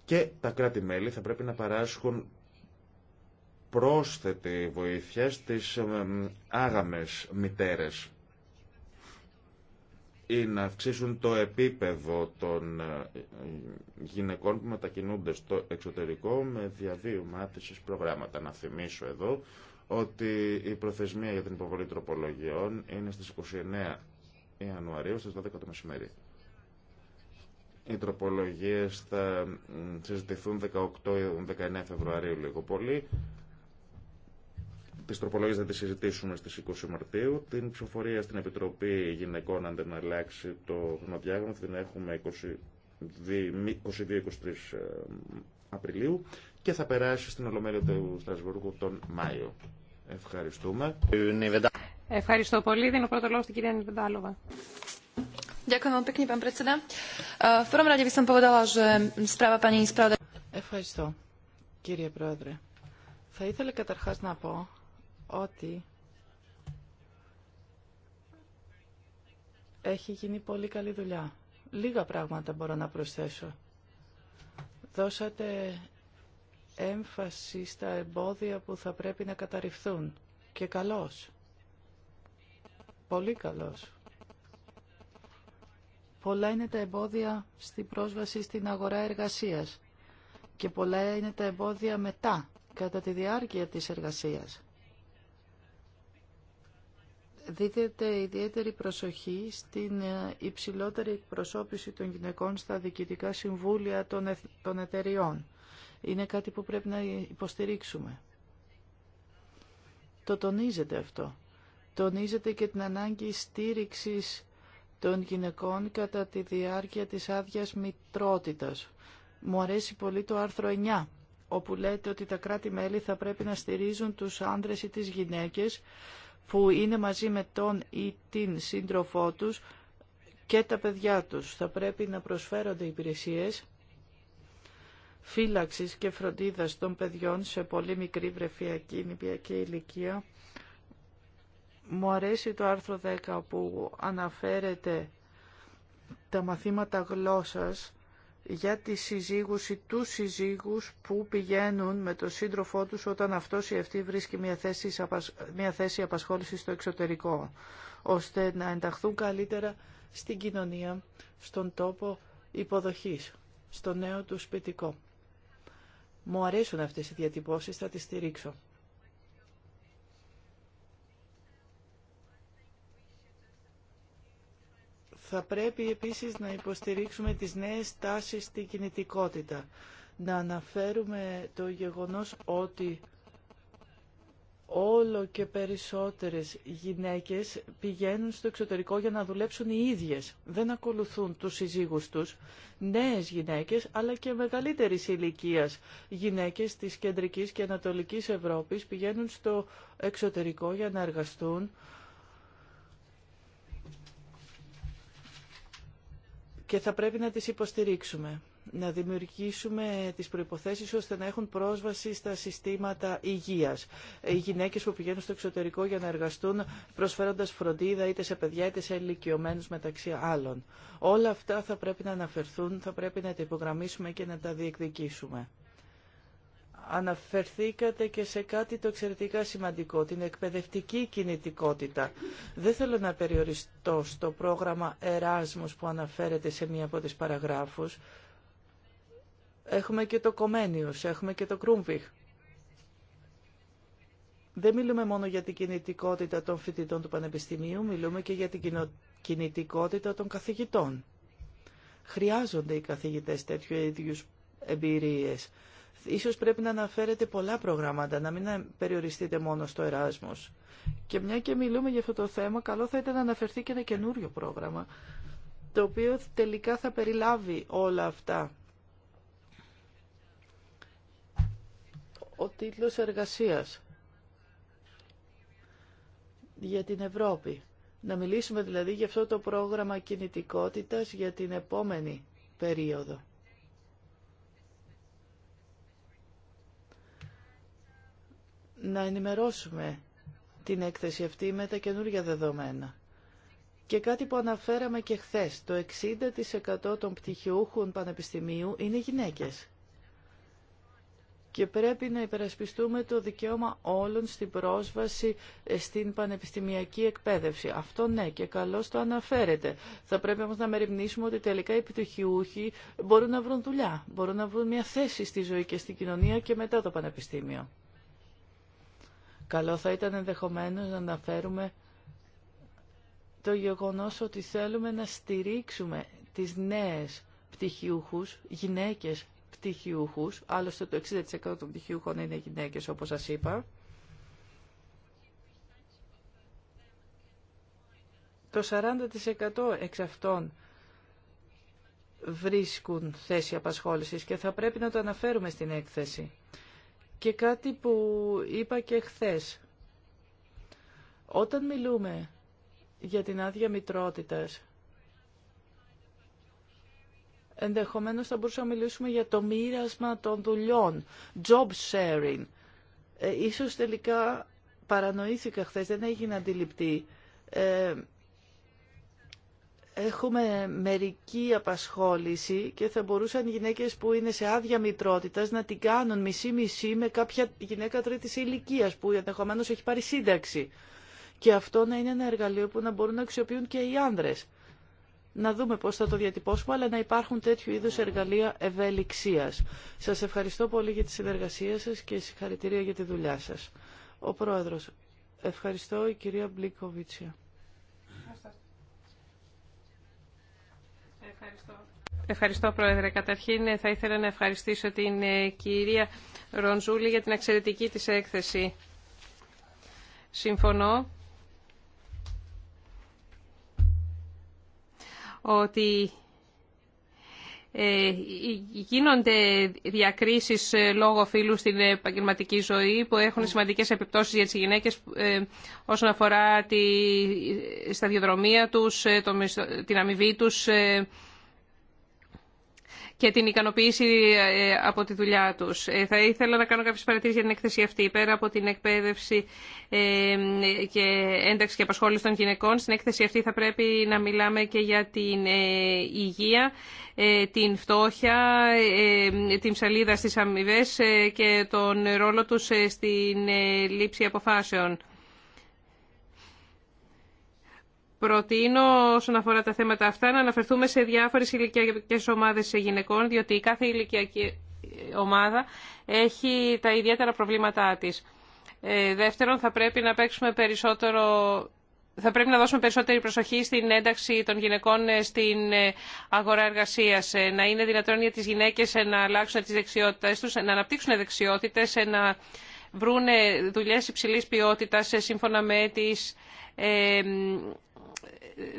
και τα κράτη-μέλη θα πρέπει να παράσχουν πρόσθετη βοήθεια στις άγαμες μητέρες ή να αυξήσουν το επίπεδο των ε, γυναικών που μετακινούνται στο εξωτερικό με διαβίου μάθησης προγράμματα. Να θυμίσω εδώ ότι η προθεσμία για την υποβολή τροπολογιών είναι στις 29 Ιανουαρίου στις 12 το μεσημέρι. Οι τροπολογίες θα συζητηθούν 18-19 Φεβρουαρίου λίγο πολύ τι τροπολογίε θα τι συζητήσουμε στι 20 Μαρτίου. Την ψηφοφορία στην Επιτροπή Γυναικών, αν δεν αλλάξει το χρονοδιάγραμμα, θα την έχουμε 22-23 ε, Απριλίου και θα περάσει στην Ολομέλεια του Στρασβούργου τον Μάιο. Ευχαριστούμε. Ευχαριστώ πολύ. Δίνω πρώτο λόγο στην κυρία Νιβεντάλοβα. Ευχαριστώ, κύριε Πρόεδρε. Θα ήθελα καταρχάς να πω ότι έχει γίνει πολύ καλή δουλειά. Λίγα πράγματα μπορώ να προσθέσω. Δώσατε έμφαση στα εμπόδια που θα πρέπει να καταρριφθούν. Και καλός. Πολύ καλός. Πολλά είναι τα εμπόδια στην πρόσβαση στην αγορά εργασίας και πολλά είναι τα εμπόδια μετά, κατά τη διάρκεια της εργασίας δίδεται ιδιαίτερη προσοχή στην ε, υψηλότερη εκπροσώπηση των γυναικών στα διοικητικά συμβούλια των εταιριών. Είναι κάτι που πρέπει να υποστηρίξουμε. Το τονίζεται αυτό. Τονίζεται και την ανάγκη στήριξης των γυναικών κατά τη διάρκεια της άδεια μητρότητας. Μου αρέσει πολύ το άρθρο 9 όπου λέτε ότι τα κράτη-μέλη θα πρέπει να στηρίζουν τους άντρες ή τις γυναίκες που είναι μαζί με τον ή την σύντροφό τους και τα παιδιά τους. Θα πρέπει να προσφέρονται υπηρεσίες φύλαξης και φροντίδας των παιδιών σε πολύ μικρή βρεφιακή νηπιακή ηλικία. Μου αρέσει το άρθρο 10 που αναφέρεται τα μαθήματα γλώσσας για τη συζύγους ή τους συζύγους που πηγαίνουν με τον σύντροφό τους όταν αυτός ή αυτή βρίσκει μια θέση, μια θέση απασχόλησης στο εξωτερικό, ώστε να ενταχθούν καλύτερα στην κοινωνία, στον τόπο υποδοχής, στο νέο του σπιτικό. Μου αρέσουν αυτές οι διατυπώσεις, θα τις στηρίξω. Θα πρέπει επίσης να υποστηρίξουμε τις νέες τάσεις στην κινητικότητα. Να αναφέρουμε το γεγονός ότι όλο και περισσότερες γυναίκες πηγαίνουν στο εξωτερικό για να δουλέψουν οι ίδιες. Δεν ακολουθούν τους συζύγους τους. Νέες γυναίκες, αλλά και μεγαλύτερης ηλικία γυναίκες της κεντρικής και ανατολικής Ευρώπης πηγαίνουν στο εξωτερικό για να εργαστούν και θα πρέπει να τις υποστηρίξουμε. Να δημιουργήσουμε τις προϋποθέσεις ώστε να έχουν πρόσβαση στα συστήματα υγείας. Οι γυναίκες που πηγαίνουν στο εξωτερικό για να εργαστούν προσφέροντας φροντίδα είτε σε παιδιά είτε σε ηλικιωμένους μεταξύ άλλων. Όλα αυτά θα πρέπει να αναφερθούν, θα πρέπει να τα υπογραμμίσουμε και να τα διεκδικήσουμε. Αναφερθήκατε και σε κάτι το εξαιρετικά σημαντικό, την εκπαιδευτική κινητικότητα. Δεν θέλω να περιοριστώ στο πρόγραμμα Εράσμος που αναφέρεται σε μία από τις παραγράφους. Έχουμε και το Κομένιος, έχουμε και το Κρούμβιχ. Δεν μιλούμε μόνο για την κινητικότητα των φοιτητών του Πανεπιστημίου, μιλούμε και για την κινητικότητα των καθηγητών. Χρειάζονται οι καθηγητές τέτοιου είδους εμπειρίες. Ίσως πρέπει να αναφέρετε πολλά προγράμματα, να μην περιοριστείτε μόνο στο Εράσμος. Και μια και μιλούμε για αυτό το θέμα, καλό θα ήταν να αναφερθεί και ένα καινούριο πρόγραμμα, το οποίο τελικά θα περιλάβει όλα αυτά. Ο τίτλος εργασίας για την Ευρώπη. Να μιλήσουμε δηλαδή για αυτό το πρόγραμμα κινητικότητας για την επόμενη περίοδο. να ενημερώσουμε την έκθεση αυτή με τα καινούργια δεδομένα. Και κάτι που αναφέραμε και χθες, το 60% των πτυχιούχων πανεπιστημίου είναι γυναίκες. Και πρέπει να υπερασπιστούμε το δικαίωμα όλων στην πρόσβαση ε, στην πανεπιστημιακή εκπαίδευση. Αυτό ναι και καλώς το αναφέρεται. Θα πρέπει όμως να μεριμνήσουμε ότι τελικά οι πτυχιούχοι μπορούν να βρουν δουλειά, μπορούν να βρουν μια θέση στη ζωή και στην κοινωνία και μετά το πανεπιστήμιο. Καλό θα ήταν ενδεχομένως να αναφέρουμε το γεγονός ότι θέλουμε να στηρίξουμε τις νέες πτυχιούχους, γυναίκες πτυχιούχους, άλλωστε το 60% των πτυχιούχων είναι γυναίκες όπως σας είπα, το 40% εξ αυτών βρίσκουν θέση απασχόλησης και θα πρέπει να το αναφέρουμε στην έκθεση. Και κάτι που είπα και χθες. Όταν μιλούμε για την άδεια μητρότητας, ενδεχομένως θα μπορούσαμε να μιλήσουμε για το μοίρασμα των δουλειών, job sharing. Ε, ίσως τελικά παρανοήθηκα χθες, δεν έγινε αντιληπτή. Ε, έχουμε μερική απασχόληση και θα μπορούσαν οι γυναίκες που είναι σε άδεια μητρότητα να την κάνουν μισή-μισή με κάποια γυναίκα τρίτη ηλικία που ενδεχομένω έχει πάρει σύνταξη. Και αυτό να είναι ένα εργαλείο που να μπορούν να αξιοποιούν και οι άνδρες. Να δούμε πώς θα το διατυπώσουμε, αλλά να υπάρχουν τέτοιου είδους εργαλεία ευελιξίας. Σας ευχαριστώ πολύ για τη συνεργασία σας και συγχαρητήρια για τη δουλειά σας. Ο Πρόεδρος. Ευχαριστώ η κυρία Μπλίκοβιτσια. Ευχαριστώ. Πρόεδρε. Καταρχήν, ε, θα ήθελα να ευχαριστήσω την ε, κυρία Ρονζούλη για την εξαιρετική της έκθεση. Συμφωνώ ότι ε, γίνονται διακρίσεις λόγω φύλου στην επαγγελματική ζωή που έχουν σημαντικές επιπτώσεις για τις γυναίκες όσον αφορά τη σταδιοδρομία τους, την αμοιβή τους, και την ικανοποίηση ε, από τη δουλειά τους. Ε, θα ήθελα να κάνω κάποιε παρατηρήσει για την έκθεση αυτή. Πέρα από την εκπαίδευση ε, και ένταξη και απασχόληση των γυναικών, στην έκθεση αυτή θα πρέπει να μιλάμε και για την υγεία, την φτώχεια, την ψαλίδα στι αμοιβέ και τον ρόλο τους στην λήψη αποφάσεων. προτείνω όσον αφορά τα θέματα αυτά να αναφερθούμε σε διάφορε ηλικιακέ ομάδε γυναικών, διότι κάθε ηλικιακή ομάδα έχει τα ιδιαίτερα προβλήματά τη. Ε, δεύτερον, θα πρέπει να παίξουμε περισσότερο θα πρέπει να δώσουμε περισσότερη προσοχή στην ένταξη των γυναικών ε, στην ε, αγορά εργασία. Ε, να είναι δυνατόν για τι γυναίκε να αλλάξουν τι δεξιότητέ του, να αναπτύξουν δεξιότητε, να βρουν δουλειέ υψηλή ποιότητα σύμφωνα με τι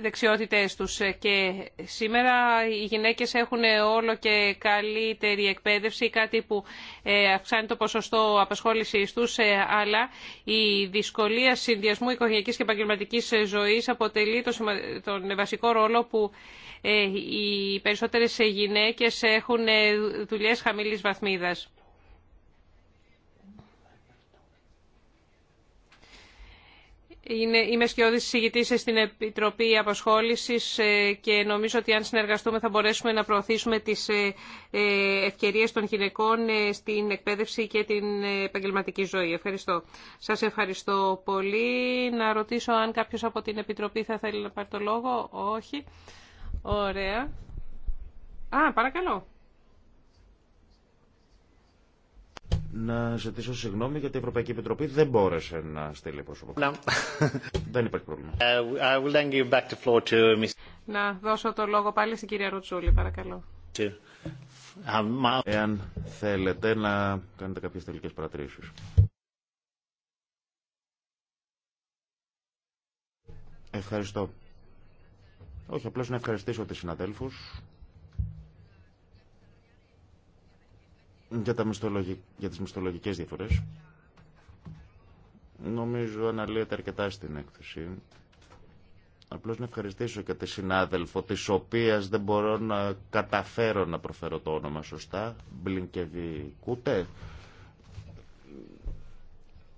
δεξιότητές τους και σήμερα οι γυναίκες έχουν όλο και καλύτερη εκπαίδευση, κάτι που ε, αυξάνει το ποσοστό απασχόλησης τους, ε, αλλά η δυσκολία συνδυασμού οικογενειακής και επαγγελματικής ζωής αποτελεί τον βασικό ρόλο που ε, οι περισσότερες γυναίκες έχουν δουλειές χαμηλής βαθμίδας. είμαι σκιώδης συγητή στην Επιτροπή Απασχόλησης ε, και νομίζω ότι αν συνεργαστούμε θα μπορέσουμε να προωθήσουμε τις ε, ε, ευκαιρίες των γυναικών στην εκπαίδευση και την επαγγελματική ζωή. Ευχαριστώ. Σας ευχαριστώ πολύ. Να ρωτήσω αν κάποιος από την Επιτροπή θα θέλει να πάρει το λόγο. Όχι. Ωραία. Α, παρακαλώ. να ζητήσω συγγνώμη γιατί η Ευρωπαϊκή Επιτροπή δεν μπόρεσε να στείλει πρόσωπο. δεν υπάρχει πρόβλημα. Ε, I to... Να δώσω το λόγο πάλι στην κυρία Ρουτσούλη, παρακαλώ. Εάν θέλετε να κάνετε κάποιες τελικές παρατηρήσεις. Ευχαριστώ. Όχι, απλώς να ευχαριστήσω τις συναδέλφους Για, τα για τις μισθολογικές διαφορές νομίζω αναλύεται αρκετά στην έκθεση. Απλώς να ευχαριστήσω και τη συνάδελφο της οποίας δεν μπορώ να καταφέρω να προφέρω το όνομα σωστά. Μπλινκεβι Κούτε.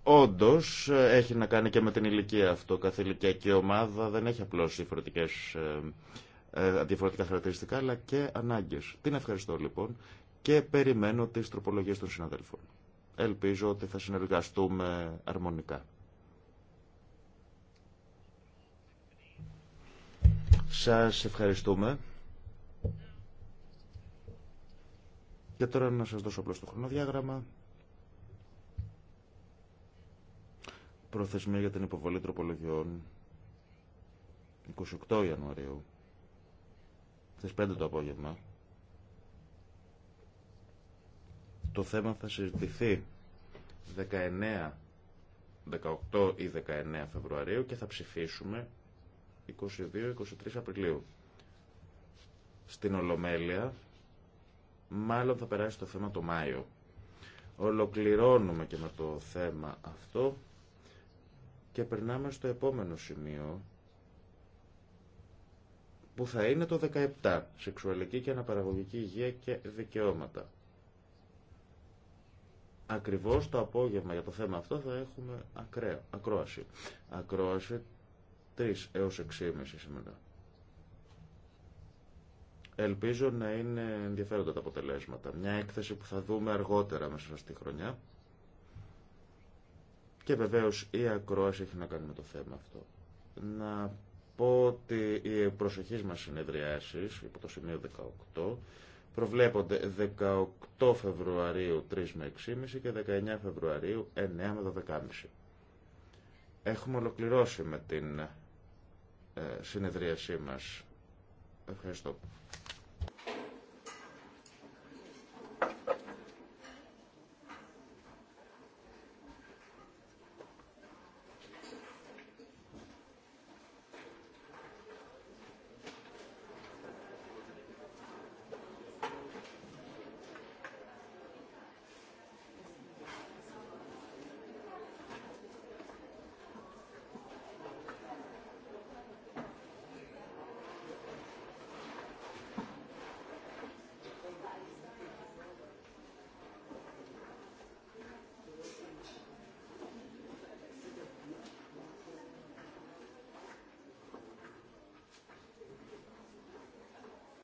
Όντως έχει να κάνει και με την ηλικία αυτό. Κάθε ηλικιακή ομάδα δεν έχει απλώς διαφορετικές ε, ε, διαφορετικά χαρακτηριστικά αλλά και ανάγκες. Την ευχαριστώ λοιπόν και περιμένω τις τροπολογίες των συναδέλφων. Ελπίζω ότι θα συνεργαστούμε αρμονικά. Σας ευχαριστούμε. Και τώρα να σας δώσω απλώς το χρονοδιάγραμμα. Προθεσμία για την υποβολή τροπολογιών 28 Ιανουαρίου στις 5 το απόγευμα. Το θέμα θα συζητηθεί 19, 18 ή 19 Φεβρουαρίου και θα ψηφίσουμε 22-23 Απριλίου. Στην Ολομέλεια μάλλον θα περάσει το θέμα το Μάιο. Ολοκληρώνουμε και με το θέμα αυτό και περνάμε στο επόμενο σημείο που θα είναι το 17. Σεξουαλική και αναπαραγωγική υγεία και δικαιώματα. Ακριβώς το απόγευμα για το θέμα αυτό θα έχουμε ακρόαση. Ακρόαση 3 έως 6.30 σήμερα. Ελπίζω να είναι ενδιαφέροντα τα αποτελέσματα. Μια έκθεση που θα δούμε αργότερα μέσα στη χρονιά. Και βεβαίως η ακρόαση έχει να κάνει με το θέμα αυτό. Να πω ότι οι προσεχείς μας συνεδριάσεις, υπό το σημείο 18, προβλέπονται 18 Φεβρουαρίου 3 με 6.30 και 19 Φεβρουαρίου 9 με 12.30. Έχουμε ολοκληρώσει με την ε, συνεδρίασή μας. Ευχαριστώ.